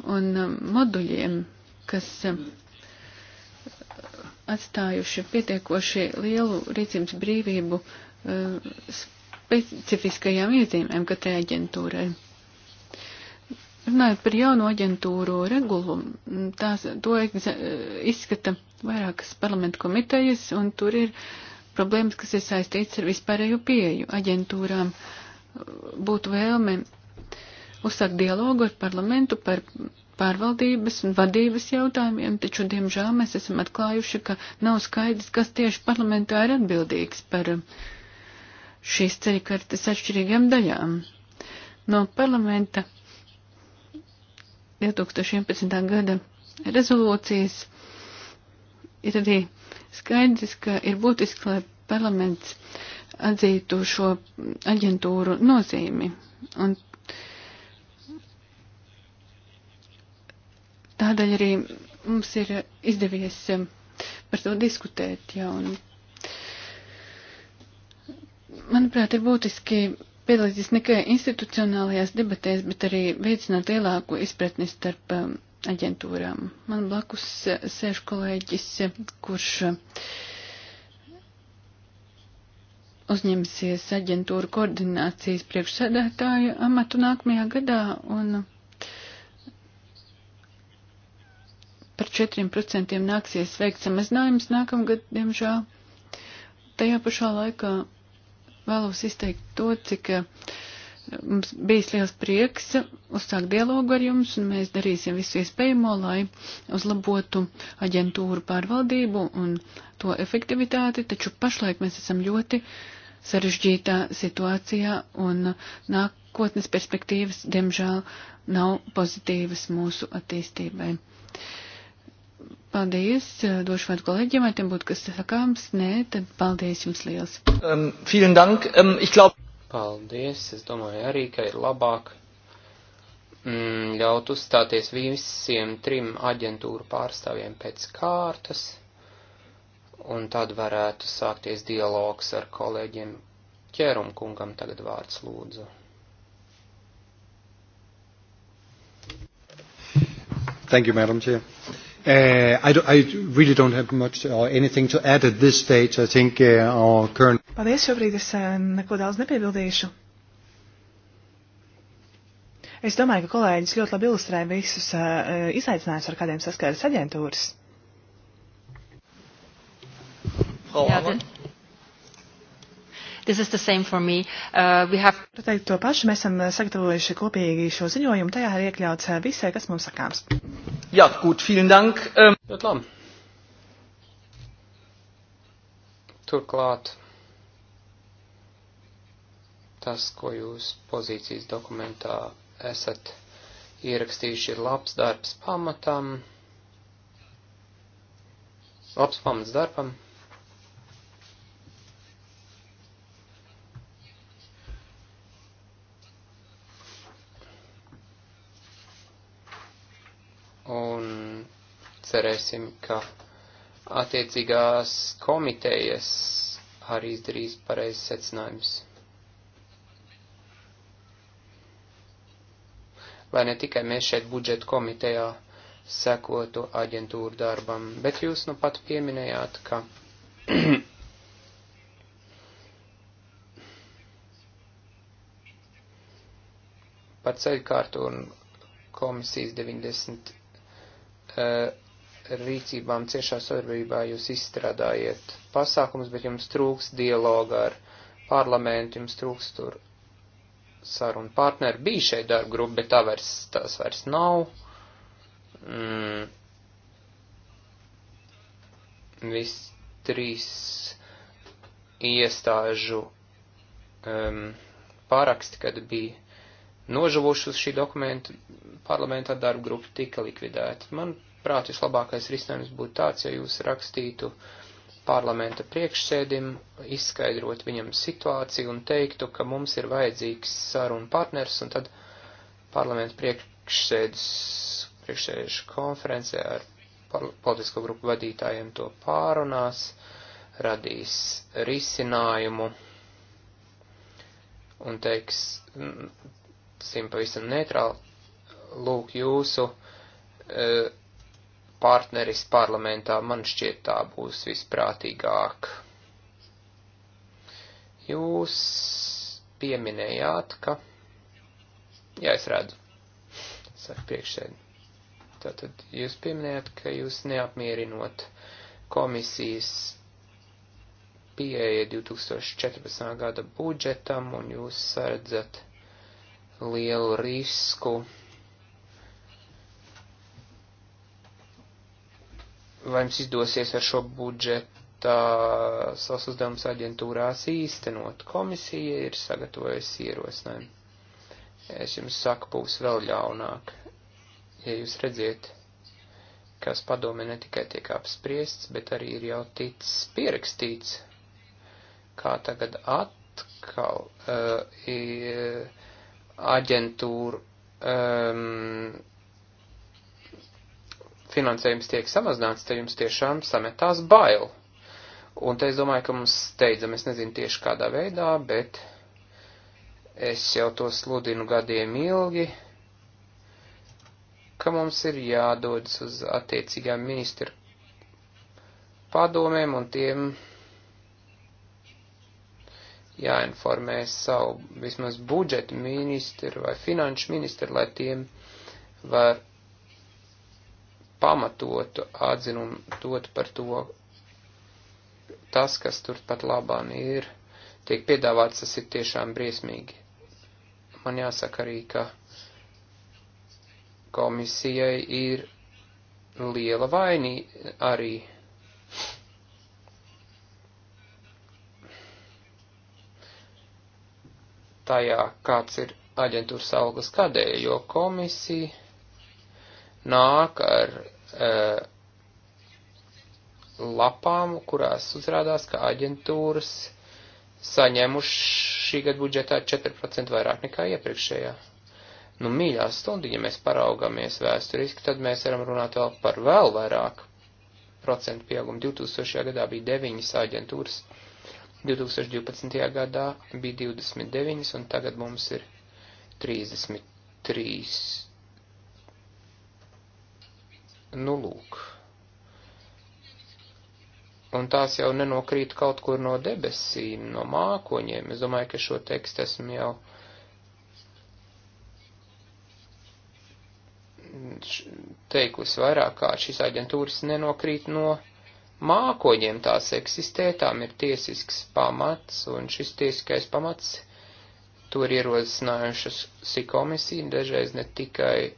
un um, moduļiem, kas um, atstājuši pietiekoši lielu rīcības brīvību uh, specifiskajām iezīmēm katrai aģentūrai. Runājot par jauno aģentūru regulu, tās, to eh, izskata vairākas parlamenta komitejas, un tur ir problēmas, kas ir saistīts ar vispārējo pieeju. Aģentūrām būtu vēlme uzsākt dialogu ar parlamentu par pārvaldības un vadības jautājumiem, taču, diemžēl, mēs esam atklājuši, ka nav skaidrs, kas tieši parlamentā ir atbildīgs par šīs ceļkartes atšķirīgām daļām. No parlamenta 2011. gada rezolūcijas ir arī skaidrs, ka ir būtiski, lai parlaments atzītu šo aģentūru nozīmi. Un tādēļ arī mums ir izdevies par to diskutēt. Jā, un, manuprāt, ir būtiski piedalīties ne tikai institucionālajās debatēs, bet arī veicināt lielāku izpratni starp um, aģentūrām. Man blakus uh, sēž kolēģis, uh, kurš uh, uzņemsies aģentūru koordinācijas priekšsēdētāju amatu nākamajā gadā un par 4% nāksies veikt samazinājums nākamgad, diemžēl. Tajā pašā laikā vēlos izteikt to, cik eh, mums bijis liels prieks uzsākt dialogu ar jums, un mēs darīsim visu iespējamo, lai uzlabotu aģentūru pārvaldību un to efektivitāti, taču pašlaik mēs esam ļoti sarežģītā situācijā, un nākotnes perspektīvas, diemžēl, nav pozitīvas mūsu attīstībai. Uh, Paldies, došu vārdu kolēģiem, vai tiem būtu kas sakāms? Nē, tad paldies jums liels. Um, vielen dank, um, ich glaub. Paldies, es domāju arī, ka ir labāk mm, ļaut uzstāties visiem trim aģentūru pārstāvjiem pēc kārtas, un tad varētu sākties dialogs ar kolēģiem. Ķērumkungam tagad vārds lūdzu. Thank you, Madam Chair. Uh, Uh, I, do, I really don't have much or anything to add at this stage. I think uh, our current. Paldies, šobrīd es uh, neko daudz nepiebildīšu. Es domāju, ka kolēģis ļoti labi ilustrē visus uh, uh, izaicinājumus, ar kādiem saskaras aģentūras. Jā, This is the same for me. Uh, we have. Pateikt to pašu, mēs esam uh, sagatavojuši kopīgi šo ziņojumu, tajā ir iekļauts visai, kas mums sakāms. Jā, ja, gut, vielen dank. Um... Ļoti labi. Turklāt tas, ko jūs pozīcijas dokumentā esat ierakstījuši, ir labs darbs pamatam, labs pamats darbam. cerēsim, ka attiecīgās komitejas arī izdarīs pareizes secinājumus. Lai ne tikai mēs šeit budžeta komitejā sekotu aģentūru darbam, bet jūs nu pat pieminējāt, ka par ceļkārtu un komisijas 90. Uh, eh, rīcībām ciešā sadarbībā jūs izstrādājat pasākums, bet jums trūks dialoga ar parlamentu, jums trūks tur sarunu partneri. Bija šeit darba grupa, bet tā vairs, tās vairs nav. Mm. Viss trīs iestāžu um, paraksti, kad bija nožavoši uz šī dokumenta, parlamentā darba grupa tika likvidēta. Man prāt, vislabākais risinājums būtu tāds, ja jūs rakstītu parlamenta priekšsēdim, izskaidrot viņam situāciju un teiktu, ka mums ir vajadzīgs sarunu partners, un tad parlamenta priekšsēdus, priekšsēdus konferencē ar politisko grupu vadītājiem to pārunās, radīs risinājumu un teiks, mm, sim pavisam neitrāli, lūk jūsu uh, partneris parlamentā, man šķiet tā būs visprātīgāk. Jūs pieminējāt, ka. Jā, es redzu. Saka priekšsēdētāji. Tātad jūs pieminējat, ka jūs neapmierinot komisijas pieeja 2014. gada budžetam un jūs sardzat lielu risku vai jums izdosies ar šo budžeta savas uzdevumus aģentūrās īstenot. Komisija ir sagatavojusi ierosinājumu. Es jums saku, būs vēl ļaunāk. Ja jūs redziet, kas padome ne tikai tiek apspriests, bet arī ir jau ticis pierakstīts, kā tagad atkal uh, aģentūra um, finansējums tiek samazināts, te jums tiešām sametās bail. Un te es domāju, ka mums steidzam, es nezinu tieši kādā veidā, bet es jau to sludinu gadiem ilgi, ka mums ir jādodas uz attiecīgām ministru padomēm un tiem jāinformē savu vismaz budžetu ministru vai finanšu ministru, lai tiem var pamatotu atzinumu dot par to, tas, kas tur pat labāk ir, tiek piedāvāts, tas ir tiešām briesmīgi. Man jāsaka arī, ka komisijai ir liela vainī arī. Tajā kāds ir aģentūras algas kadēja, jo komisija nāk ar uh, lapām, kurās uzrādās, ka aģentūras saņēmuši šī gada budžetā 4% vairāk nekā iepriekšējā. Nu, mīļā stunda, ja mēs paraugamies vēsturiski, tad mēs varam runāt vēl par vēl vairāk procentu pieaugumu. 2000. gadā bija 9 aģentūras, 2012. gadā bija 29, un tagad mums ir 33 Nu, lūk. Un tās jau nenokrīt kaut kur no debesīm, no mākoņiem. Es domāju, ka šo tekstu esmu jau teikusi vairāk kā šīs aģentūras nenokrīt no mākoņiem. Tās eksistē, tām ir tiesisks pamats, un šis tiesiskais pamats tur ierosinājušas si komisija, dažreiz ne tikai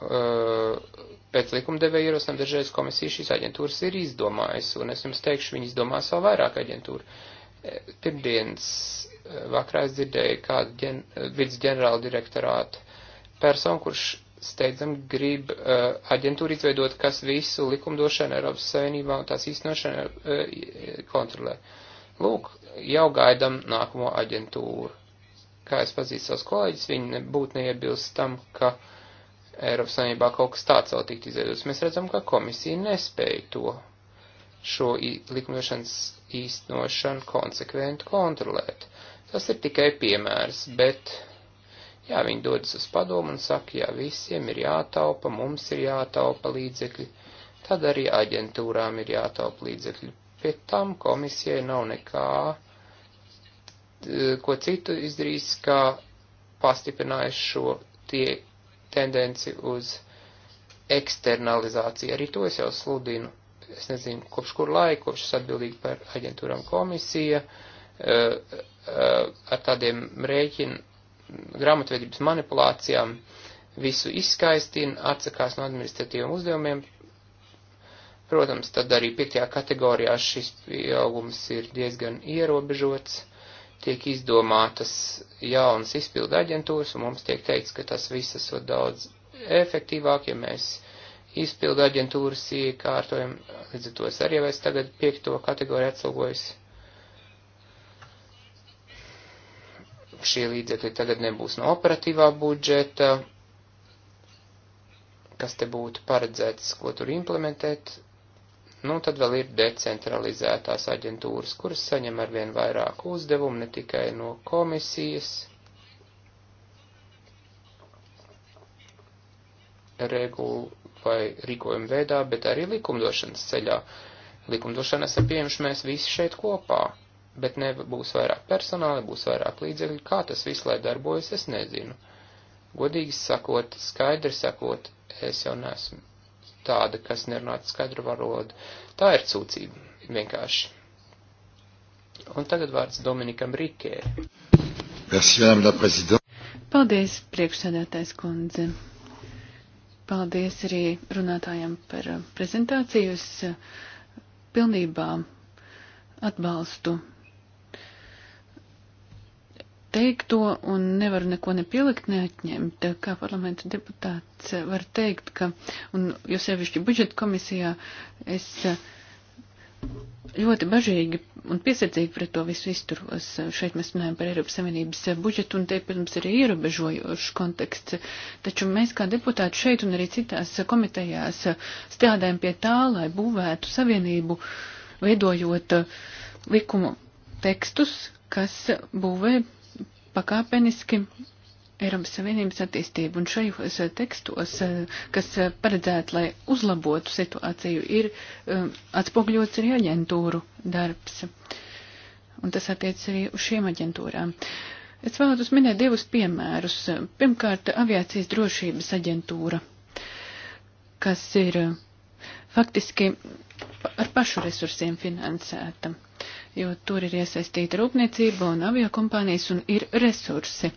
pēc uh, likumdevēja ierosinām dažreiz komisija šīs aģentūras ir izdomājusi, un es jums teikšu, viņi izdomās vēl vairāk aģentūru. E, pirmdienas e, vakarā es dzirdēju kādu ģen, e, vidus ģenerāla direktorātu personu, kurš steidzam grib uh, aģentūru izveidot, kas visu likumdošanu Eiropas Savienībā un tās īstenošanu uh, kontrolē. Lūk, jau gaidam nākamo aģentūru. Kā es pazīstu savus kolēģis, viņi nebūtu neiebilst tam, ka uh, Eiropas Savienībā kaut kas tāds vēl tikt izveidots. Mēs redzam, ka komisija nespēja to šo likumdošanas īstenošanu konsekventi kontrolēt. Tas ir tikai piemērs, bet jā, viņi dodas uz padomu un saka, jā, visiem ir jātaupa, mums ir jātaupa līdzekļi, tad arī aģentūrām ir jātaupa līdzekļi. Pēc tam komisijai nav nekā, eh, ko citu izdarījis, kā pastiprinājuši šo tie tendenci uz eksternalizāciju. Arī to es jau sludinu. Es nezinu, kopš kur laika, kopš es atbildīgi par aģentūram komisija, eh, eh, ar tādiem rēķinu grāmatvedības manipulācijām visu izskaistina, atsakās no administratīviem uzdevumiem. Protams, tad arī piektajā kategorijā šis pieaugums ir diezgan ierobežots tiek izdomātas jaunas izpildu aģentūras, un mums tiek teikts, ka tas viss esot daudz efektīvāk, ja mēs izpildu aģentūras iekārtojam, līdz ar to es arī vairs tagad piekto kategoriju atslogojos. Šie līdzekļi tagad nebūs no operatīvā budžeta, kas te būtu paredzēts, ko tur implementēt, Nu, tad vēl ir decentralizētās aģentūras, kuras saņem arvien vairāk uzdevumu ne tikai no komisijas, regulu vai rīkojumu veidā, bet arī likumdošanas ceļā. Likumdošana esam pieņemši mēs visi šeit kopā, bet nebūs vairāk personāla, būs vairāk līdzekļu, kā tas viss lai darbojas, es nezinu. Godīgi sakot, skaidri sakot, es jau nesmu tāda, kas nerunātu skaidru valodu. Tā ir sūdzība vienkārši. Un tagad vārds Dominikam Rikē. Paldies, priekšsēdētājs kundze. Paldies arī runātājiem par prezentāciju. Es eh, pilnībā atbalstu teikto un nevaru neko nepielikt, neatņemt. Kā parlamenta deputāts var teikt, ka, un jo sevišķi budžeta komisijā, es ļoti bažīgi un piesardzīgi pret to visu izturos. Šeit mēs runājam par Eiropas Savienības budžetu, un te, protams, ir ierobežojošs konteksts. Taču mēs kā deputāti šeit un arī citās komitejās strādājam pie tā, lai būvētu savienību, veidojot likumu tekstus, kas būvē pakāpeniski Eiropas Savienības attīstību. Un šajos eh, tekstos, eh, kas eh, paredzēti, lai uzlabotu situāciju, ir atspogļots arī aģentūru darbs. Un tas attiec arī uz šiem aģentūrām. Es vēlētos minēt divus piemērus. Pirmkārt, aviācijas drošības aģentūra, kas ir faktiski ar pašu resursiem finansēta jo tur ir iesaistīta rūpniecība un aviokompānijas un ir resursi.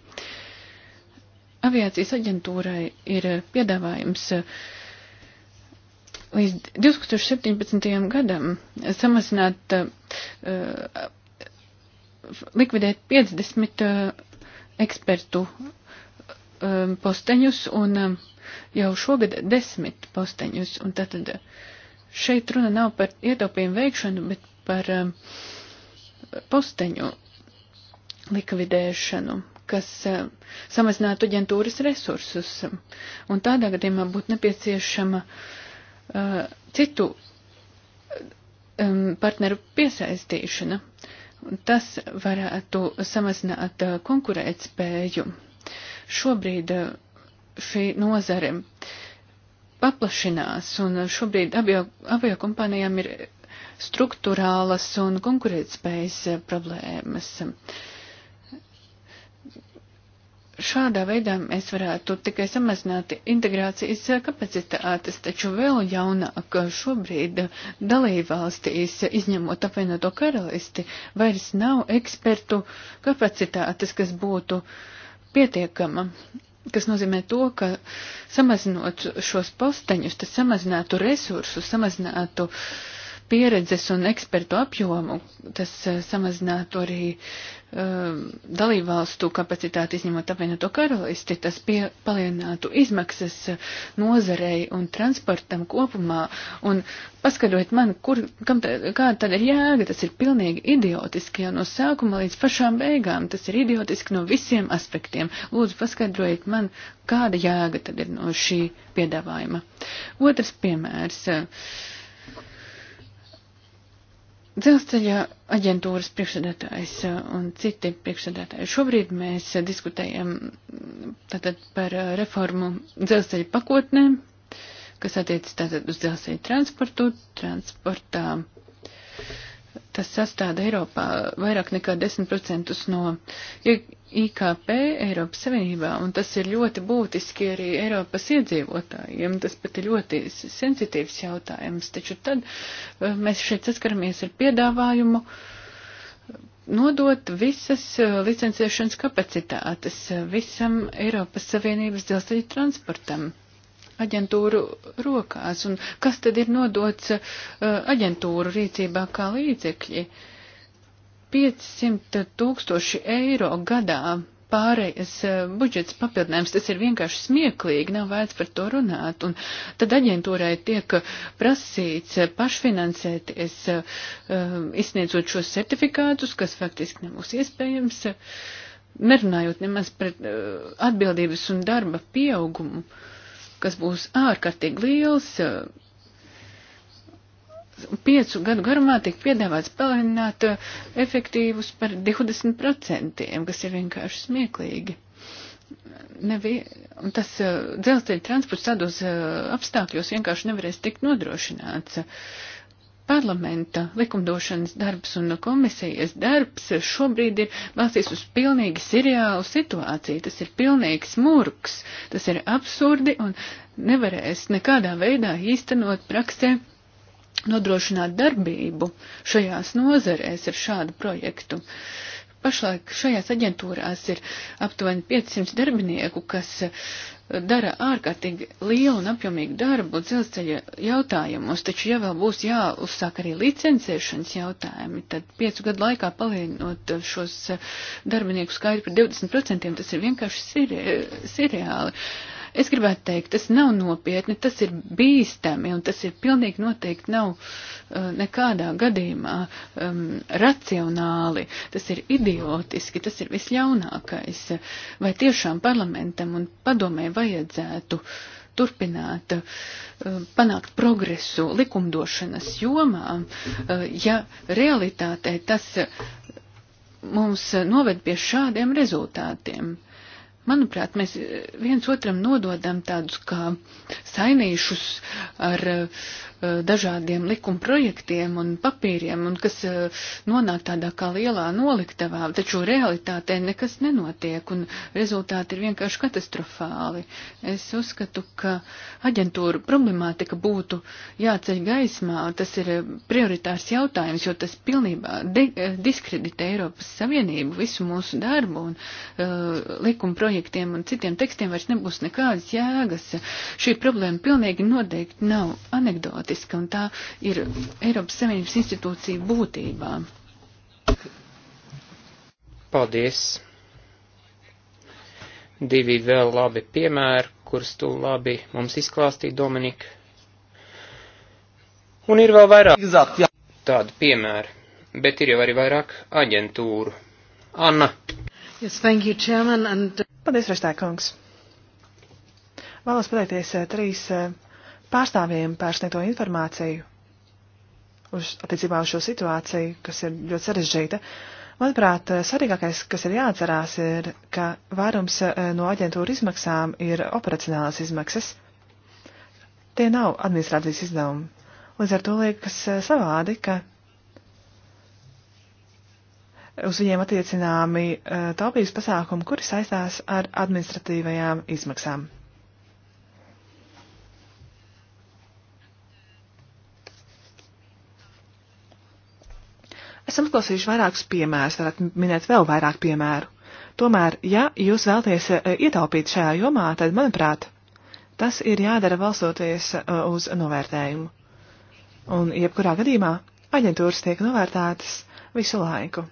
Aviācijas aģentūrai ir piedāvājums eh, līdz 2017. gadam samazināt, uh, likvidēt 50 uh, ekspertu um, posteņus un um, jau šogad desmit posteņus. Un tātad šeit runa nav par ietaupījumu veikšanu, bet par um, posteņu likvidēšanu, kas e, samazinātu aģentūras resursus. Un tādā gadījumā būtu nepieciešama uh, citu um, partneru piesaistīšana. Tas varētu samazināt uh, konkurētspēju. Šobrīd uh, šī nozare paplašinās, un šobrīd avio, avio kompānijām ir struktūrālas un konkurētspējas eh, problēmas. Šādā veidā mēs varētu tikai samazināt integrācijas eh, kapacitātes, taču vēl jaunāk eh, šobrīd dalībvalstīs, izņemot apvienoto karalisti, vairs nav ekspertu kapacitātes, kas būtu pietiekama kas nozīmē to, ka samazinot šos posteņus, tas samazinātu resursus, samazinātu pieredzes un ekspertu apjomu, tas eh, samazinātu arī um, dalībvalstu kapacitāti, izņemot apvienoto karalisti, tas pie, palienātu izmaksas eh, nozarei un transportam kopumā. Un paskatot man, kur, kam tā, kāda tad ir jēga, tas ir pilnīgi idiotiski jau no sākuma līdz pašām beigām. Tas ir idiotiski no visiem aspektiem. Lūdzu, paskaidrojiet man, kāda jēga tad ir no šī piedāvājuma. Otrs piemērs. Uh, Dzelzceļa aģentūras priekšsēdētājs uh, un citi priekšsēdētāji. Šobrīd mēs diskutējam mm, tātad par uh, reformu dzelzceļa pakotnēm, kas attiec tātad uz dzelzceļa transportu, transportā. Tas sastāda Eiropā vairāk nekā 10% no IKP Eiropas Savienībā, un tas ir ļoti būtiski arī Eiropas iedzīvotājiem. Tas pat ir ļoti sensitīvs jautājums, taču tad eh, mēs šeit saskaramies ar piedāvājumu nodot visas eh, licencēšanas kapacitātes eh, visam Eiropas Savienības dzelzceļa transportam aģentūru rokās, un kas tad ir nodots aģentūru rīcībā kā līdzekļi. Uh, 500 tūkstoši eiro gadā pārējais eh, budžets papildinājums, tas ir vienkārši smieklīgi, nav vērts par to runāt. Un tad aģentūrai tiek prasīts eh, pašfinansēties, eh, izsniedzot šos certifikātus, kas faktiski nebūs iespējams, nerunājot nemaz par atbildības un darba pieaugumu, kas būs ārkārtīgi liels piecu gadu garumā tiek piedāvāts palielināt uh, efektīvus par 20%, kas ir vienkārši smieklīgi. Nevi, tas uh, dzelzceļa transports tādos uh, apstākļos vienkārši nevarēs tikt nodrošināts. Parlamenta likumdošanas darbs un komisijas darbs šobrīd ir balstīts uz pilnīgi seriālu situāciju. Tas ir pilnīgs murgs, tas ir absurdi un nevarēs nekādā veidā īstenot praksē nodrošināt darbību šajās nozarēs ar šādu projektu. Pašlaik šajās aģentūrās ir aptuveni 500 darbinieku, kas eh, dara ārkārtīgi lielu un apjomīgu darbu dzelzceļa jautājumos, taču ja vēl būs jāuzsāk arī licencēšanas jautājumi, tad piecu gadu laikā palielinot šos eh, darbinieku skaitu par 20%, tas ir vienkārši sirreāli. Siri Es gribētu teikt, tas nav nopietni, tas ir bīstami un tas ir pilnīgi noteikti nav uh, nekādā gadījumā um, racionāli, tas ir idiotiski, tas ir visļaunākais. Vai tiešām parlamentam un padomē vajadzētu turpināt uh, panākt progresu likumdošanas jomā, uh, ja realitātē tas uh, mums noved pie šādiem rezultātiem. Manuprāt, mēs eh, viens otram nododam tādus kā sainīšus ar eh, dažādiem likuma projektiem un papīriem, un kas eh, nonāk tādā kā lielā noliktavā, taču realitātē nekas nenotiek, un rezultāti ir vienkārši katastrofāli. Es uzskatu, ka aģentūra problemātika būtu jāceļ gaismā, tas ir prioritārs jautājums, jo tas pilnībā diskreditē Eiropas Savienību, visu mūsu darbu un uh, likuma projektu projektiem un citiem tekstiem vairs nebūs nekādas jēgas. Šī problēma pilnīgi noteikti nav anegdotiska, un tā ir Eiropas Savienības institūcija būtībā. Paldies! Divi vēl labi piemēri, kurus tu labi mums izklāstīji, Dominika. Un ir vēl vairāk tādu piemēru, bet ir jau arī vairāk aģentūru. Anna. Yes, thank you, Chairman, and... Paldies, Restākungs! Vēlos pateikties eh, trīs eh, pārstāvjiem par sniegto informāciju uz, attiecībā uz šo situāciju, kas ir ļoti sarežģīta. Manuprāt, eh, svarīgākais, kas ir jāatcerās, ir, ka vairums no aģentūra izmaksām ir operacionālās izmaksas. Tie nav administrācijas izdevumi. Līdz ar to liekas savādi, ka uz viņiem attiecināmi eh, taupības pasākumi, kuri saistās ar administratīvajām izmaksām. Esam klausījuši vairākus piemērus, varētu minēt vēl vairāk piemēru. Tomēr, ja jūs vēlties eh, ietaupīt šajā jomā, tad, manuprāt, tas ir jādara balstoties eh, uz novērtējumu. Un, jebkurā gadījumā, aģentūras tiek novērtētas visu laiku.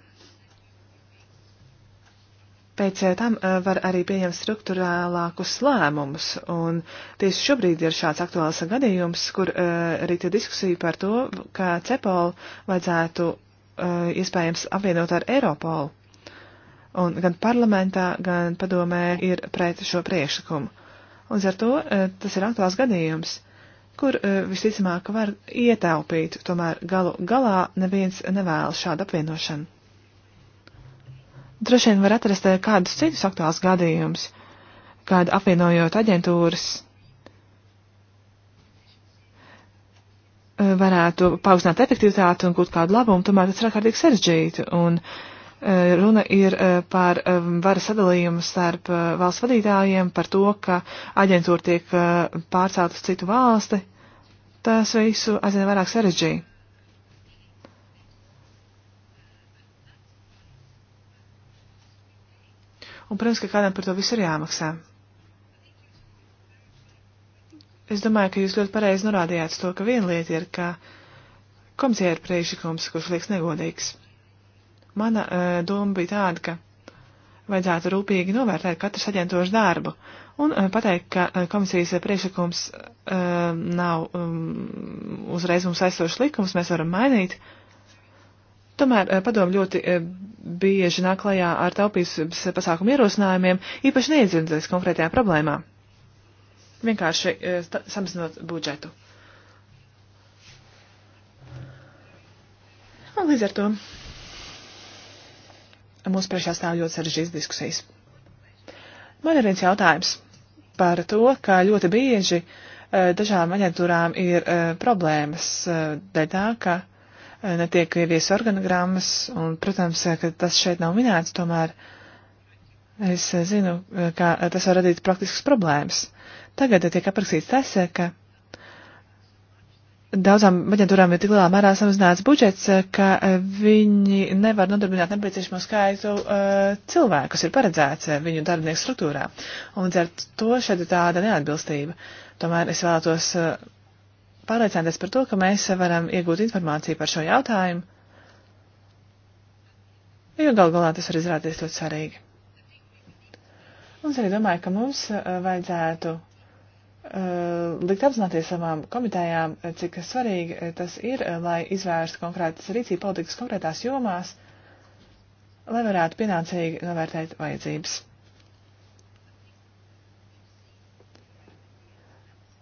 Pēc eh, tam eh, var arī pieņemt struktūrālākus lēmumus, un tieši šobrīd ir šāds aktuāls gadījums, kur uh, eh, rīt ir diskusija par to, ka CEPOL vajadzētu uh, iespējams apvienot ar Eiropolu. Un gan parlamentā, gan padomē ir pret šo priekšlikumu. Un ar to uh, tas ir aktuāls gadījums, kur visticamāk var ietaupīt, tomēr galu galā neviens nevēlas šādu apvienošanu. Droši vien var atrast eh, kādus citus aktuālus gadījumus, kad apvienojot aģentūras eh, varētu paaugstināt efektivitāti un gūt kādu labumu, tomēr tas ir ārkārtīgi sarežģīti. Un eh, runa ir par varas sadalījumu starp valsts vadītājiem, par to, ka aģentūra tiek pārcelt uz citu valsti. Tas visu aizvien vairāk sarežģīja. Un, protams, ka kādam par to visu ir jāmaksā. Es domāju, ka jūs ļoti pareizi norādījāt to, ka viena lieta ir, ka komisija ir priekšlikums, kurš liekas negodīgs. Mana uh, doma bija tāda, ka vajadzētu rūpīgi novērtēt katru saģentošu darbu un uh, pateikt, ka uh, komisijas priekšlikums uh, nav um, uzreiz mums aizsošs likums, mēs varam mainīt. Tomēr uh, padomu ļoti uh, bieži nāk klajā ar taupības pasākumu ierosinājumiem, īpaši neiedzinoties konkrētajā problēmā. Vienkārši e, samazinot budžetu. Un līdz ar to mums priekšā stāv ļoti sarežģītas diskusijas. Man ir viens jautājums par to, ka ļoti bieži e, dažām aģentūrām ir e, problēmas dēļ tā, ka Eh, netiek ievies organogrammas, un, protams, eh, ka tas šeit nav minēts, tomēr es eh, zinu, ka tas var radīt praktiskas problēmas. Tagad tiek aprakstīts tas, ka daudzām aģentūrām ir tik lielā mērā samazināts budžets, ka viņi nevar nodarbināt nepieciešamo skaitu uh, cilvēku, kas ir paredzēts viņu darbinieku struktūrā. Un līdz ar to šeit ir tāda neatbilstība. Tomēr es vēlētos uh, pārliecināties par to, ka mēs varam iegūt informāciju par šo jautājumu, jo gal galā tas var izrādīties ļoti svarīgi. Un es arī domāju, ka mums eh, vajadzētu uh, likt apzināties savām komitējām, eh, cik svarīgi tas ir, lai izvērstu konkrētas rīcība politikas konkrētās jomās, lai varētu pienācīgi novērtēt vajadzības.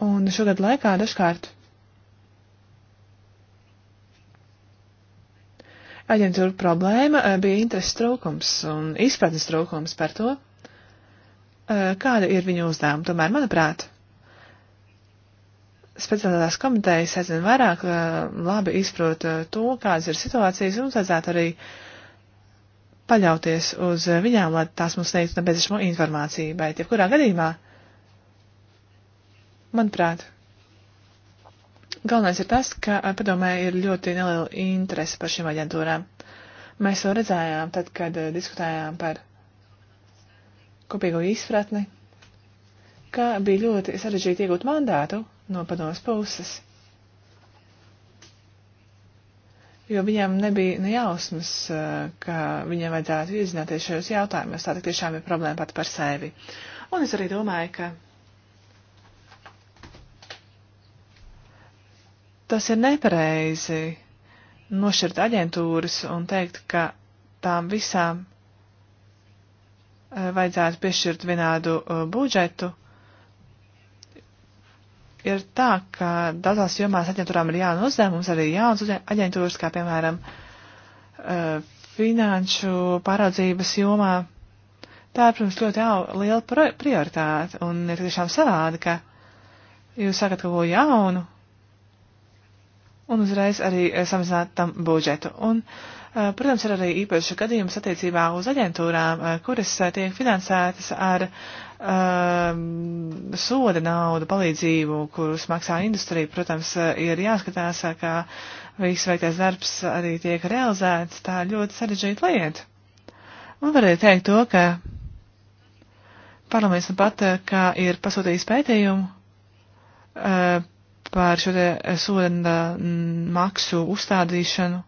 Un šogad laikā dažkārt aģentūra problēma eh, bija interesu trūkums un izpratnes trūkums par to, eh, kāda ir viņu uzdevuma. Tomēr, manuprāt, specializētās komitejas aizvien vairāk eh, labi izprot to, kādas ir situācijas, un mums vajadzētu arī paļauties uz viņām, lai tās mums sniegtu nepieciešamo informāciju. Bet, ja kurā gadījumā, manuprāt, Galvenais ir tas, ka eh, padomē ir ļoti neliela interese par šīm aģentūrām. Mēs to redzējām tad, kad eh, diskutējām par kopīgo izpratni, ka bija ļoti sarežģīti iegūt mandātu no padomas puses, jo viņam nebija nejausmas, eh, ka viņam vajadzētu iezināties šajos jautājumos, tā tiešām ir problēma pat par sevi. Un es arī domāju, ka Tas ir nepareizi nošķirt aģentūras un teikt, ka tām visām eh, vajadzētu piešķirt vienādu eh, budžetu. Ir tā, ka daudzās jomās aģentūrām ir jauna uzņēmums, arī jauns aģentūras, kā piemēram eh, finanšu pāraudzības jomā. Tā ir, protams, ļoti jau, liela prioritāte un ir tiešām savādi, ka jūs sakat kaut ko jaunu, un uzreiz arī eh, samazināt tam budžetu. Un, eh, protams, ir arī īpaši gadījums attiecībā uz aģentūrām, eh, kuras tiek finansētas ar um, soda naudu palīdzību, kurus maksā industrija. Protams, ir jāskatās, kā viss veiktais darbs arī tiek realizēts. Tā ir ļoti sarežģīta lieta. Un varēja teikt to, ka parlaments nu pat, kā ir pasūtījis pētījumu, uh, par šo te eh, soda mm, maksu uzstādīšanu.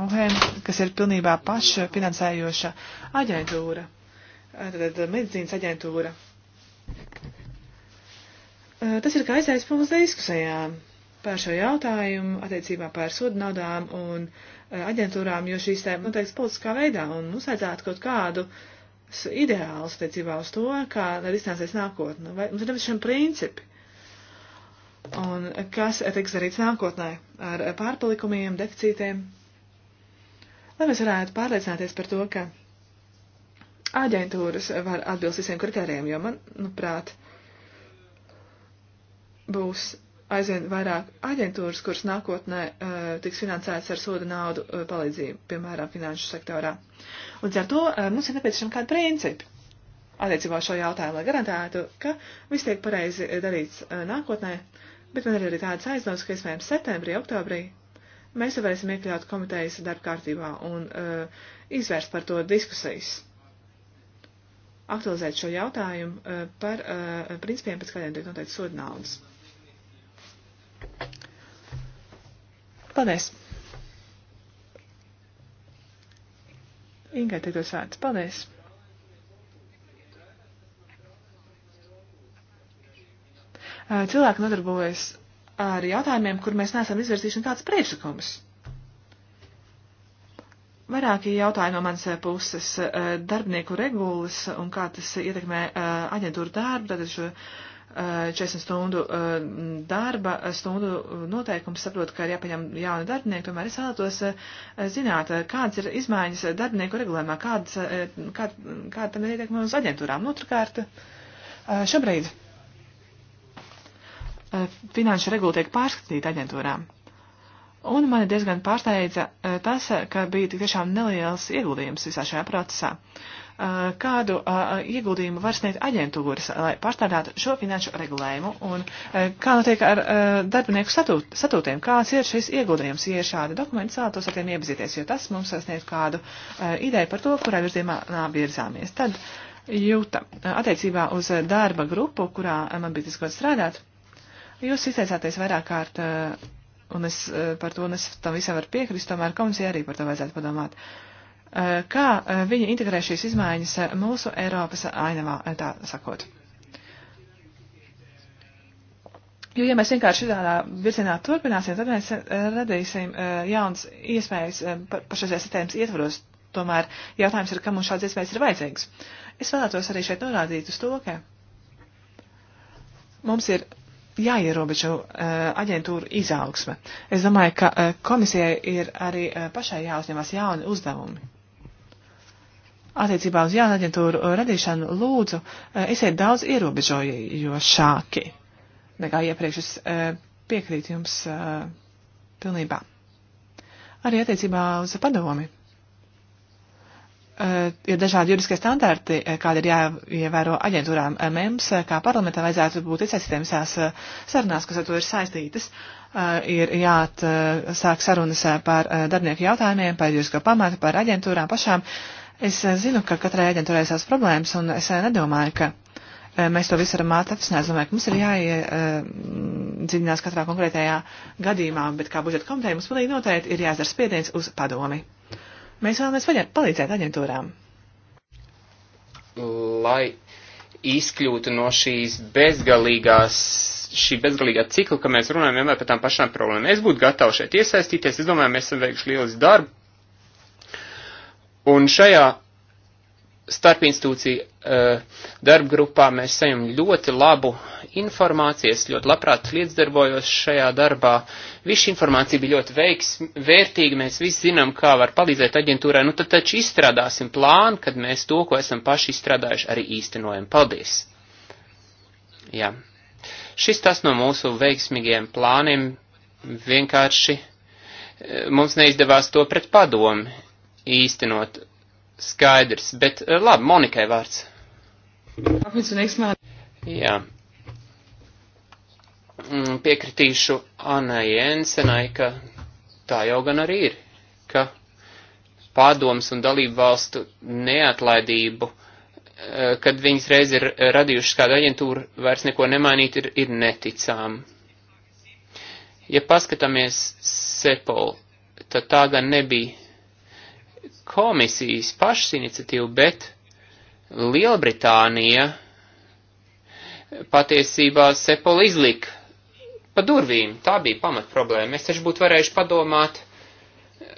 UHEM, kas ir pilnībā pašfinansējoša aģentūra, eh, tad eh, medicīnas aģentūra. Tas ir kā aizaispunkts diskusijām par šo jautājumu attiecībā par sodu naudām un aģentūrām, jo šīs tēma noteikti nu, politiskā veidā un mums vajadzētu kaut kādu uh, ideāls attiecībā uz to, kā risināsies nākotne. Vai mums ir nepieciešami principi? Un kas tiks darīts nākotnē ar pārpalikumiem, deficītiem? Lai mēs varētu pārliecināties par to, ka aģentūras var atbilst visiem kritērijiem, jo man, nu, prāt, būs aizvien vairāk aģentūras, kuras nākotnē uh, tiks finansētas ar soda naudu uh, palīdzību, piemēram, finanšu sektorā. Un ar to uh, mums ir nepieciešama kāda principa attiecībā uz šo jautājumu, lai garantētu, ka viss tiek pareizi darīts uh, nākotnē, bet man ir arī tādas aizdomas, ka iespējams septembrī, oktobrī mēs jau varēsim iekļaut komitejas darba kārtībā un uh, izvērst par to diskusijas. Aktualizēt šo jautājumu uh, par uh, principiem, pēc kādiem tiek noteikti soda naudas. Paldies! Ingai, tev tas vārds. Paldies! Cilvēki nodarbojas ar jautājumiem, kur mēs neesam izvirzījuši nekādas priekšlikumus. Vairāki jautājumi no manas puses - darbinieku regulas un kā tas ietekmē aģentūru darbu, tātad šo uh, 40 eh, stundu eh, darba eh, stundu noteikums saprot, ka ir jāpaņem jauni darbinieki, tomēr es vēlētos zināt, kādas ir izmaiņas darbinieku regulējumā, kādas, kā, kā tam ir ietekme uz aģentūrām. Nu, otrkārt, šobrīd finanšu regula tiek pārskatīta aģentūrām. Un mani diezgan pārsteidza tas, ka bija tik tiešām neliels ieguldījums visā šajā procesā. Uh, kādu ieguldījumu var sniegt aģentūras, lai pārstādātu šo finanšu regulējumu, un kā notiek ar darbinieku statūt, statūtiem, kāds ir šis ieguldījums, ja ir šādi dokumenti, vēlētos ar tiem iepazīties, jo tas mums sniedz kādu ideju par to, kurā virzienā virzāmies. Tad jūta attiecībā uz darba grupu, kurā man bija tas gods strādāt, jūs izteicāties vairāk kārt, un es par to, un es tam visam varu piekrist, tomēr komisija arī par to vajadzētu padomāt. Uh, Eh, kā eh, viņi integrē šīs izmaiņas eh, mūsu Eiropas ainavā, tā sakot. Jo, ja mēs vienkārši tādā virzienā turpināsim, tad mēs radīsim jaunas iespējas pašreizējās sistēmas ietvaros. Tomēr jautājums ir, kam mums šāds iespējas ir vajadzīgs. Es vēlētos arī šeit norādīt uz to, ka mums ir jāierobežo aģentūra izaugsme. Es domāju, ka komisijai ir arī pašai jāuzņemas jauni uzdevumi attiecībā uz jaunu aģentūru uh, radīšanu, lūdzu, uh, esiet daudz ierobežojošāki nekā iepriekš. Es uh, piekrītu jums pilnībā. Arī attiecībā uz padomi. Ir dažādi juridiskie standarti, kādi ir jāievēro aģentūrām. Mums, kā parlamentā, vajadzētu būt iesaistītiem visās sarunās, kas ar to ir saistītas ir jāatsāk sarunas par darbinieku jautājumiem, par juridisko pamatu, par aģentūrām pašām. Es eh, zinu, ka katrai aģentūrai ir savas problēmas, un es eh, nedomāju, ka eh, mēs to visu varam atrisināt. Es domāju, ka mums ir jāiedziļinās katrā konkrētajā gadījumā, bet kā budžeta komiteja mums pilnīgi noteikti ir jāizdara spiediens uz padomi. Mēs vēlamies palīdzēt aģentūrām. Lai izkļūtu no šīs bezgalīgās, šī bezgalīgā cikla, ka mēs runājam vienmēr par tām pašām problēmām. Es būtu gatavs šeit iesaistīties, es domāju, mēs esam veikuši lielisku darbu, Un šajā starpinstitūcija uh, eh, darba grupā mēs saņem ļoti labu informāciju, es ļoti labprāt līdzdarbojos šajā darbā. Viss informācija bija ļoti veiks, vērtīga, mēs visi zinām, kā var palīdzēt aģentūrai, nu tad taču izstrādāsim plānu, kad mēs to, ko esam paši izstrādājuši, arī īstenojam. Paldies! Jā. Šis tas no mūsu veiksmīgiem plāniem vienkārši eh, mums neizdevās to pret padomu īstenot. Skaidrs, bet eh, labi, Monikai vārds. Jā. Mm, piekritīšu Anai Jensenai, ka tā jau gan arī ir, ka padoms un dalību valstu neatlaidību, eh, kad viņas reiz ir radījušas kādu aģentūru, vairs neko nemainīt, ir, ir neticām. Ja paskatāmies Sepol, tad tā gan nebija komisijas pašas iniciatīva, bet Lielbritānija patiesībā Sepol izlika pa durvīm. Tā bija pamat problēma. Mēs taču būtu varējuši padomāt eh,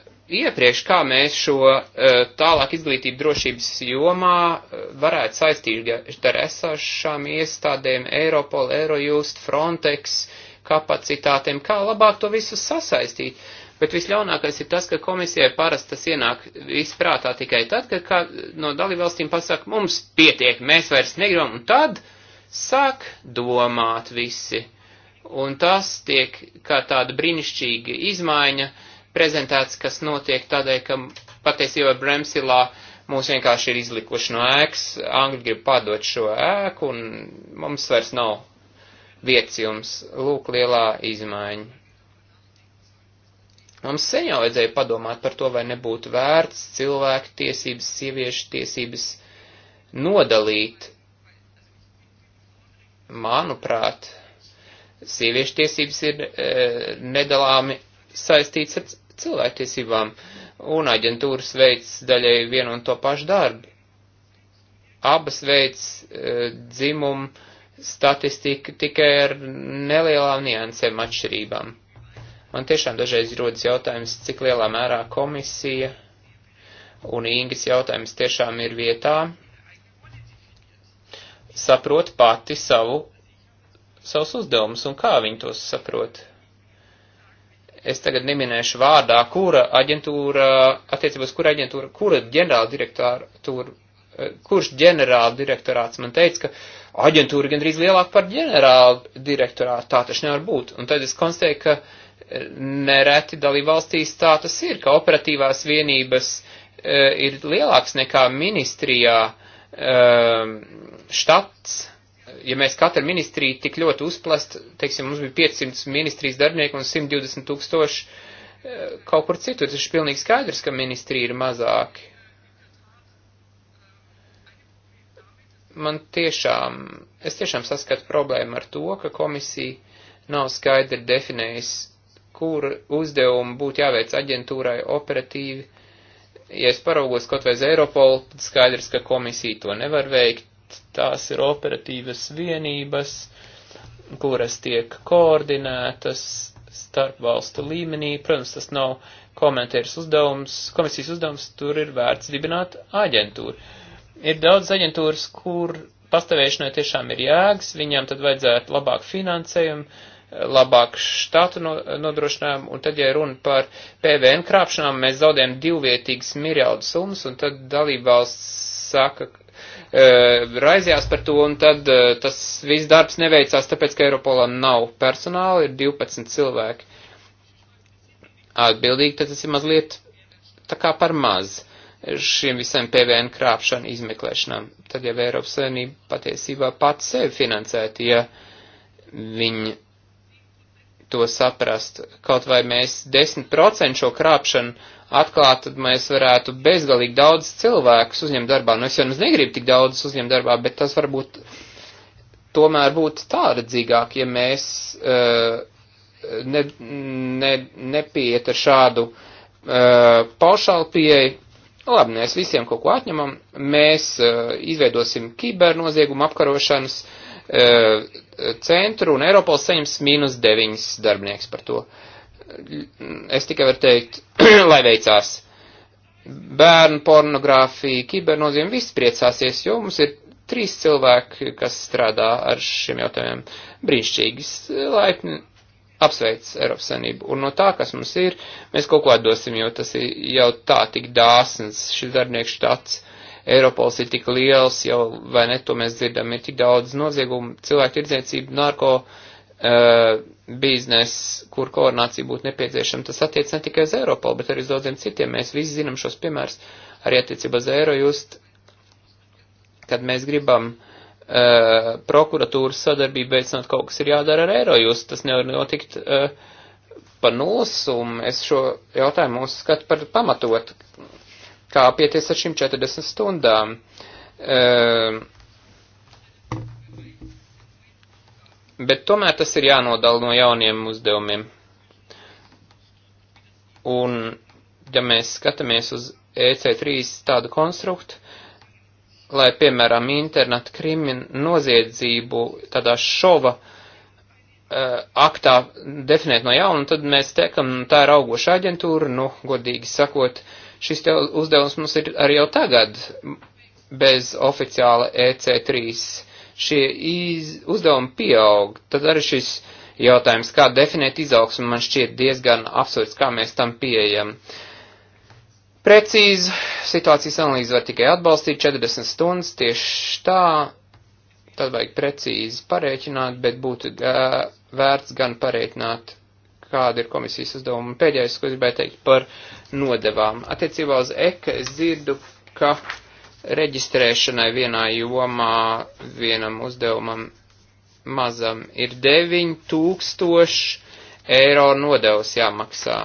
iepriekš, kā mēs šo eh, tālāk izglītību drošības jomā eh, varētu saistīt ar esošām iestādēm Eiropol, Eurojust, Frontex, uh, kapacitātēm, kā labāk to visu sasaistīt. Bet visļaunākais ir tas, ka komisijai parasti tas ienāk visprātā tikai tad, kad kā no dalībvalstīm pasaka, mums pietiek, mēs vairs negribam, un tad sāk domāt visi. Un tas tiek kā tāda brīnišķīga izmaiņa prezentēts, kas notiek tādēļ, ka patiesībā Bremsilā mūs vienkārši ir izlikuši no ēkas, Angļi grib padot šo ēku, un mums vairs nav vietas jums, lūk, lielā izmaiņa. Mums sen jau vajadzēja padomāt par to, vai nebūtu vērts cilvēku tiesības, sieviešu tiesības nodalīt. Manuprāt, sieviešu tiesības ir e, nedalāmi saistīts ar cilvēktiesībām, un aģentūras veids daļai vienu un to pašu darbu. Abas veids e, dzimumu statistika tikai ar nelielām niansēm atšķirībām. Man tiešām dažreiz rodas jautājums, cik lielā mērā komisija un Ingas jautājums tiešām ir vietā, saprot pati savu, savus uzdevumus un kā viņi tos saprot. Es tagad neminēšu vārdā, kura aģentūra, attiecībos kura aģentūra, kura ģenerāla direktora, eh, kurš ģenerāla direktorāts man teica, ka aģentūra gandrīz lielāka par ģenerālu direktorātu. Tā taču nevar būt. Un tad es konstatēju, ka e, nereti dalībvalstīs tā tas ir, ka operatīvās vienības e, ir lielāks nekā ministrijā e, štats. Ja mēs katru ministriju tik ļoti uzplast, teiksim, mums bija 500 ministrijas darbinieku un 120 tūkstoši kaut kur citur, tas ir pilnīgi skaidrs, ka ministrija ir mazāki. man tiešām, es tiešām saskatu problēmu ar to, ka komisija nav skaidri definējusi, kur uzdevumu būtu jāveic aģentūrai operatīvi. Ja es paraugos kaut vai uz Eiropolu, tad skaidrs, ka komisija to nevar veikt. Tās ir operatīvas vienības, kuras tiek koordinētas starp valstu līmenī. Protams, tas nav komentērs uzdevums, komisijas uzdevums, tur ir vērts dibināt aģentūru. Uh, Ir daudz aģentūras, kur pastāvēšanai tiešām ir jēgas, viņām tad vajadzētu labāk finansējumu, labāk štātu nodrošinājumu, un tad, ja runa par PVN krāpšanām, mēs zaudējam divvietīgas miljārdu summas, un tad dalība valsts saka, e, raizījās par to, un tad e, tas viss darbs neveicās, tāpēc, ka Eiropolā nav personāla, ir 12 cilvēki. Atbildīgi, tad tas ir mazliet tā kā par maz šiem visiem PVN krāpšanu izmeklēšanām. Tad jau Eiropas Savienība patiesībā pati sevi finansētu, ja viņi to saprast. Kaut vai mēs 10% šo krāpšanu atklāt, tad mēs varētu bezgalīgi daudz cilvēkus uzņemt darbā. Nu, es jau negribu tik daudz uzņemt darbā, bet tas varbūt tomēr būtu tāredzīgāk, ja mēs uh, ne, ne, nepiet ar šādu uh, paušālu pieeju Labi, mēs visiem kaut ko atņemam, mēs uh, izveidosim kibernoziegumu apkarošanas uh, centru un Eiropols saņems mīnus deviņas darbinieks par to. Es tikai varu teikt, lai veicās bērnu pornogrāfija, kibernoziem, viss priecāsies, jo mums ir trīs cilvēki, kas strādā ar šiem jautājumiem. Brīnišķīgas laipni apsveic Eiropas Savienību. Un no tā, kas mums ir, mēs kaut ko atdosim, jo tas ir jau tā tik dāsns, šis darbnieks štats. Eiropols ir tik liels, jau vai ne, to mēs dzirdam, ir tik daudz noziegumu, cilvēku tirdzniecību, narko uh, biznes, kur koordinācija būtu nepieciešama. Tas attiec ne tikai uz Eiropolu, bet arī uz daudziem citiem. Mēs visi zinām šos piemērus, arī attiecībā uz Eirojust, kad mēs gribam uh, uh, prokuratūras sadarbību veicināt, kaut kas ir jādara ar eiro, jūs tas nevar notikt uh, eh, par nulles, un es šo jautājumu uzskatu par pamatot, kā pieties ar šim 40 stundām. Uh, bet tomēr tas ir jānodala no jauniem uzdevumiem. Un, ja mēs skatāmies uz EC3 tādu konstruktu, lai, piemēram, internetu krimin noziedzību tādā šova uh, aktā definēt no jauna, tad mēs teikam, nu, tā ir augoša aģentūra, nu, godīgi sakot, šis uzdevums mums ir arī jau tagad bez oficiāla EC3. Šie iz, uzdevumi pieaug, tad arī šis jautājums, kā definēt izaugsmu, man šķiet diezgan absurds, kā mēs tam pieejam. Uh, Precīzi situācijas analīze var tikai atbalstīt 40 stundas, tieši tā, tad vajag precīzi parēķināt, bet būtu uh, vērts gan parēķināt, kāda ir komisijas uzdevuma. Pēdējais, ko gribēju teikt par nodevām. Attiecībā uz EKA es dzirdu, ka reģistrēšanai vienā jomā vienam uzdevumam mazam ir 9000 eiro nodevas jāmaksā.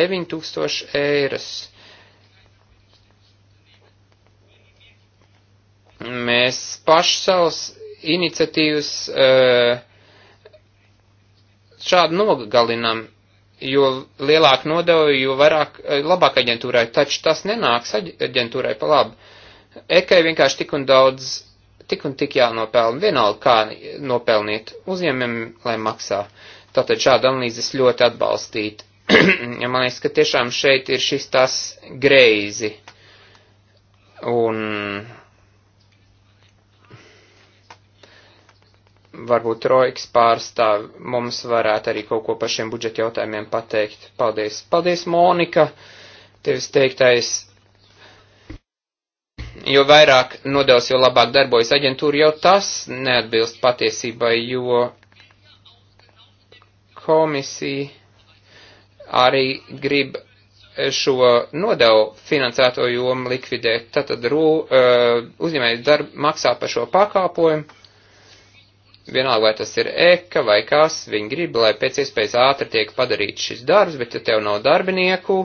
9000 eiras Mēs paši savus iniciatīvas eh, šādi nogalinam, jo lielāka nodeva, jo vairāk, eh, labāk aģentūrai, taču tas nenāks aģentūrai pa labu. Ekai vienkārši tik un daudz, tik un tik jānopelna, vienalga kā nopelniet, uzņēmumiem, lai maksā. Tātad šāda analīzes ļoti atbalstīt. ja man liekas, ka tiešām šeit ir šis tas greizi. Un varbūt Roiks pārstāv mums varētu arī kaut ko par šiem budžeta jautājumiem pateikt. Paldies. Paldies, Monika, tevis teiktais. Jo vairāk nodevs, jo labāk darbojas aģentūra, jau tas neatbilst patiesībai, jo komisija arī grib šo nodevu finansēto jomu likvidēt. Tātad rū, uh, uzņēmējs darb maksā par šo pakāpojumu vienalga, vai tas ir eka vai kas, viņi grib, lai pēc iespējas ātri tiek padarīts šis darbs, bet ja tev nav darbinieku,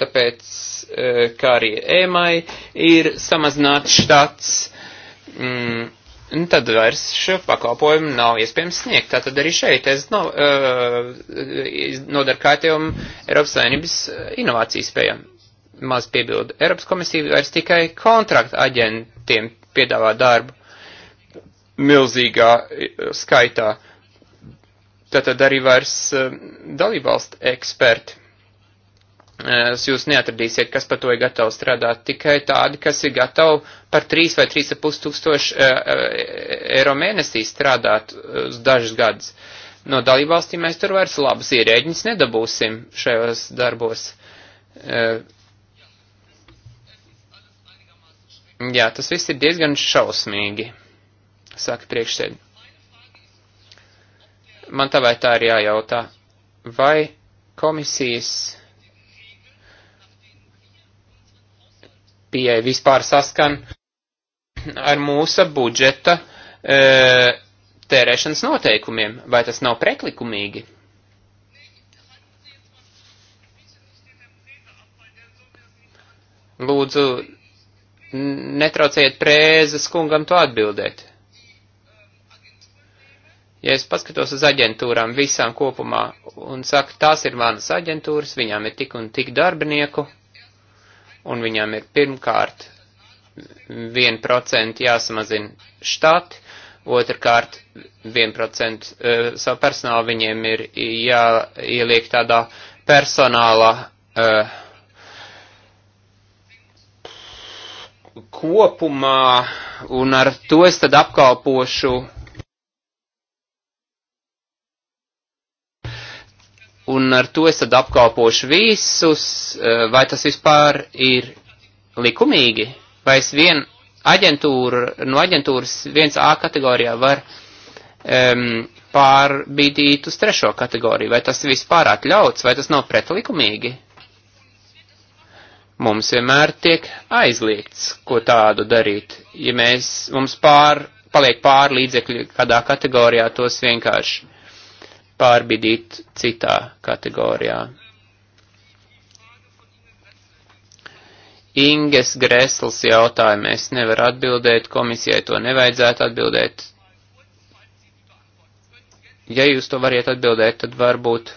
tāpēc, eh, kā arī ēmai, ir samazināts štats, mm, tad vairs šo pakalpojumu nav iespējams sniegt. Tātad arī šeit es no, uh, eh, nodaru kaitējumu Eiropas Savienības eh, inovācijas spējām maz piebildu. Eiropas komisija vairs tikai kontrakta aģentiem piedāvā darbu milzīgā e, skaitā. Tātad arī vairs e, dalībvalstu eksperti. E, jūs neatradīsiet, kas par to ir gatavi strādāt, tikai tādi, kas ir gatavi par 3 vai 3,5 tūkstoši eiro mēnesī strādāt uz dažus gadus. No dalībvalstīm mēs tur vairs labas ierēģiņas nedabūsim šajos darbos. Uh, Jā, tas viss ir diezgan šausmīgi, saka priekšsēdi. Man tā vai tā ir jājautā, vai komisijas pieeja vispār saskan ar mūsu budžeta e, tērēšanas noteikumiem, vai tas nav preklikumīgi? Lūdzu, netraucējiet prēzes kungam to atbildēt. Ja es paskatos uz aģentūrām visām kopumā un saku, tās ir manas aģentūras, viņām ir tik un tik darbinieku, un viņām ir pirmkārt 1% jāsamazina štati, otrkārt 1% uh, e, savu personālu viņiem ir jāieliek tādā personāla uh, kopumā, un ar to es tad apkalpošu. Un ar to es tad apkalpošu visus, e, vai tas vispār ir likumīgi, vai es vien aģentūru, no aģentūras viens A kategorijā var um, pārbīdīt uz trešo kategoriju, vai tas vispār atļauts, vai tas nav pretlikumīgi. Mums vienmēr tiek aizliegts, ko tādu darīt. Ja mēs, mums pār, paliek pāri līdzekļi kādā kategorijā, tos vienkārši pārbidīt citā kategorijā. Inges Gresls jautājumu es nevaru atbildēt, komisijai to nevajadzētu atbildēt. Ja jūs to variet atbildēt, tad varbūt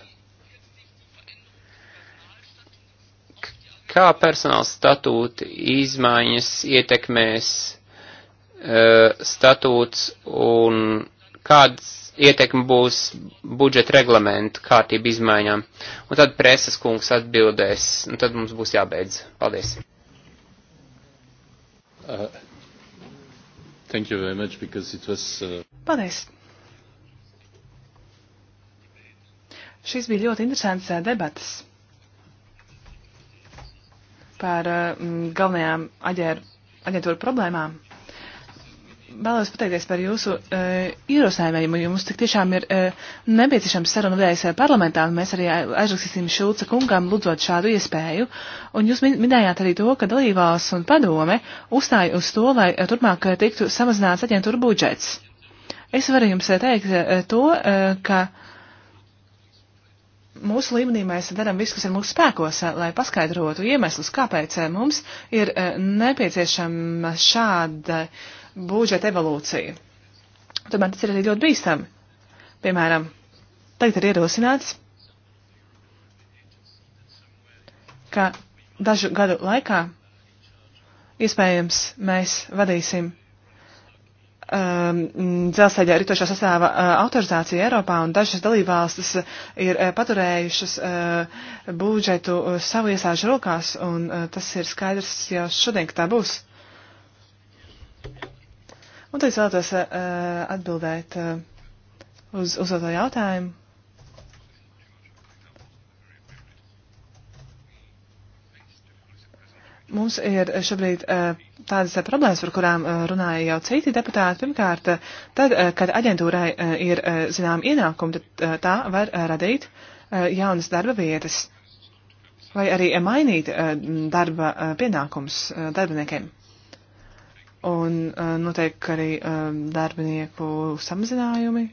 Kā personāla statūta izmaiņas ietekmēs uh, statūts un kāds ietekme būs budžeta reglamentu kārtību izmaiņām? Un tad preses kungs atbildēs, un tad mums būs jābeidz. Paldies. Uh, thank you very much because it was. Uh... Paldies. Šis bija ļoti interesants uh, debatas par eh, galvenajām aģentūra problēmām. Vēlos pateikties par jūsu uh, ierosinājumu, jo mums tik tiešām ir uh, nepieciešams saruna vēdējas parlamentā, un mēs arī aizrakstīsim Šulca kungam lūdzot šādu iespēju. Un jūs minējāt arī to, ka dalībās un padome uzstāja uz to, lai uh, turpmāk tiktu samazināts aģentūra budžets. Es varu jums teikt uh, to, uh, ka uh, mūsu līmenī mēs darām visu, kas ir mūsu spēkos, eh, lai paskaidrotu iemeslus, kāpēc eh, mums ir eh, nepieciešama šāda budžeta evolūcija. Tomēr tas ir arī ļoti bīstami. Piemēram, tagad ir ierosināts, ka dažu gadu laikā iespējams mēs vadīsim um, mm, dzelzceļa ritošā sastāva uh, autorizāciju Eiropā, un dažas dalībvalstis ir uh, paturējušas uh, budžetu uh, savu iesāžu rokās, un uh, tas ir skaidrs jau šodien, ka tā būs. Un tad es vēlētos uh, atbildēt uh, uz uzdoto jautājumu. Mums ir eh, šobrīd eh, tādas eh, problēmas, par kurām runāja jau citi deputāti. Pirmkārt, tad, kad aģentūrai ir zinām ienākumi, tad tā var radīt jaunas darba vietas vai arī mainīt darba pienākums darbiniekiem. Un noteikti arī darbinieku samazinājumi,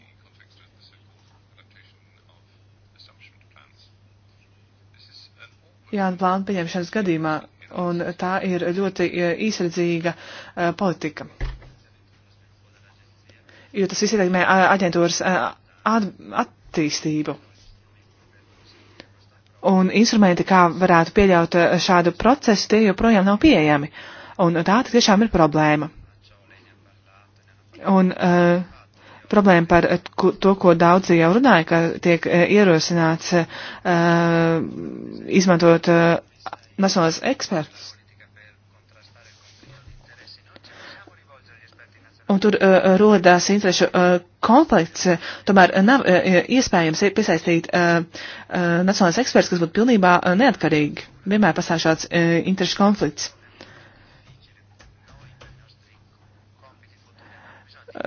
jaunu plānu pieņemšanas gadījumā un tā ir ļoti e, īsredzīga e, politika. Jo tas viss ietekmē aģentūras e, attīstību. Un instrumenti, kā varētu pieļaut šādu procesu, tie joprojām nav pieejami. Un tā tiešām ir problēma. Un uh, problēma par to, ko daudzi jau runāja, ka tiek ierosināts uh, izmantot uh, nacionālais eksperts. Un tur uh, rodās interešu uh, konflikts, uh, tomēr uh, nav uh, uh iespējams piesaistīt uh, uh, nacionālais eksperts, kas būtu pilnībā uh, neatkarīgi. Vienmēr pastāv šāds uh, interešu konflikts.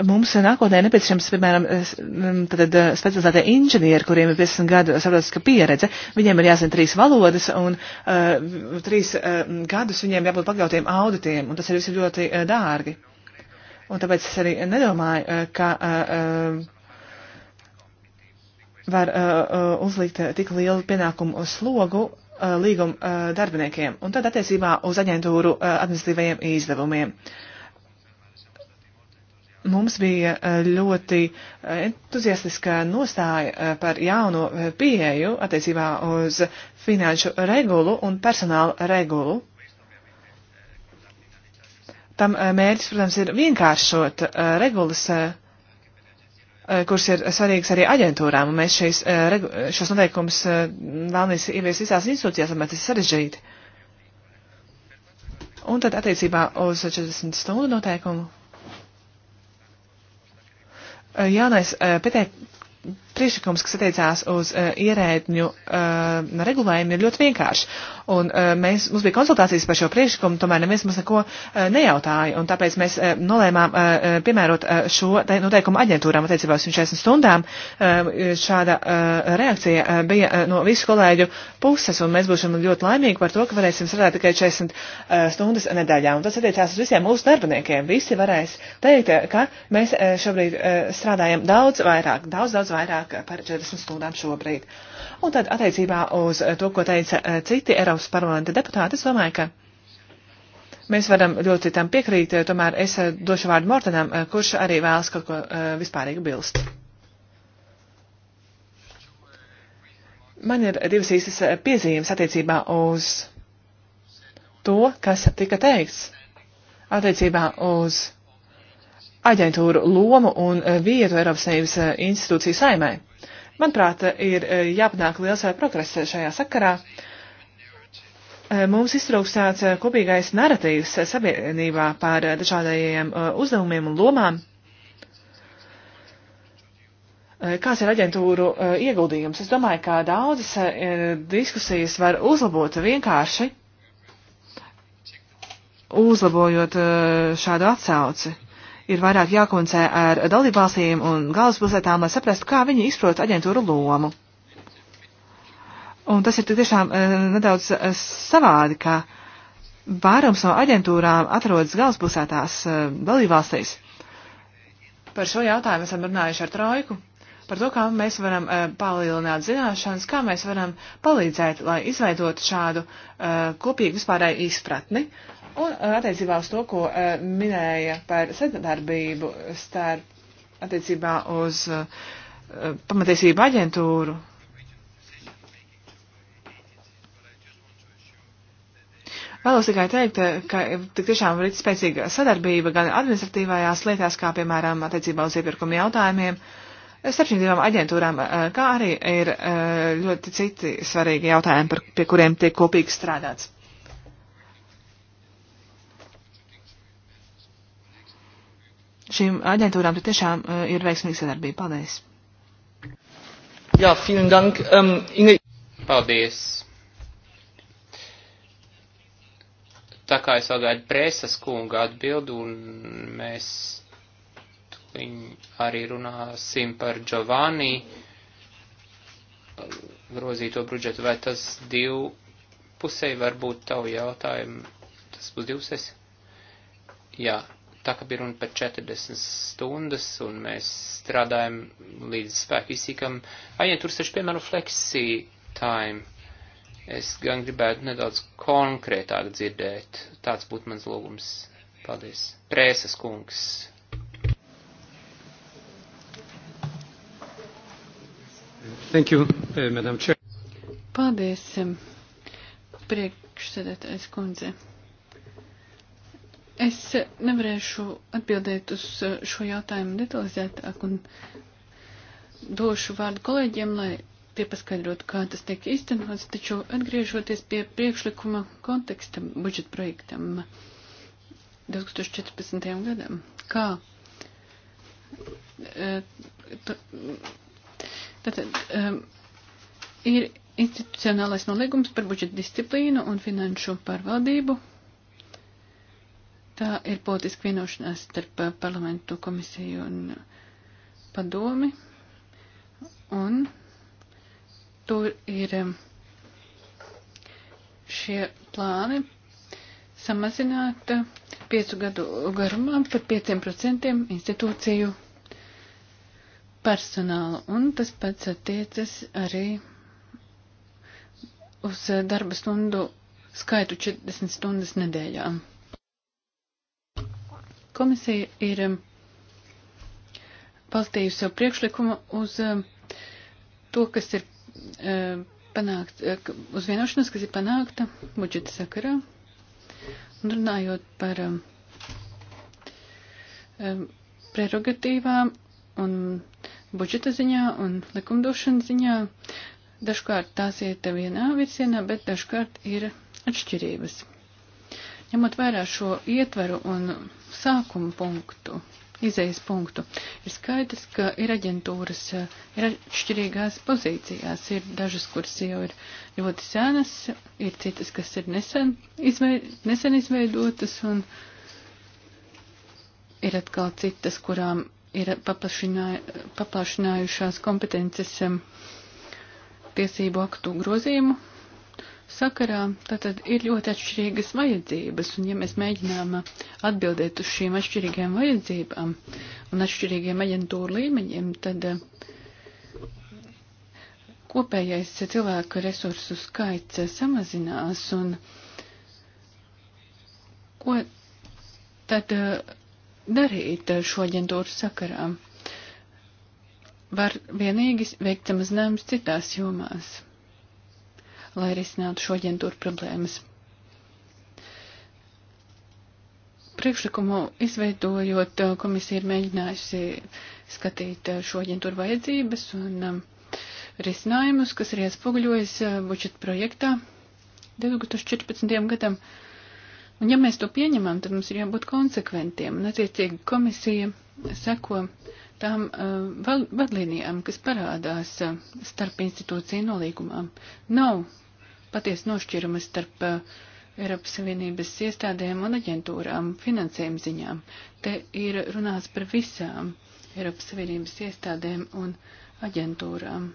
Mums nākotnē nepieciešams, piemēram, mm, tad eh, specializētie inženieri, kuriem ir 50 gadu starptautiska pieredze, viņiem ir jāzina trīs valodas un uh, trīs uh, gadus viņiem jābūt pakļautiem auditiem, un tas ir visi ļoti uh, dārgi. Un tāpēc es arī nedomāju, uh, ka uh, var uh, uzlikt tik lielu pienākumu slogu uh, līguma uh, darbiniekiem, un tad attiecībā uz aģentūru uh, administratīvajiem izdevumiem. Uh, Mums bija eh, ļoti eh, entuziastiskā nostāja eh, par jauno pieeju attiecībā uz finanšu regulu un personāla regulu. Tam mērķis, protams, ir vienkāršot regulas, kuras ir svarīgas arī aģentūrām, un mēs šīs, šos noteikumus vēlamies ievies visās institūcijās, lai tas ir sarežģīti. Un tad attiecībā uz 40 stundu noteikumu jaunais eh, pētē, priekšlikums, kas attiecās uz uh, ierēdņu uh, regulējumu, ir ļoti vienkāršs. Un uh, mēs, mums bija konsultācijas par šo priekšlikumu, tomēr neviens mums neko uh, nejautāja, un tāpēc mēs uh, nolēmām uh, piemērot uh, šo te, noteikumu aģentūrām attiecībā uz 160 stundām. Uh, šāda uh, reakcija uh, bija uh, no visu kolēģu puses, un mēs būsim ļoti laimīgi par to, ka varēsim strādāt tikai 40 uh, stundas nedēļā. Un tas attiecās uz visiem mūsu darbiniekiem. Visi varēs teikt, ka mēs uh, šobrīd uh, strādājam daudz vairāk, daudz, daudz vairāk vairāk par 40 stundām šobrīd. Un tad attiecībā uz eh, to, ko teica eh, citi Eiropas parlamenta deputāti, es domāju, ka. Mēs varam ļoti tam piekrīt, eh, tomēr es došu vārdu Mortenam, kurš arī vēlas kaut ko vispārīgu bilst. Man ir divas īstas piezīmes attiecībā uz to, kas tika teikts attiecībā uz aģentūru lomu un eh, vietu Eiropas Savienības eh, institūciju saimē. Manuprāt, eh, ir jāpanāk liels progress šajā sakarā. Mums iztrūks tāds kopīgais narratīvs sabiedrībā par dažādajiem uzdevumiem un lomām. Kāds ir aģentūru ieguldījums? Es domāju, ka daudzas diskusijas var uzlabot vienkārši uzlabojot šādu atsauci ir vairāk jākoncē ar dalībvalstīm un galvaspilsētām, lai saprastu, kā viņi izprot aģentūru lomu. Un tas ir tiešām eh, nedaudz eh, savādi, ka vairums no aģentūrām atrodas galvaspilsētās eh, dalībvalstīs. Par šo jautājumu esam runājuši ar Trojku, par to, kā mēs varam uh, palielināt zināšanas, kā mēs varam palīdzēt, lai izveidotu šādu uh, kopīgu vispārēju izpratni. Un eh, attiecībā uz to, ko eh, minēja par sadarbību starp attiecībā uz eh, pamatiesību aģentūru. Vēlos tikai teikt, ka tik tiešām ir spēcīga sadarbība gan administratīvajās lietās, kā piemēram attiecībā uz iepirkumu jautājumiem, starp šīm divām aģentūrām, kā arī ir ļoti citi svarīgi jautājumi, par, pie kuriem tiek kopīgi strādāts. šīm aģentūrām tad tiešām eh, ir veiksmīga sadarbība. Paldies! Jā, vielen dank, um, Inge. Paldies! Tā kā es vēl gaidu preses kunga atbildu, un mēs arī runāsim par Giovanni grozīto budžetu, vai tas divu pusēji var būt tavu jautājumu? Tas būs divses? Jā, tā kā bija runa par 40 stundas, un mēs strādājam līdz spēku izsīkam. Ai, ja tur taču, piemēram, flexi time. Es gan gribētu nedaudz konkrētāk dzirdēt. Tāds būtu mans lūgums. Paldies. Prēsas kungs. Thank you, eh, Madam Chair. Paldies, eh, priekšsēdētājs kundze. Es nevarēšu atbildēt uz uh, šo jautājumu detalizētāk un došu vārdu kolēģiem, lai tie paskaidrotu, kā tas tiek īstenots, taču atgriežoties pie priekšlikuma konteksta budžeta projektam 2014. gadam, kā uh, tātad um, ir institucionālais nolīgums par budžeta disciplīnu un finanšu pārvaldību Tā ir politiska vienošanās starp uh, parlamentu komisiju un padomi. Un tur ir um, šie plāni samazināt uh, piecu gadu garumā par 5% institūciju personālu. Un tas pats attiecas arī uz darba stundu skaitu 40 stundas nedēļām. Komisija ir um, balstījusi savu priekšlikumu uz um, to, kas ir um, panākts, uh, uz vienošanos, kas ir panākta budžeta sakarā. Un runājot par prerogatīvām un budžeta ziņā un likumdošanas ziņā, dažkārt tās iet vienā virsienā, bet dažkārt ir atšķirības. Ņemot vērā šo ietveru un sākumu punktu, izējas punktu, ir skaidrs, ka ir aģentūras, eh, ir atšķirīgās pozīcijās. Ir dažas, kuras jau ir ļoti senas, ir citas, kas ir nesen, izveid, nesen izveidotas, un ir atkal citas, kurām ir paplašinājušās kompetences tiesību aktu grozījumu sakarā tātad ir ļoti atšķirīgas vajadzības, un ja mēs mēģinām atbildēt uz šīm atšķirīgajām vajadzībām un atšķirīgiem aģentūru līmeņiem, tad eh, kopējais cilvēku resursu skaits eh, samazinās, un ko tad eh, darīt šo aģentūru sakarā? Var vienīgi veikt samazinājums citās jomās lai risinātu šo aģentūru problēmas. Priekšlikumu izveidojot, eh, komisija ir mēģinājusi skatīt eh, šo aģentūru vajadzības un um, risinājumus, kas ir iespoguļojis eh, budžeta projektā 2014. gadam. Un ja mēs to pieņemam, tad mums ir jābūt konsekventiem, un attiecīgi komisija seko tām uh, vadlīnijām, kas parādās uh, starp institūciju nolīgumām, nav patiesi nošķiramas starp uh, Eiropas Savienības iestādēm un aģentūrām finansējuma ziņām. Te ir runāts par visām Eiropas Savienības iestādēm un aģentūrām.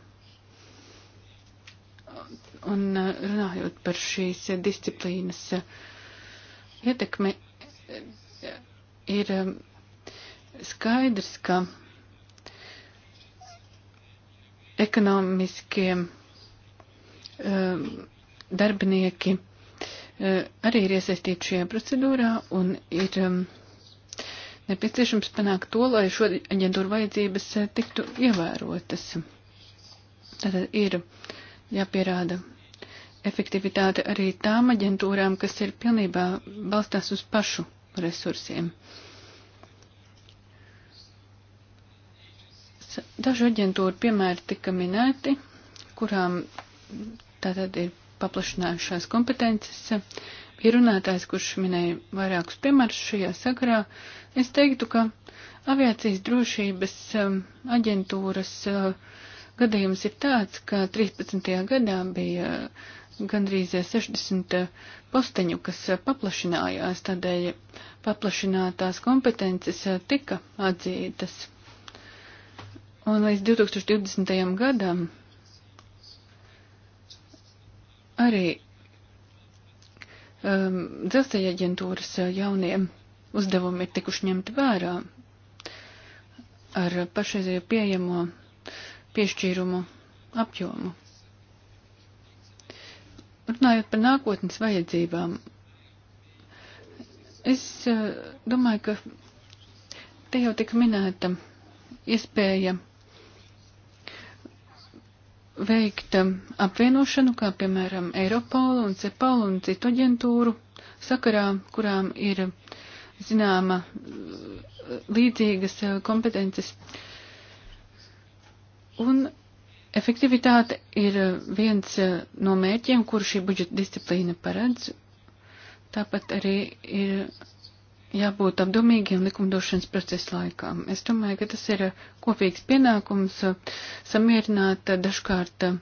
Un runājot par šīs disciplīnas ietekmi, ir skaidrs, ka ekonomiskie um, darbinieki uh, arī ir iesaistīti šajā procedūrā un ir um, nepieciešams panākt to, lai šo aģentūru vajadzības uh, tiktu ievērotas. Tātad ir jāpierāda efektivitāte arī tām aģentūrām, kas ir pilnībā balstās uz pašu resursiem. Uh, Dažu aģentūru piemēri tika minēti, kurām tātad ir paplašinājušās kompetences. Ir runātājs, kurš minēja vairākus piemērus šajā sakarā. Es teiktu, ka aviācijas drošības um, aģentūras uh, gadījums ir tāds, ka 13. gadā bija gandrīz 60 uh, posteņu, kas uh, paplašinājās, tādēļ paplašinātās kompetences tika atzītas. Un līdz 2020. gadam arī um, dzelzceļa aģentūras jauniem uzdevumi ir tikuši ņemti vērā ar pašreizējo pieejamo piešķīrumu apjomu. Runājot par nākotnes vajadzībām, es uh, domāju, ka te jau tika minēta iespēja veikt um, apvienošanu, kā piemēram Eiropolu un Cepalu un citu aģentūru sakarā, kurām ir zināma līdzīgas uh, kompetences. Un efektivitāte ir uh, viens uh, no mērķiem, kur šī budžeta disciplīna paredz. Tāpat arī ir jābūt apdomīgiem likumdošanas procesa laikā. Es domāju, ka tas ir kopīgs pienākums samierināt dažkārt eh,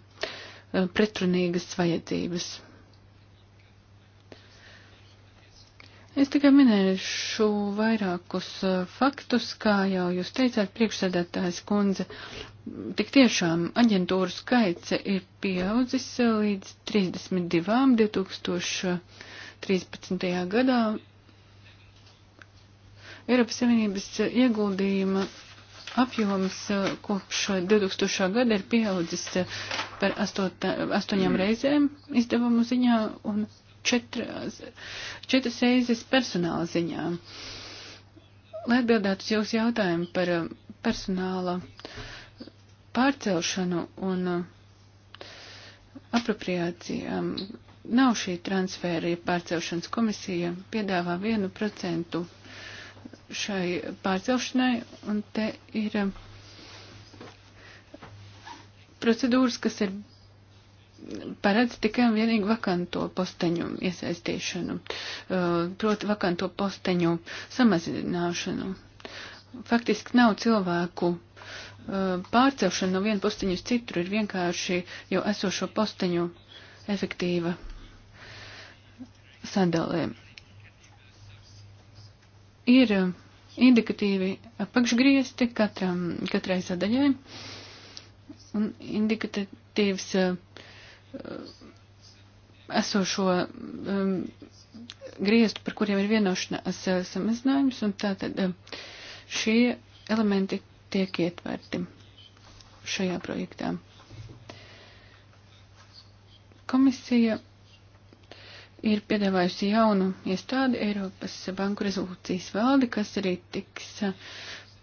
pretrunīgas vajadzības. Es tikai minēšu vairākus eh, faktus, kā jau jūs teicāt, priekšsēdētājs kundze. Tik tiešām aģentūru skaits ir pieaudzis eh, līdz 32 2013. gadā, Eiropas Savienības eh, ieguldījuma apjoms eh, kopš 2000. Eh, gada ir pieaudzis par astot, astoņām reizēm izdevumu ziņā un četras, četras reizes personāla ziņā. Lai atbildētu uz jūsu jautājumu par personāla pārcelšanu un apropriācijām, nav šī transfēra, ja pārcelšanas komisija piedāvā vienu procentu šai pārcelšanai, un te ir um, procedūras, kas ir paredz tikai un vienīgi vakanto posteņu iesaistīšanu, uh, proti vakanto posteņu samazināšanu. Faktiski nav cilvēku uh, pārcelšana no viena posteņa uz citu, ir vienkārši jau esošo posteņu efektīva sadalē ir um, indikatīvi apakšgriezti katram, katrai sadaļai un indikatīvs uh, esošo um, grieztu, par kuriem ir vienošanās uh, samazinājums, un tātad uh, šie elementi tiek ietverti šajā projektā. Komisija ir piedāvājusi jaunu iestādi Eiropas Banku rezolūcijas valdi, kas arī tiks uh,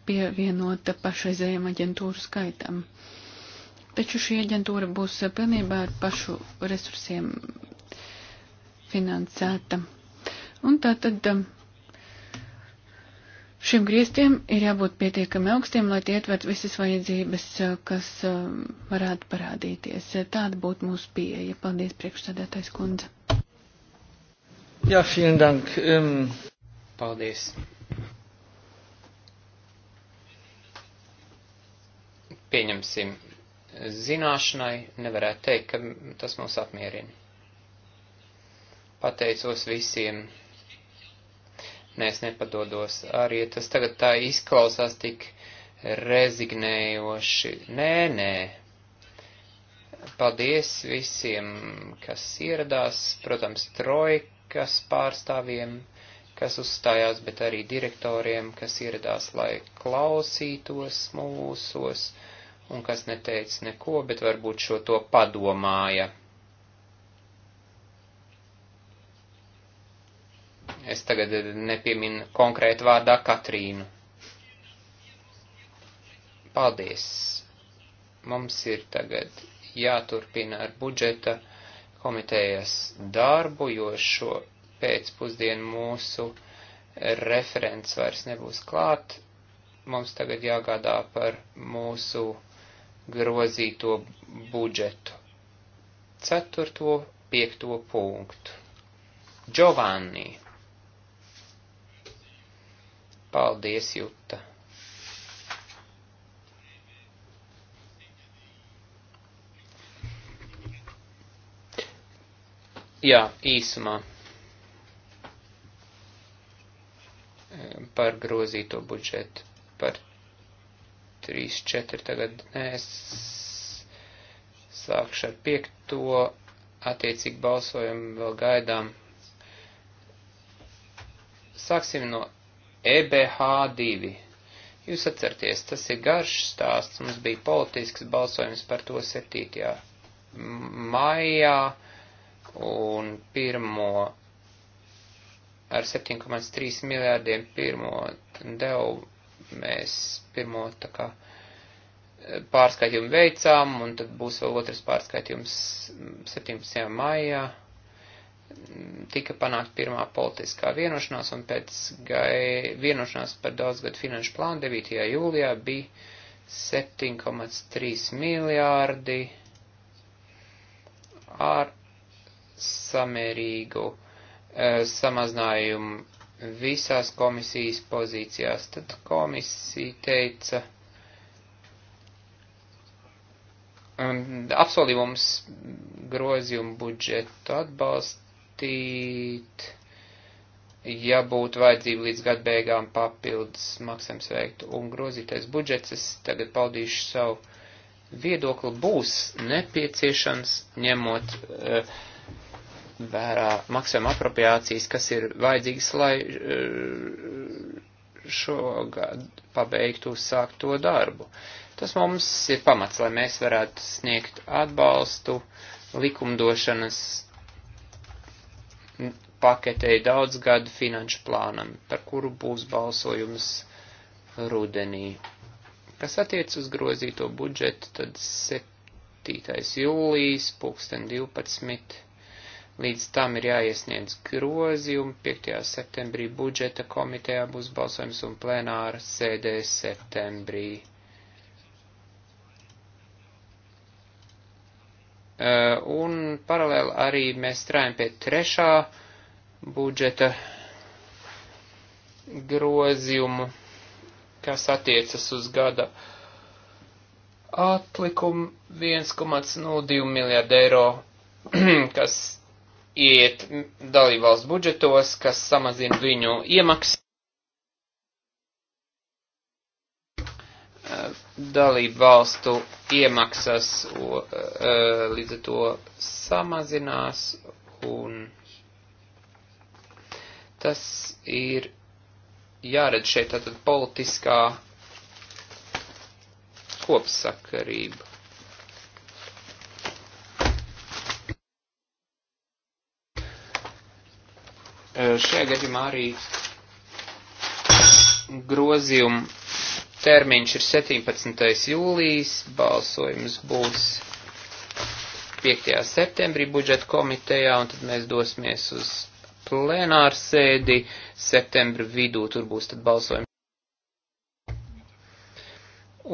pievienota pašreizējiem aģentūru skaitam. Taču šī aģentūra būs uh, pilnībā ar pašu resursiem finansēta. Un tā tad um, šiem griestiem ir jābūt pietiekami augstiem, lai tie ietvert visas vajadzības, uh, kas um, varētu parādīties. Tāda būtu mūsu pieeja. Paldies, priekšsēdētājs kundze. Jā, vielen dank. Um... Paldies. Pieņemsim zināšanai, nevarētu teikt, ka tas mūs apmierina. Pateicos visiem. Nē, es nepadodos. Arī tas tagad tā izklausās tik rezignējoši. Nē, nē. Paldies visiem, kas ieradās. Protams, trojka bankas pārstāvjiem, kas uzstājās, bet arī direktoriem, kas ieradās, lai klausītos mūsos un kas neteica neko, bet varbūt šo to padomāja. Es tagad nepieminu konkrēti vārdā Katrīnu. Paldies! Mums ir tagad jāturpina ar budžeta komitejas darbu, jo šo pēcpusdienu mūsu referents vairs nebūs klāt. Mums tagad jāgādā par mūsu grozīto budžetu. Ceturto, piekto punktu. Giovanni. Paldies, Juta. Jā, īsumā par grozīto budžetu, par 3, 4 tagad nē, es sākšu ar 5, attiecīgi balsojumu vēl gaidām. Sāksim no EBH2. Jūs atcerieties, tas ir garš stāsts, mums bija politisks balsojums par to 7. maijā un pirmo ar 7,3 miljārdiem pirmo devu mēs pirmo tā kā e, pārskaitījumu veicām, un tad būs vēl otrs pārskaitījums 17. maijā. Tika panākt pirmā politiskā vienošanās, un pēc gai, vienošanās par daudzgadu finanšu plānu 9. jūlijā bija 7,3 miljārdi ar samērīgu e, eh, samazinājumu visās komisijas pozīcijās. Tad komisija teica, apsolīja mums grozījumu budžetu atbalstīt, ja būtu vajadzība līdz gada beigām papildus maksājums veikt un grozītais budžets. Es tagad paldīšu savu viedokli būs nepieciešams, ņemot uh, vērā maksājuma apropriācijas, kas ir vajadzīgas, lai eh, šogad pabeigtu uzsākt to darbu. Tas mums ir pamats, lai mēs varētu sniegt atbalstu likumdošanas paketei daudz gadu finanšu plānam, par kuru būs balsojums rudenī. Kas attiec uz grozīto budžetu, tad 7. jūlijas, pulksten 12 Līdz tam ir jāiesniedz grozījumi. 5. septembrī budžeta komitejā būs balsojums un plenāra sēdē septembrī. Uh, un paralēli arī mēs strādājam pie trešā budžeta grozījumu, kas attiecas uz gada atlikumu 1,02 miljārdu eiro, kas iet dalībvalsts budžetos, kas samazina viņu iemaksas. dalību valstu iemaksas e, līdz ar to samazinās un tas ir jāredz šeit tātad politiskā kopsakarība. Eh, šajā gadījumā arī grozījuma termiņš ir 17. jūlijas, balsojums būs 5. septembrī budžeta komitejā, un tad mēs dosimies uz plenāru sēdi septembra vidū, tur būs tad balsojums.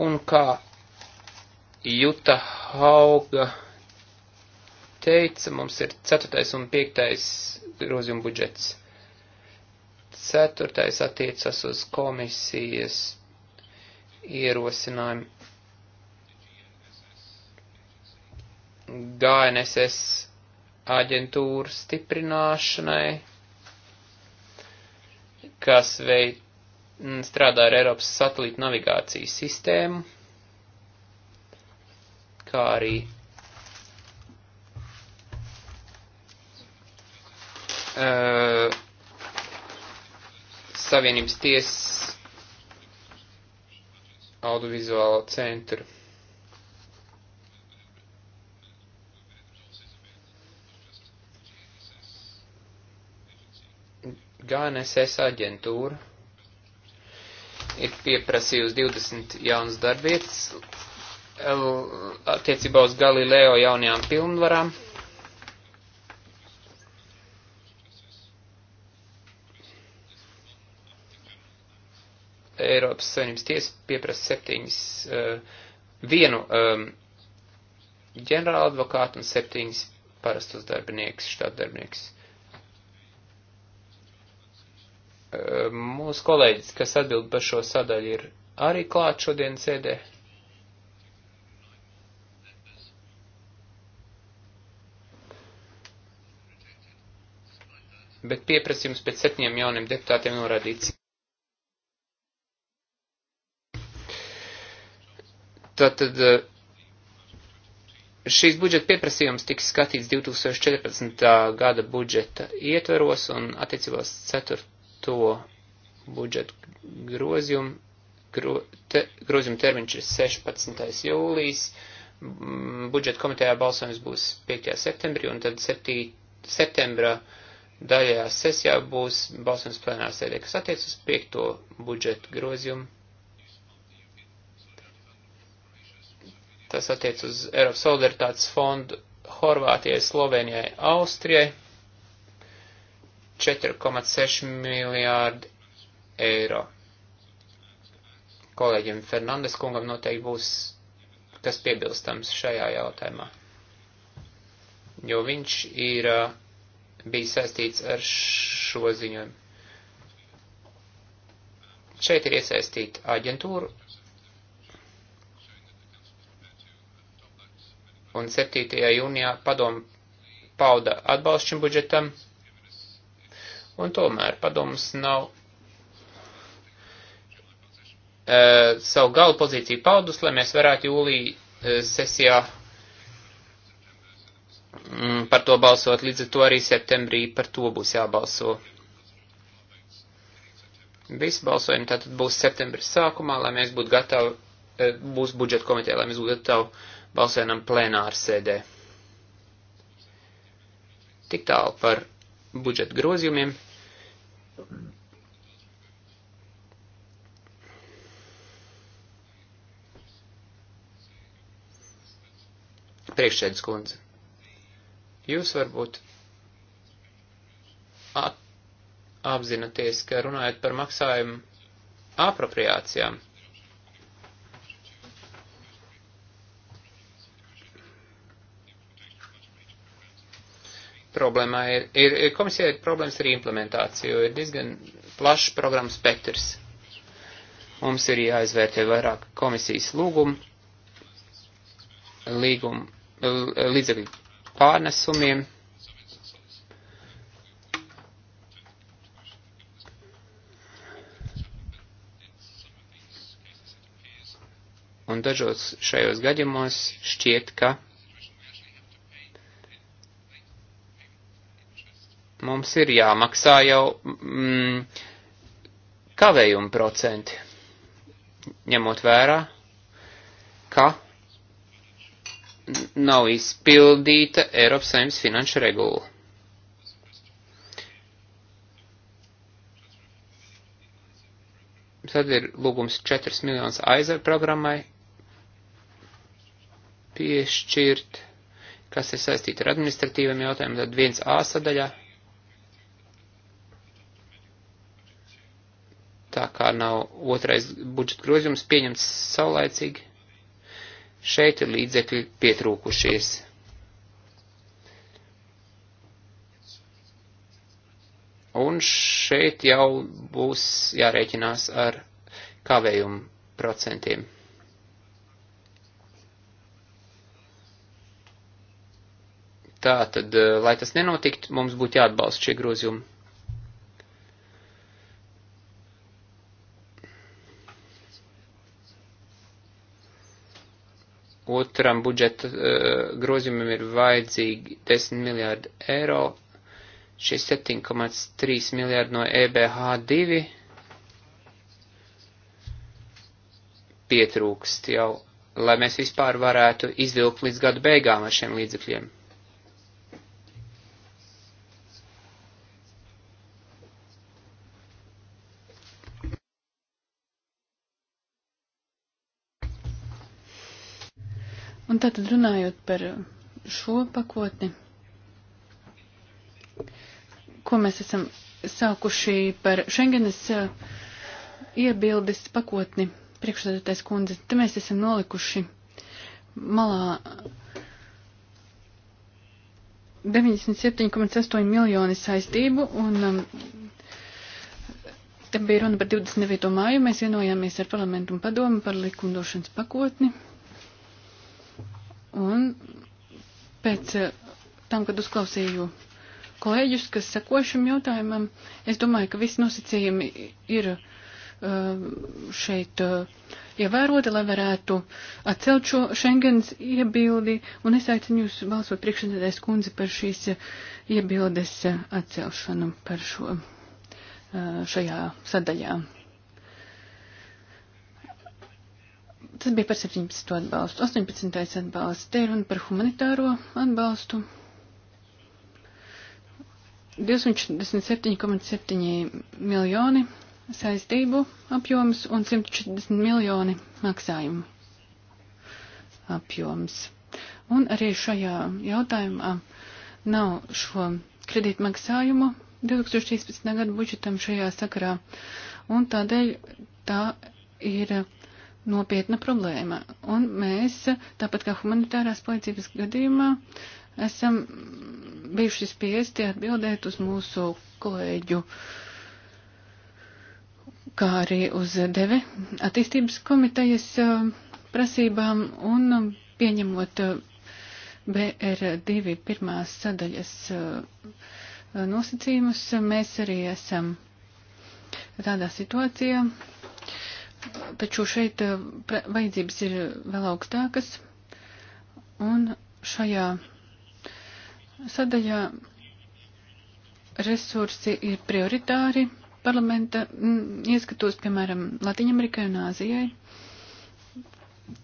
Un kā Juta Hauga teica, mums ir 4. un 5 grozījuma budžets. Ceturtais attiecas uz komisijas ierosinājumu GNSS aģentūru stiprināšanai, kas veid, mm, strādā ar Eiropas satelīta navigācijas sistēmu, kā arī uh, Savienības tiesas audiovizuālo centru. GNSS aģentūra ir pieprasījusi 20 jaunas darbvietas attiecībā uz Galileo jaunajām pilnvarām. Eiropas Savienības tiesa pieprasa septiņas, eh, vienu ehm, ģenerāla advokātu un septiņas parastus darbinieks, štāt darbinieks. Ehm, mūsu kolēģis, kas atbild par šo sadaļu, ir arī klāt šodien sēdē. Bet pieprasījums pēc septiņiem jauniem deputātiem norādīts. Tātad eh, šīs budžeta pieprasījums tiks skatīts 2014. gada budžeta ietveros un attiecībās ceturto budžetu grozījumu. Gro, te, grozījuma termiņš ir 16. jūlijas, budžeta komitejā balsojums būs 5. septembrī un tad 7. septembra daļajā sesijā būs balsojums plenārsēdē, kas attiec uz 5. budžeta grozījumu tas attiec uz Eiropas solidaritātes fondu Horvātijai, Slovenijai, Austrijai, 4,6 miljārdi eiro. Kolēģim Fernandes kungam noteikti būs kas piebilstams šajā jautājumā, jo viņš ir bijis saistīts ar šo ziņojumu. Šeit ir iesaistīta aģentūra un 7. jūnijā padomu pauda atbalstu šim budžetam, un tomēr padomus nav e, savu galu pozīciju paudus, lai mēs varētu jūlī e, sesijā mm, par to balsot, līdz ar to arī septembrī par to būs jābalso. Visi balsojumi tātad būs septembris sākumā, lai mēs būtu gatavi, e, būs budžeta komiteja, lai mēs būtu gatavi balsēnam plēnāru sēdē. Tik tālu par budžeta grozījumiem. Priekšsēdus kundze, jūs varbūt apzināties, ka runājat par maksājumu apropriācijām. problēmā ir, ir, komisijā ir problēmas ar implementāciju, ir diezgan plašs programmas spektrs. Mums ir jāizvērtē vairāk komisijas lūgumu, līgumu, līdzekļu pārnesumiem. Un dažos šajos gadījumos šķiet, ka mums ir jāmaksā jau mm, kavējuma procenti, ņemot vērā, ka nav izpildīta Eiropas saimnes finanšu regula. Tad ir lūgums 4 miljonus aizver programmai piešķirt, kas ir saistīti ar administratīviem jautājumiem, tad 1A sadaļā tā kā nav otrais budžeta grozījums pieņemts saulaicīgi, šeit ir līdzekļi pietrūkušies. Un šeit jau būs jārēķinās ar kavējumu procentiem. Tā tad, eh, lai tas nenotikt, mums būtu jāatbalsta šie grozījumi. Otram budžeta eh, grozījumam ir vajadzīgi 10 miljārdi eiro, šie 7,3 miljārdi no EBH2 pietrūkst jau, lai mēs vispār varētu izvilkt līdz gada beigām ar šiem līdzekļiem. Tātad runājot par šo pakotni, ko mēs esam sākuši par Schengenes iebildes pakotni, priekšsēdētais kundze, te mēs esam nolikuši malā 97,8 miljoni saistību un te bija runa par 29. māju, mēs vienojāmies ar parlamentu un padomu par likumdošanas pakotni. Un pēc eh, tam, kad uzklausīju kolēģus, kas seko šim jautājumam, es domāju, ka visi nosacījumi ir eh, šeit eh, ievēroti, lai varētu atcelt šo Schengens iebildi, un es aicinu jūs balsot priekšsēdētājs kundzi par šīs iebildes atcelšanu par šo šajā sadaļā. Tas bija par 17. atbalstu. 18. atbalsts. Te ir runa par humanitāro atbalstu. 247,7 miljoni saistību apjoms un 140 miljoni maksājumu apjoms. Un arī šajā jautājumā nav šo kredītu maksājumu 2013. gada budžetam šajā sakarā. Un tādēļ tā ir nopietna problēma. Un mēs, tāpat kā humanitārās palīdzības gadījumā, esam bijuši spiesti atbildēt uz mūsu kolēģu, kā arī uz deve attīstības komitejas uh, prasībām un pieņemot uh, BR2 pirmās sadaļas uh, nosacījumus, mēs arī esam tādā situācijā, taču šeit eh, vajadzības ir vēl augstākas, un šajā sadaļā resursi ir prioritāri parlamenta mm, ieskatos, piemēram, Latviņamerikai un Āzijai.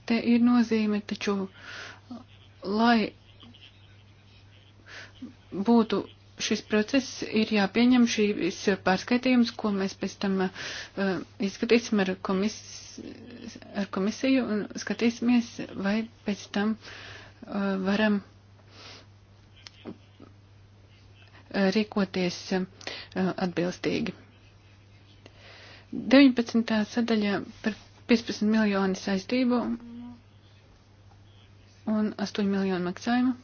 Te ir nozīme, taču, lai būtu šis process ir jāpieņem šīs pārskaitījums, ko mēs pēc tam uh, izskatīsim ar, komis, ar komisiju un skatīsimies, vai pēc tam uh, varam uh, rīkoties uh, atbilstīgi. 19. sadaļā par 15 miljonu saistību un 8 miljonu maksājumu.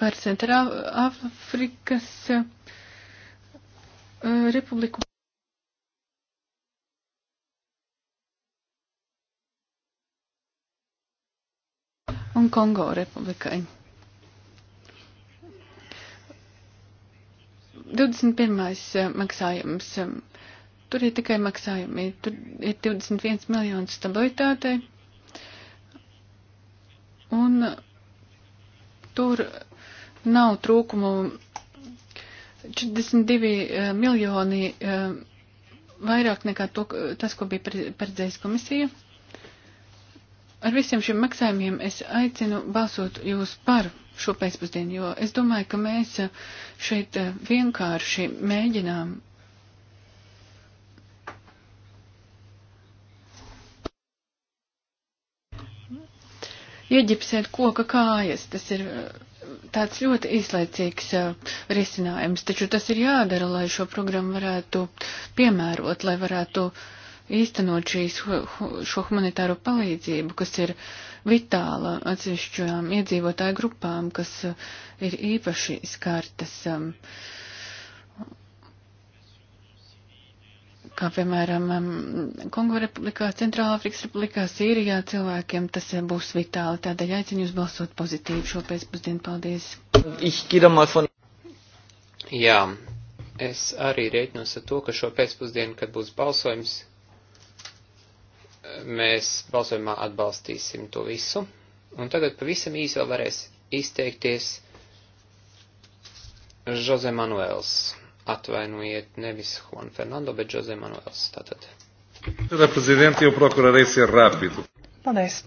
par Centrāfrikas uh, republiku. Un Kongo republikai. 21. Uh, maksājums. Um, tur ir tikai maksājumi. Tur ir 21 miljonu stabilitātei. Un uh, tur nav trūkumu. 42 eh, miljoni eh, vairāk nekā to, tas, ko bija paredzējis komisija. Ar visiem šiem maksājumiem es aicinu balsot jūs par šo pēcpusdienu, jo es domāju, ka mēs eh, šeit vienkārši mēģinām ieģipsēt koka kājas. Tas ir tāds ļoti izlaicīgs uh, risinājums, taču tas ir jādara, lai šo programmu varētu piemērot, lai varētu īstenot šīs, šo humanitāro palīdzību, kas ir vitāla atsevišķajām iedzīvotāju grupām, kas uh, ir īpaši skartas. Um, uh, kā piemēram um, Kongo republikā, Centrālāfrikas republikā, Sīrijā cilvēkiem tas eh, būs vitāli. Tādēļ aicinu jūs balsot pozitīvi šo pēcpusdienu. Paldies! Jā, es arī rēķinos ar to, ka šo pēcpusdienu, kad būs balsojums, mēs balsojumā atbalstīsim to visu. Un tagad pavisam īsi vēl varēs izteikties Jose Manuels. Atvainojiet, nevis Juan Fernando, bet Jose Manuels. Tātad. Prezidenti, jau prokurārei ir rapidu. Paldies.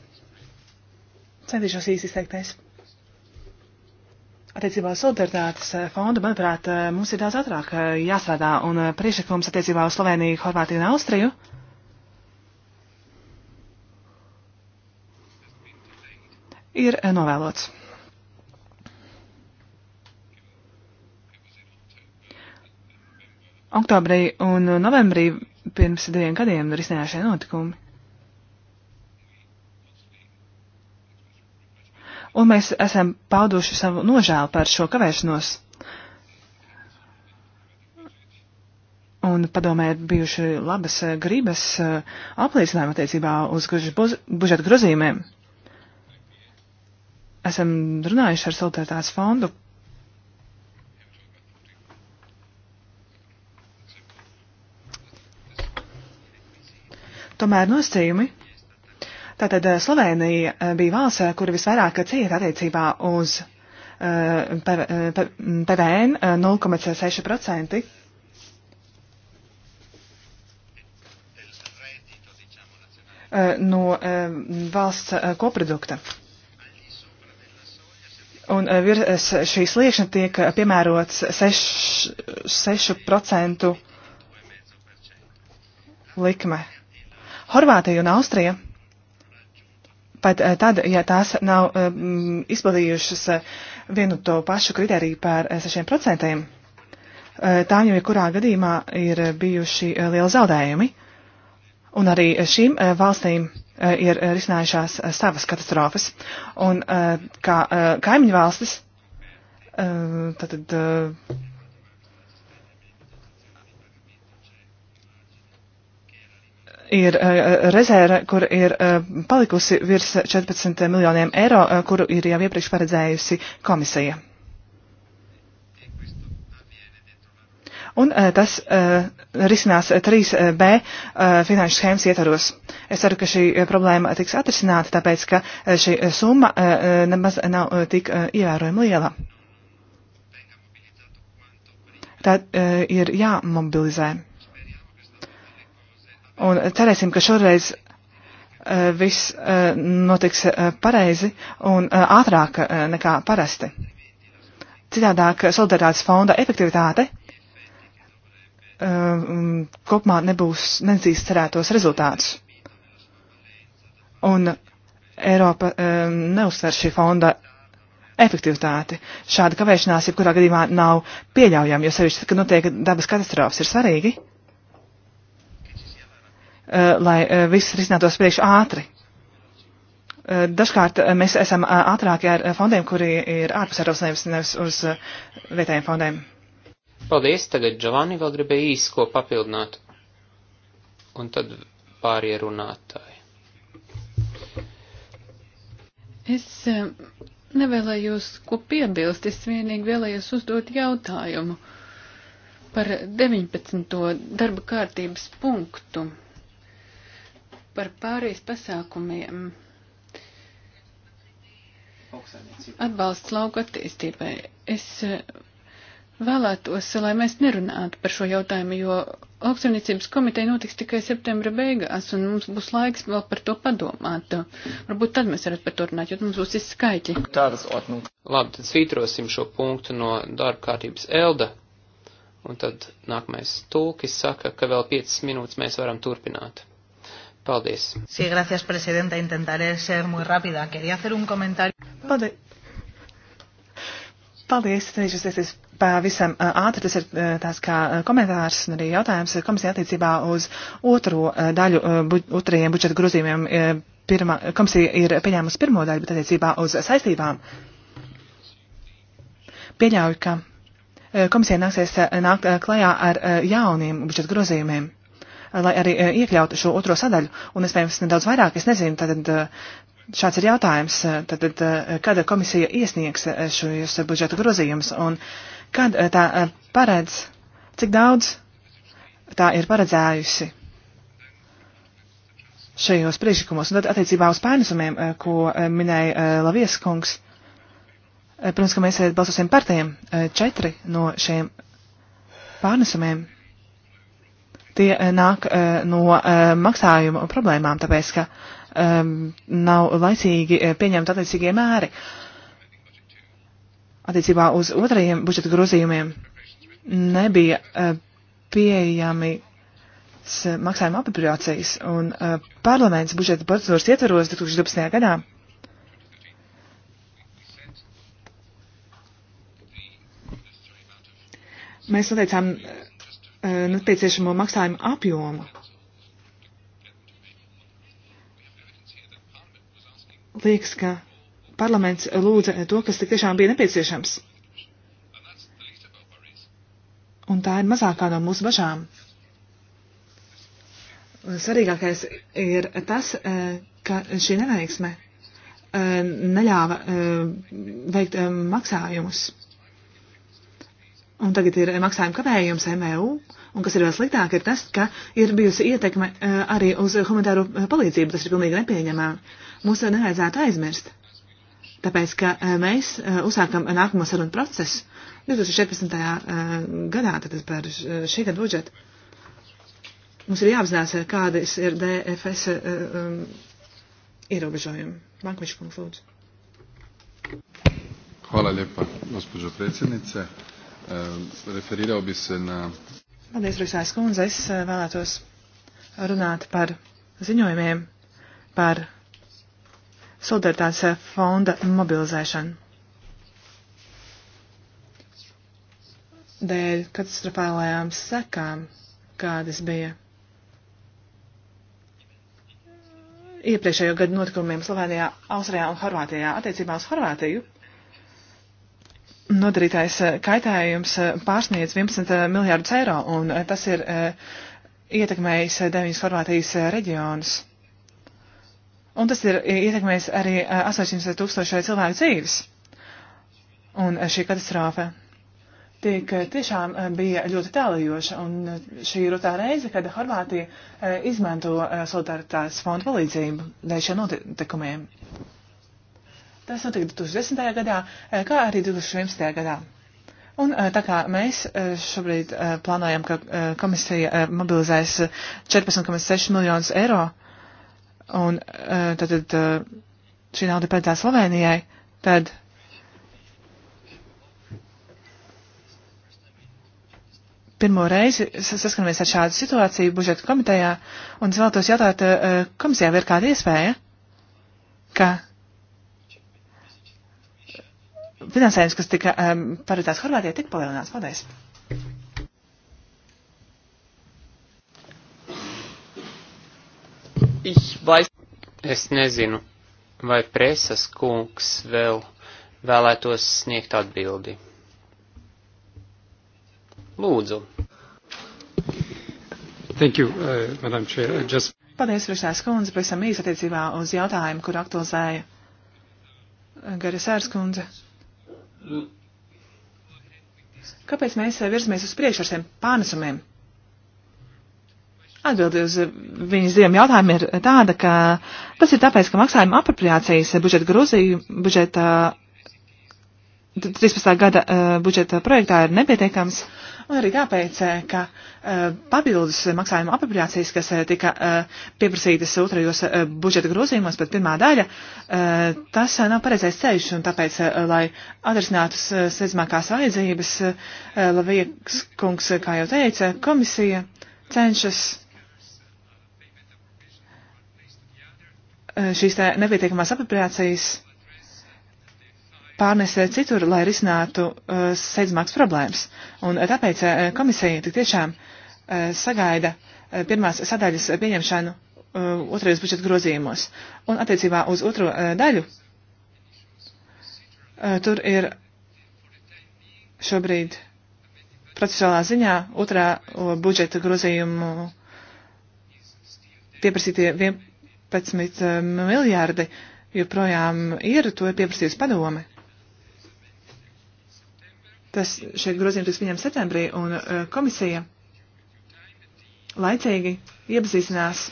Centīšos īsi izteikties. Attiecībā uz solidaritātes eh, fondu, manuprāt, eh, mums ir daudz ātrāk eh, jāstrādā, un priekšlikums attiecībā uz Sloveniju, Horvātiju un Austriju. Ir novēlots. oktobrī un novembrī pirms diviem gadiem risinājās šie notikumi. Un mēs esam pauduši savu nožēlu par šo kavēšanos. Un padomē ir bijuši labas eh, gribas eh, apliecinājumi attiecībā uz budžeta grozījumiem. Esam runājuši ar solidaritātes fondu Tomēr nosacījumi. Tātad eh, Slovenija eh, bija valsts, eh, kura visvairāk cieta attiecībā uz PVN 0,6%. no valsts koprodukta. Un virs šīs liekšņa tiek piemērots 6%, 6 likme. Horvātija un Austrija pat eh, tad, ja tās nav um, izpildījušas eh, vienu to pašu kritēriju par 6%, tām jau jebkurā gadījumā ir bijuši lieli zaudējumi. Un arī šīm valstīm ir risinājušās savas katastrofas. Un kā kaimiņu valstis, tad ir eh, rezerve, kur ir eh, palikusi virs 14 miljoniem eiro, eh, kuru ir jau iepriekš paredzējusi komisija. Un tas risinās 3B finanšu schēmas ietvaros. Es ceru, ka šī problēma tiks atrisināta, tāpēc, ka šī summa nemaz nav tik ievērojami liela. Tā ir jāmobilizē. Un cerēsim, ka šoreiz eh, viss eh, notiks eh, pareizi un ātrāk nekā parasti. Citādāk solidaritātes fonda efektivitāte kopumā nebūs nedzīs cerētos rezultātus. Un Eiropa neuzsver šī fonda efektivitāti. Šāda kavēšanās jebkurā gadījumā nav pieļaujama, jo sevišķi, kad notiek dabas katastrofas, ir svarīgi, Eh, lai eh, viss risinātos priekš ātri. Eh, dažkārt mēs esam ātrāki ar fondiem, kuri ir ārpus Eiropas Savienības, nevis uz vietējiem fondiem. Paldies, tagad Giovanni vēl gribēja īsi ko papildināt, un tad pārie runātāji. Es nevēlējos ko piebilst, es vienīgi vēlējos uzdot jautājumu par 19. darba kārtības punktu par pārējais pasākumiem. Atbalsts lauka attīstībai. Es eh, vēlētos, lai mēs nerunātu par šo jautājumu, jo lauksaimniecības komiteja notiks tikai septembra beigās, un mums būs laiks vēl par to padomāt. Varbūt tad mēs varētu par to runāt, jo mums būs izskaļķi. Tādas ordnung. Labi, tad svītrosim šo punktu no darba kārtības elda, un tad nākamais tulkis saka, ka vēl 5 minūtes mēs varam turpināt. Paldies. Sí, gracias, presidenta. Intentaré ser muy rápida. Quería hacer un comentario. Paldies. Paldies, cenšos teikties pavisam ātri. Tas ir tās kā komentārs un arī jautājums komisija attiecībā uz otro daļu, bu, otrajiem budžeta grozījumiem. Pirma, komisija ir pieņēmusi pirmo daļu, bet attiecībā uz saistībām. Pieļauju, ka komisija nāksies nākt klajā ar jauniem budžeta grozījumiem lai arī e, iekļautu šo otro sadaļu, un iespējams nedaudz vairāk, es nezinu, tad e, šāds ir jautājums, e, tad kad komisija iesniegs šos budžeta grozījumus, un kad tā paredz, cik daudz tā ir paredzējusi šajos priekšlikumos, un tad attiecībā uz pārnesumiem, ko minēja Lavies kungs, Protams, ka mēs balsosim par tiem četri no šiem pārnesumiem tie eh, nāk eh, no eh, maksājumu problēmām, tāpēc, ka nav laicīgi pieņemt attiecīgie mēri attiecībā uz otrajiem budžeta grozījumiem. Nebija pieejami maksājuma apropriācijas un parlaments budžeta procedūras ietveros 2012. gadā mēs noteicām E, nepieciešamo maksājumu apjomu. Liekas, ka parlaments lūdza to, kas tik tiešām bija nepieciešams. Un tā ir mazākā no mūsu bažām. Svarīgākais ir tas, e, ka šī neveiksme e, neļāva veikt maksājumus un tagad ir maksājuma kavējums MVU, e un kas ir vēl sliktāk, ir tas, ka ir bijusi ietekme eh, arī uz humanitāro eh, palīdzību, tas ir pilnīgi nepieņemami. Mums nevajadzētu aizmirst, tāpēc, ka eh, mēs uzsākam nākamo sarunu procesu 2014. gadā, tad par šī gada budžetu. Mums ir jāapzinās, kādas ir DFS um, ierobežojumi. Bankovičs kungs, lūdzu. Hvala lijepa, gospođo predsjednice. Ehm, Referīrau bisenā. Paldies, Rūsājas kundze. Es eh, vēlētos runāt par ziņojumiem par solidaritātes eh, fonda mobilizēšanu. Dēļ katastrofālajām sekām, kādas bija iepriekšējo gadu notikumiem Slovenijā, Austrijā un Horvātijā. Attiecībā uz Horvātiju nodarītais eh, kaitējums eh, pārsniedz 11 eh, miljārdus eiro, un tas ir ietekmējis deviņas Horvātijas reģionus. Un tas ir ietekmējis arī 800 tūkstošu cilvēku dzīves. Un šī katastrofa tiek tiešām bija ļoti tālajoša, un šī ir tā reize, kad Horvātija izmanto solidaritātes fondu palīdzību dēļ šiem notikumiem. Noti Tas notika 2010. gadā, eh, kā arī 2011. gadā. Un eh, tā kā mēs eh, šobrīd plānojam, ka komisija mobilizēs 14,6 miljonus eiro, un tad, tad šī nauda pēdējā Slovenijai, tad. Pirmo reizi saskaramies ar šādu situāciju budžeta komitejā, un es vēlētos jautāt, komisijā ir kāda iespēja, ka finansējums, kas tika um, paredzēts Horvātijai, tika palielināts. Paldies! Es nezinu, vai presas kungs vēl vēlētos sniegt atbildi. Lūdzu. Thank you, uh, Madam Chair. I uh, just... Paldies, Rusēs kundze, pavisam īsi attiecībā uz jautājumu, kur aktualizēja Garisērs kundze. Kāpēc mēs eh, virzamies uz priekšu ar šiem pārnesumiem? Atbildi uz eh, viņas diviem jautājumiem ir tāda, ka tas ir tāpēc, ka maksājuma apropriācijas budžeta Gruziju, budžeta 13. gada eh, budžeta projektā ir nepietiekams. Uh, Un arī tāpēc, eh, ka eh, papildus maksājuma apropriācijas, kas eh, tika pieprasītas otrajos budžeta grozījumos, bet pirmā daļa, tas nav pareizais ceļš. Un tāpēc, lai atrisinātu sedzamākās vajadzības, Lavijas kungs, kā jau teica, komisija cenšas šīs nepietiekamās apropriācijas pārnest citur, lai risinātu uh, saidzamākas problēmas. Un uh, tāpēc uh, komisija tik tiešām uh, sagaida uh, pirmās sadaļas pieņemšanu uh, otrajos budžeta grozījumos. Un attiecībā uz otro uh, daļu uh, tur ir šobrīd procesuālā ziņā otrā uh, budžeta grozījumu pieprasītie 11 uh, miljārdi joprojām ir, to ir pieprasījusi padome. Tas šie grozījumi tiks pieņemti septembrī, un uh, komisija laicīgi iepazīstinās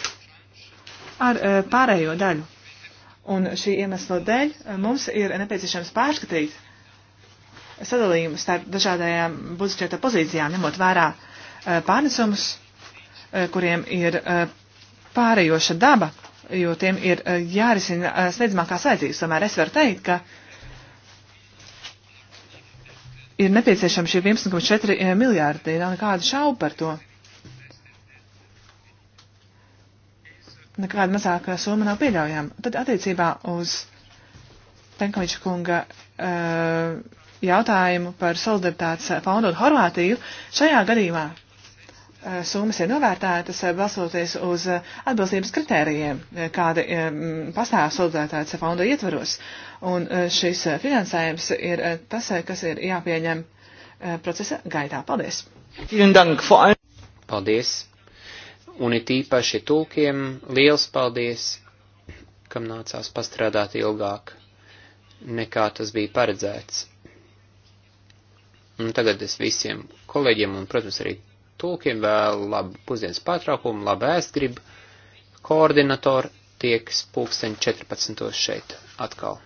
ar uh, pārējo daļu. Un šī iemesla dēļ uh, mums ir nepieciešams pārskatīt sadalījumu starp dažādajām budžeta pozīcijām, ņemot vērā pārnesumus, kuriem ir pārējoša daba, jo tiem ir jārisina steidzamākās vajadzības. Tomēr es varu teikt, ka ir nepieciešami šie 11,4 eh, miljārdi. Nav nekāda šauba par to. Nekāda mazāka summa nav pieļaujama. Tad attiecībā uz Tenkoviča kunga eh, jautājumu par solidaritātes fondu un Horvātiju šajā gadījumā Eh, summas ir novērtētas eh, balsoties uz eh, atbilstības kritērijiem, kādi pastāv solidaritātes fonda ietvaros. Un šis finansējums ir tas, kas ir jāpieņem procesa gaitā. Paldies! Paldies! Un it īpaši tulkiem liels paldies, kam nācās pastrādāt ilgāk nekā tas bija paredzēts. Un tagad es visiem kolēģiem un, protams, arī tulkiem vēl labu pusdienas pārtraukumu, labu ēstgribu. Koordinatori tieks pulksteņ 14. šeit atkal.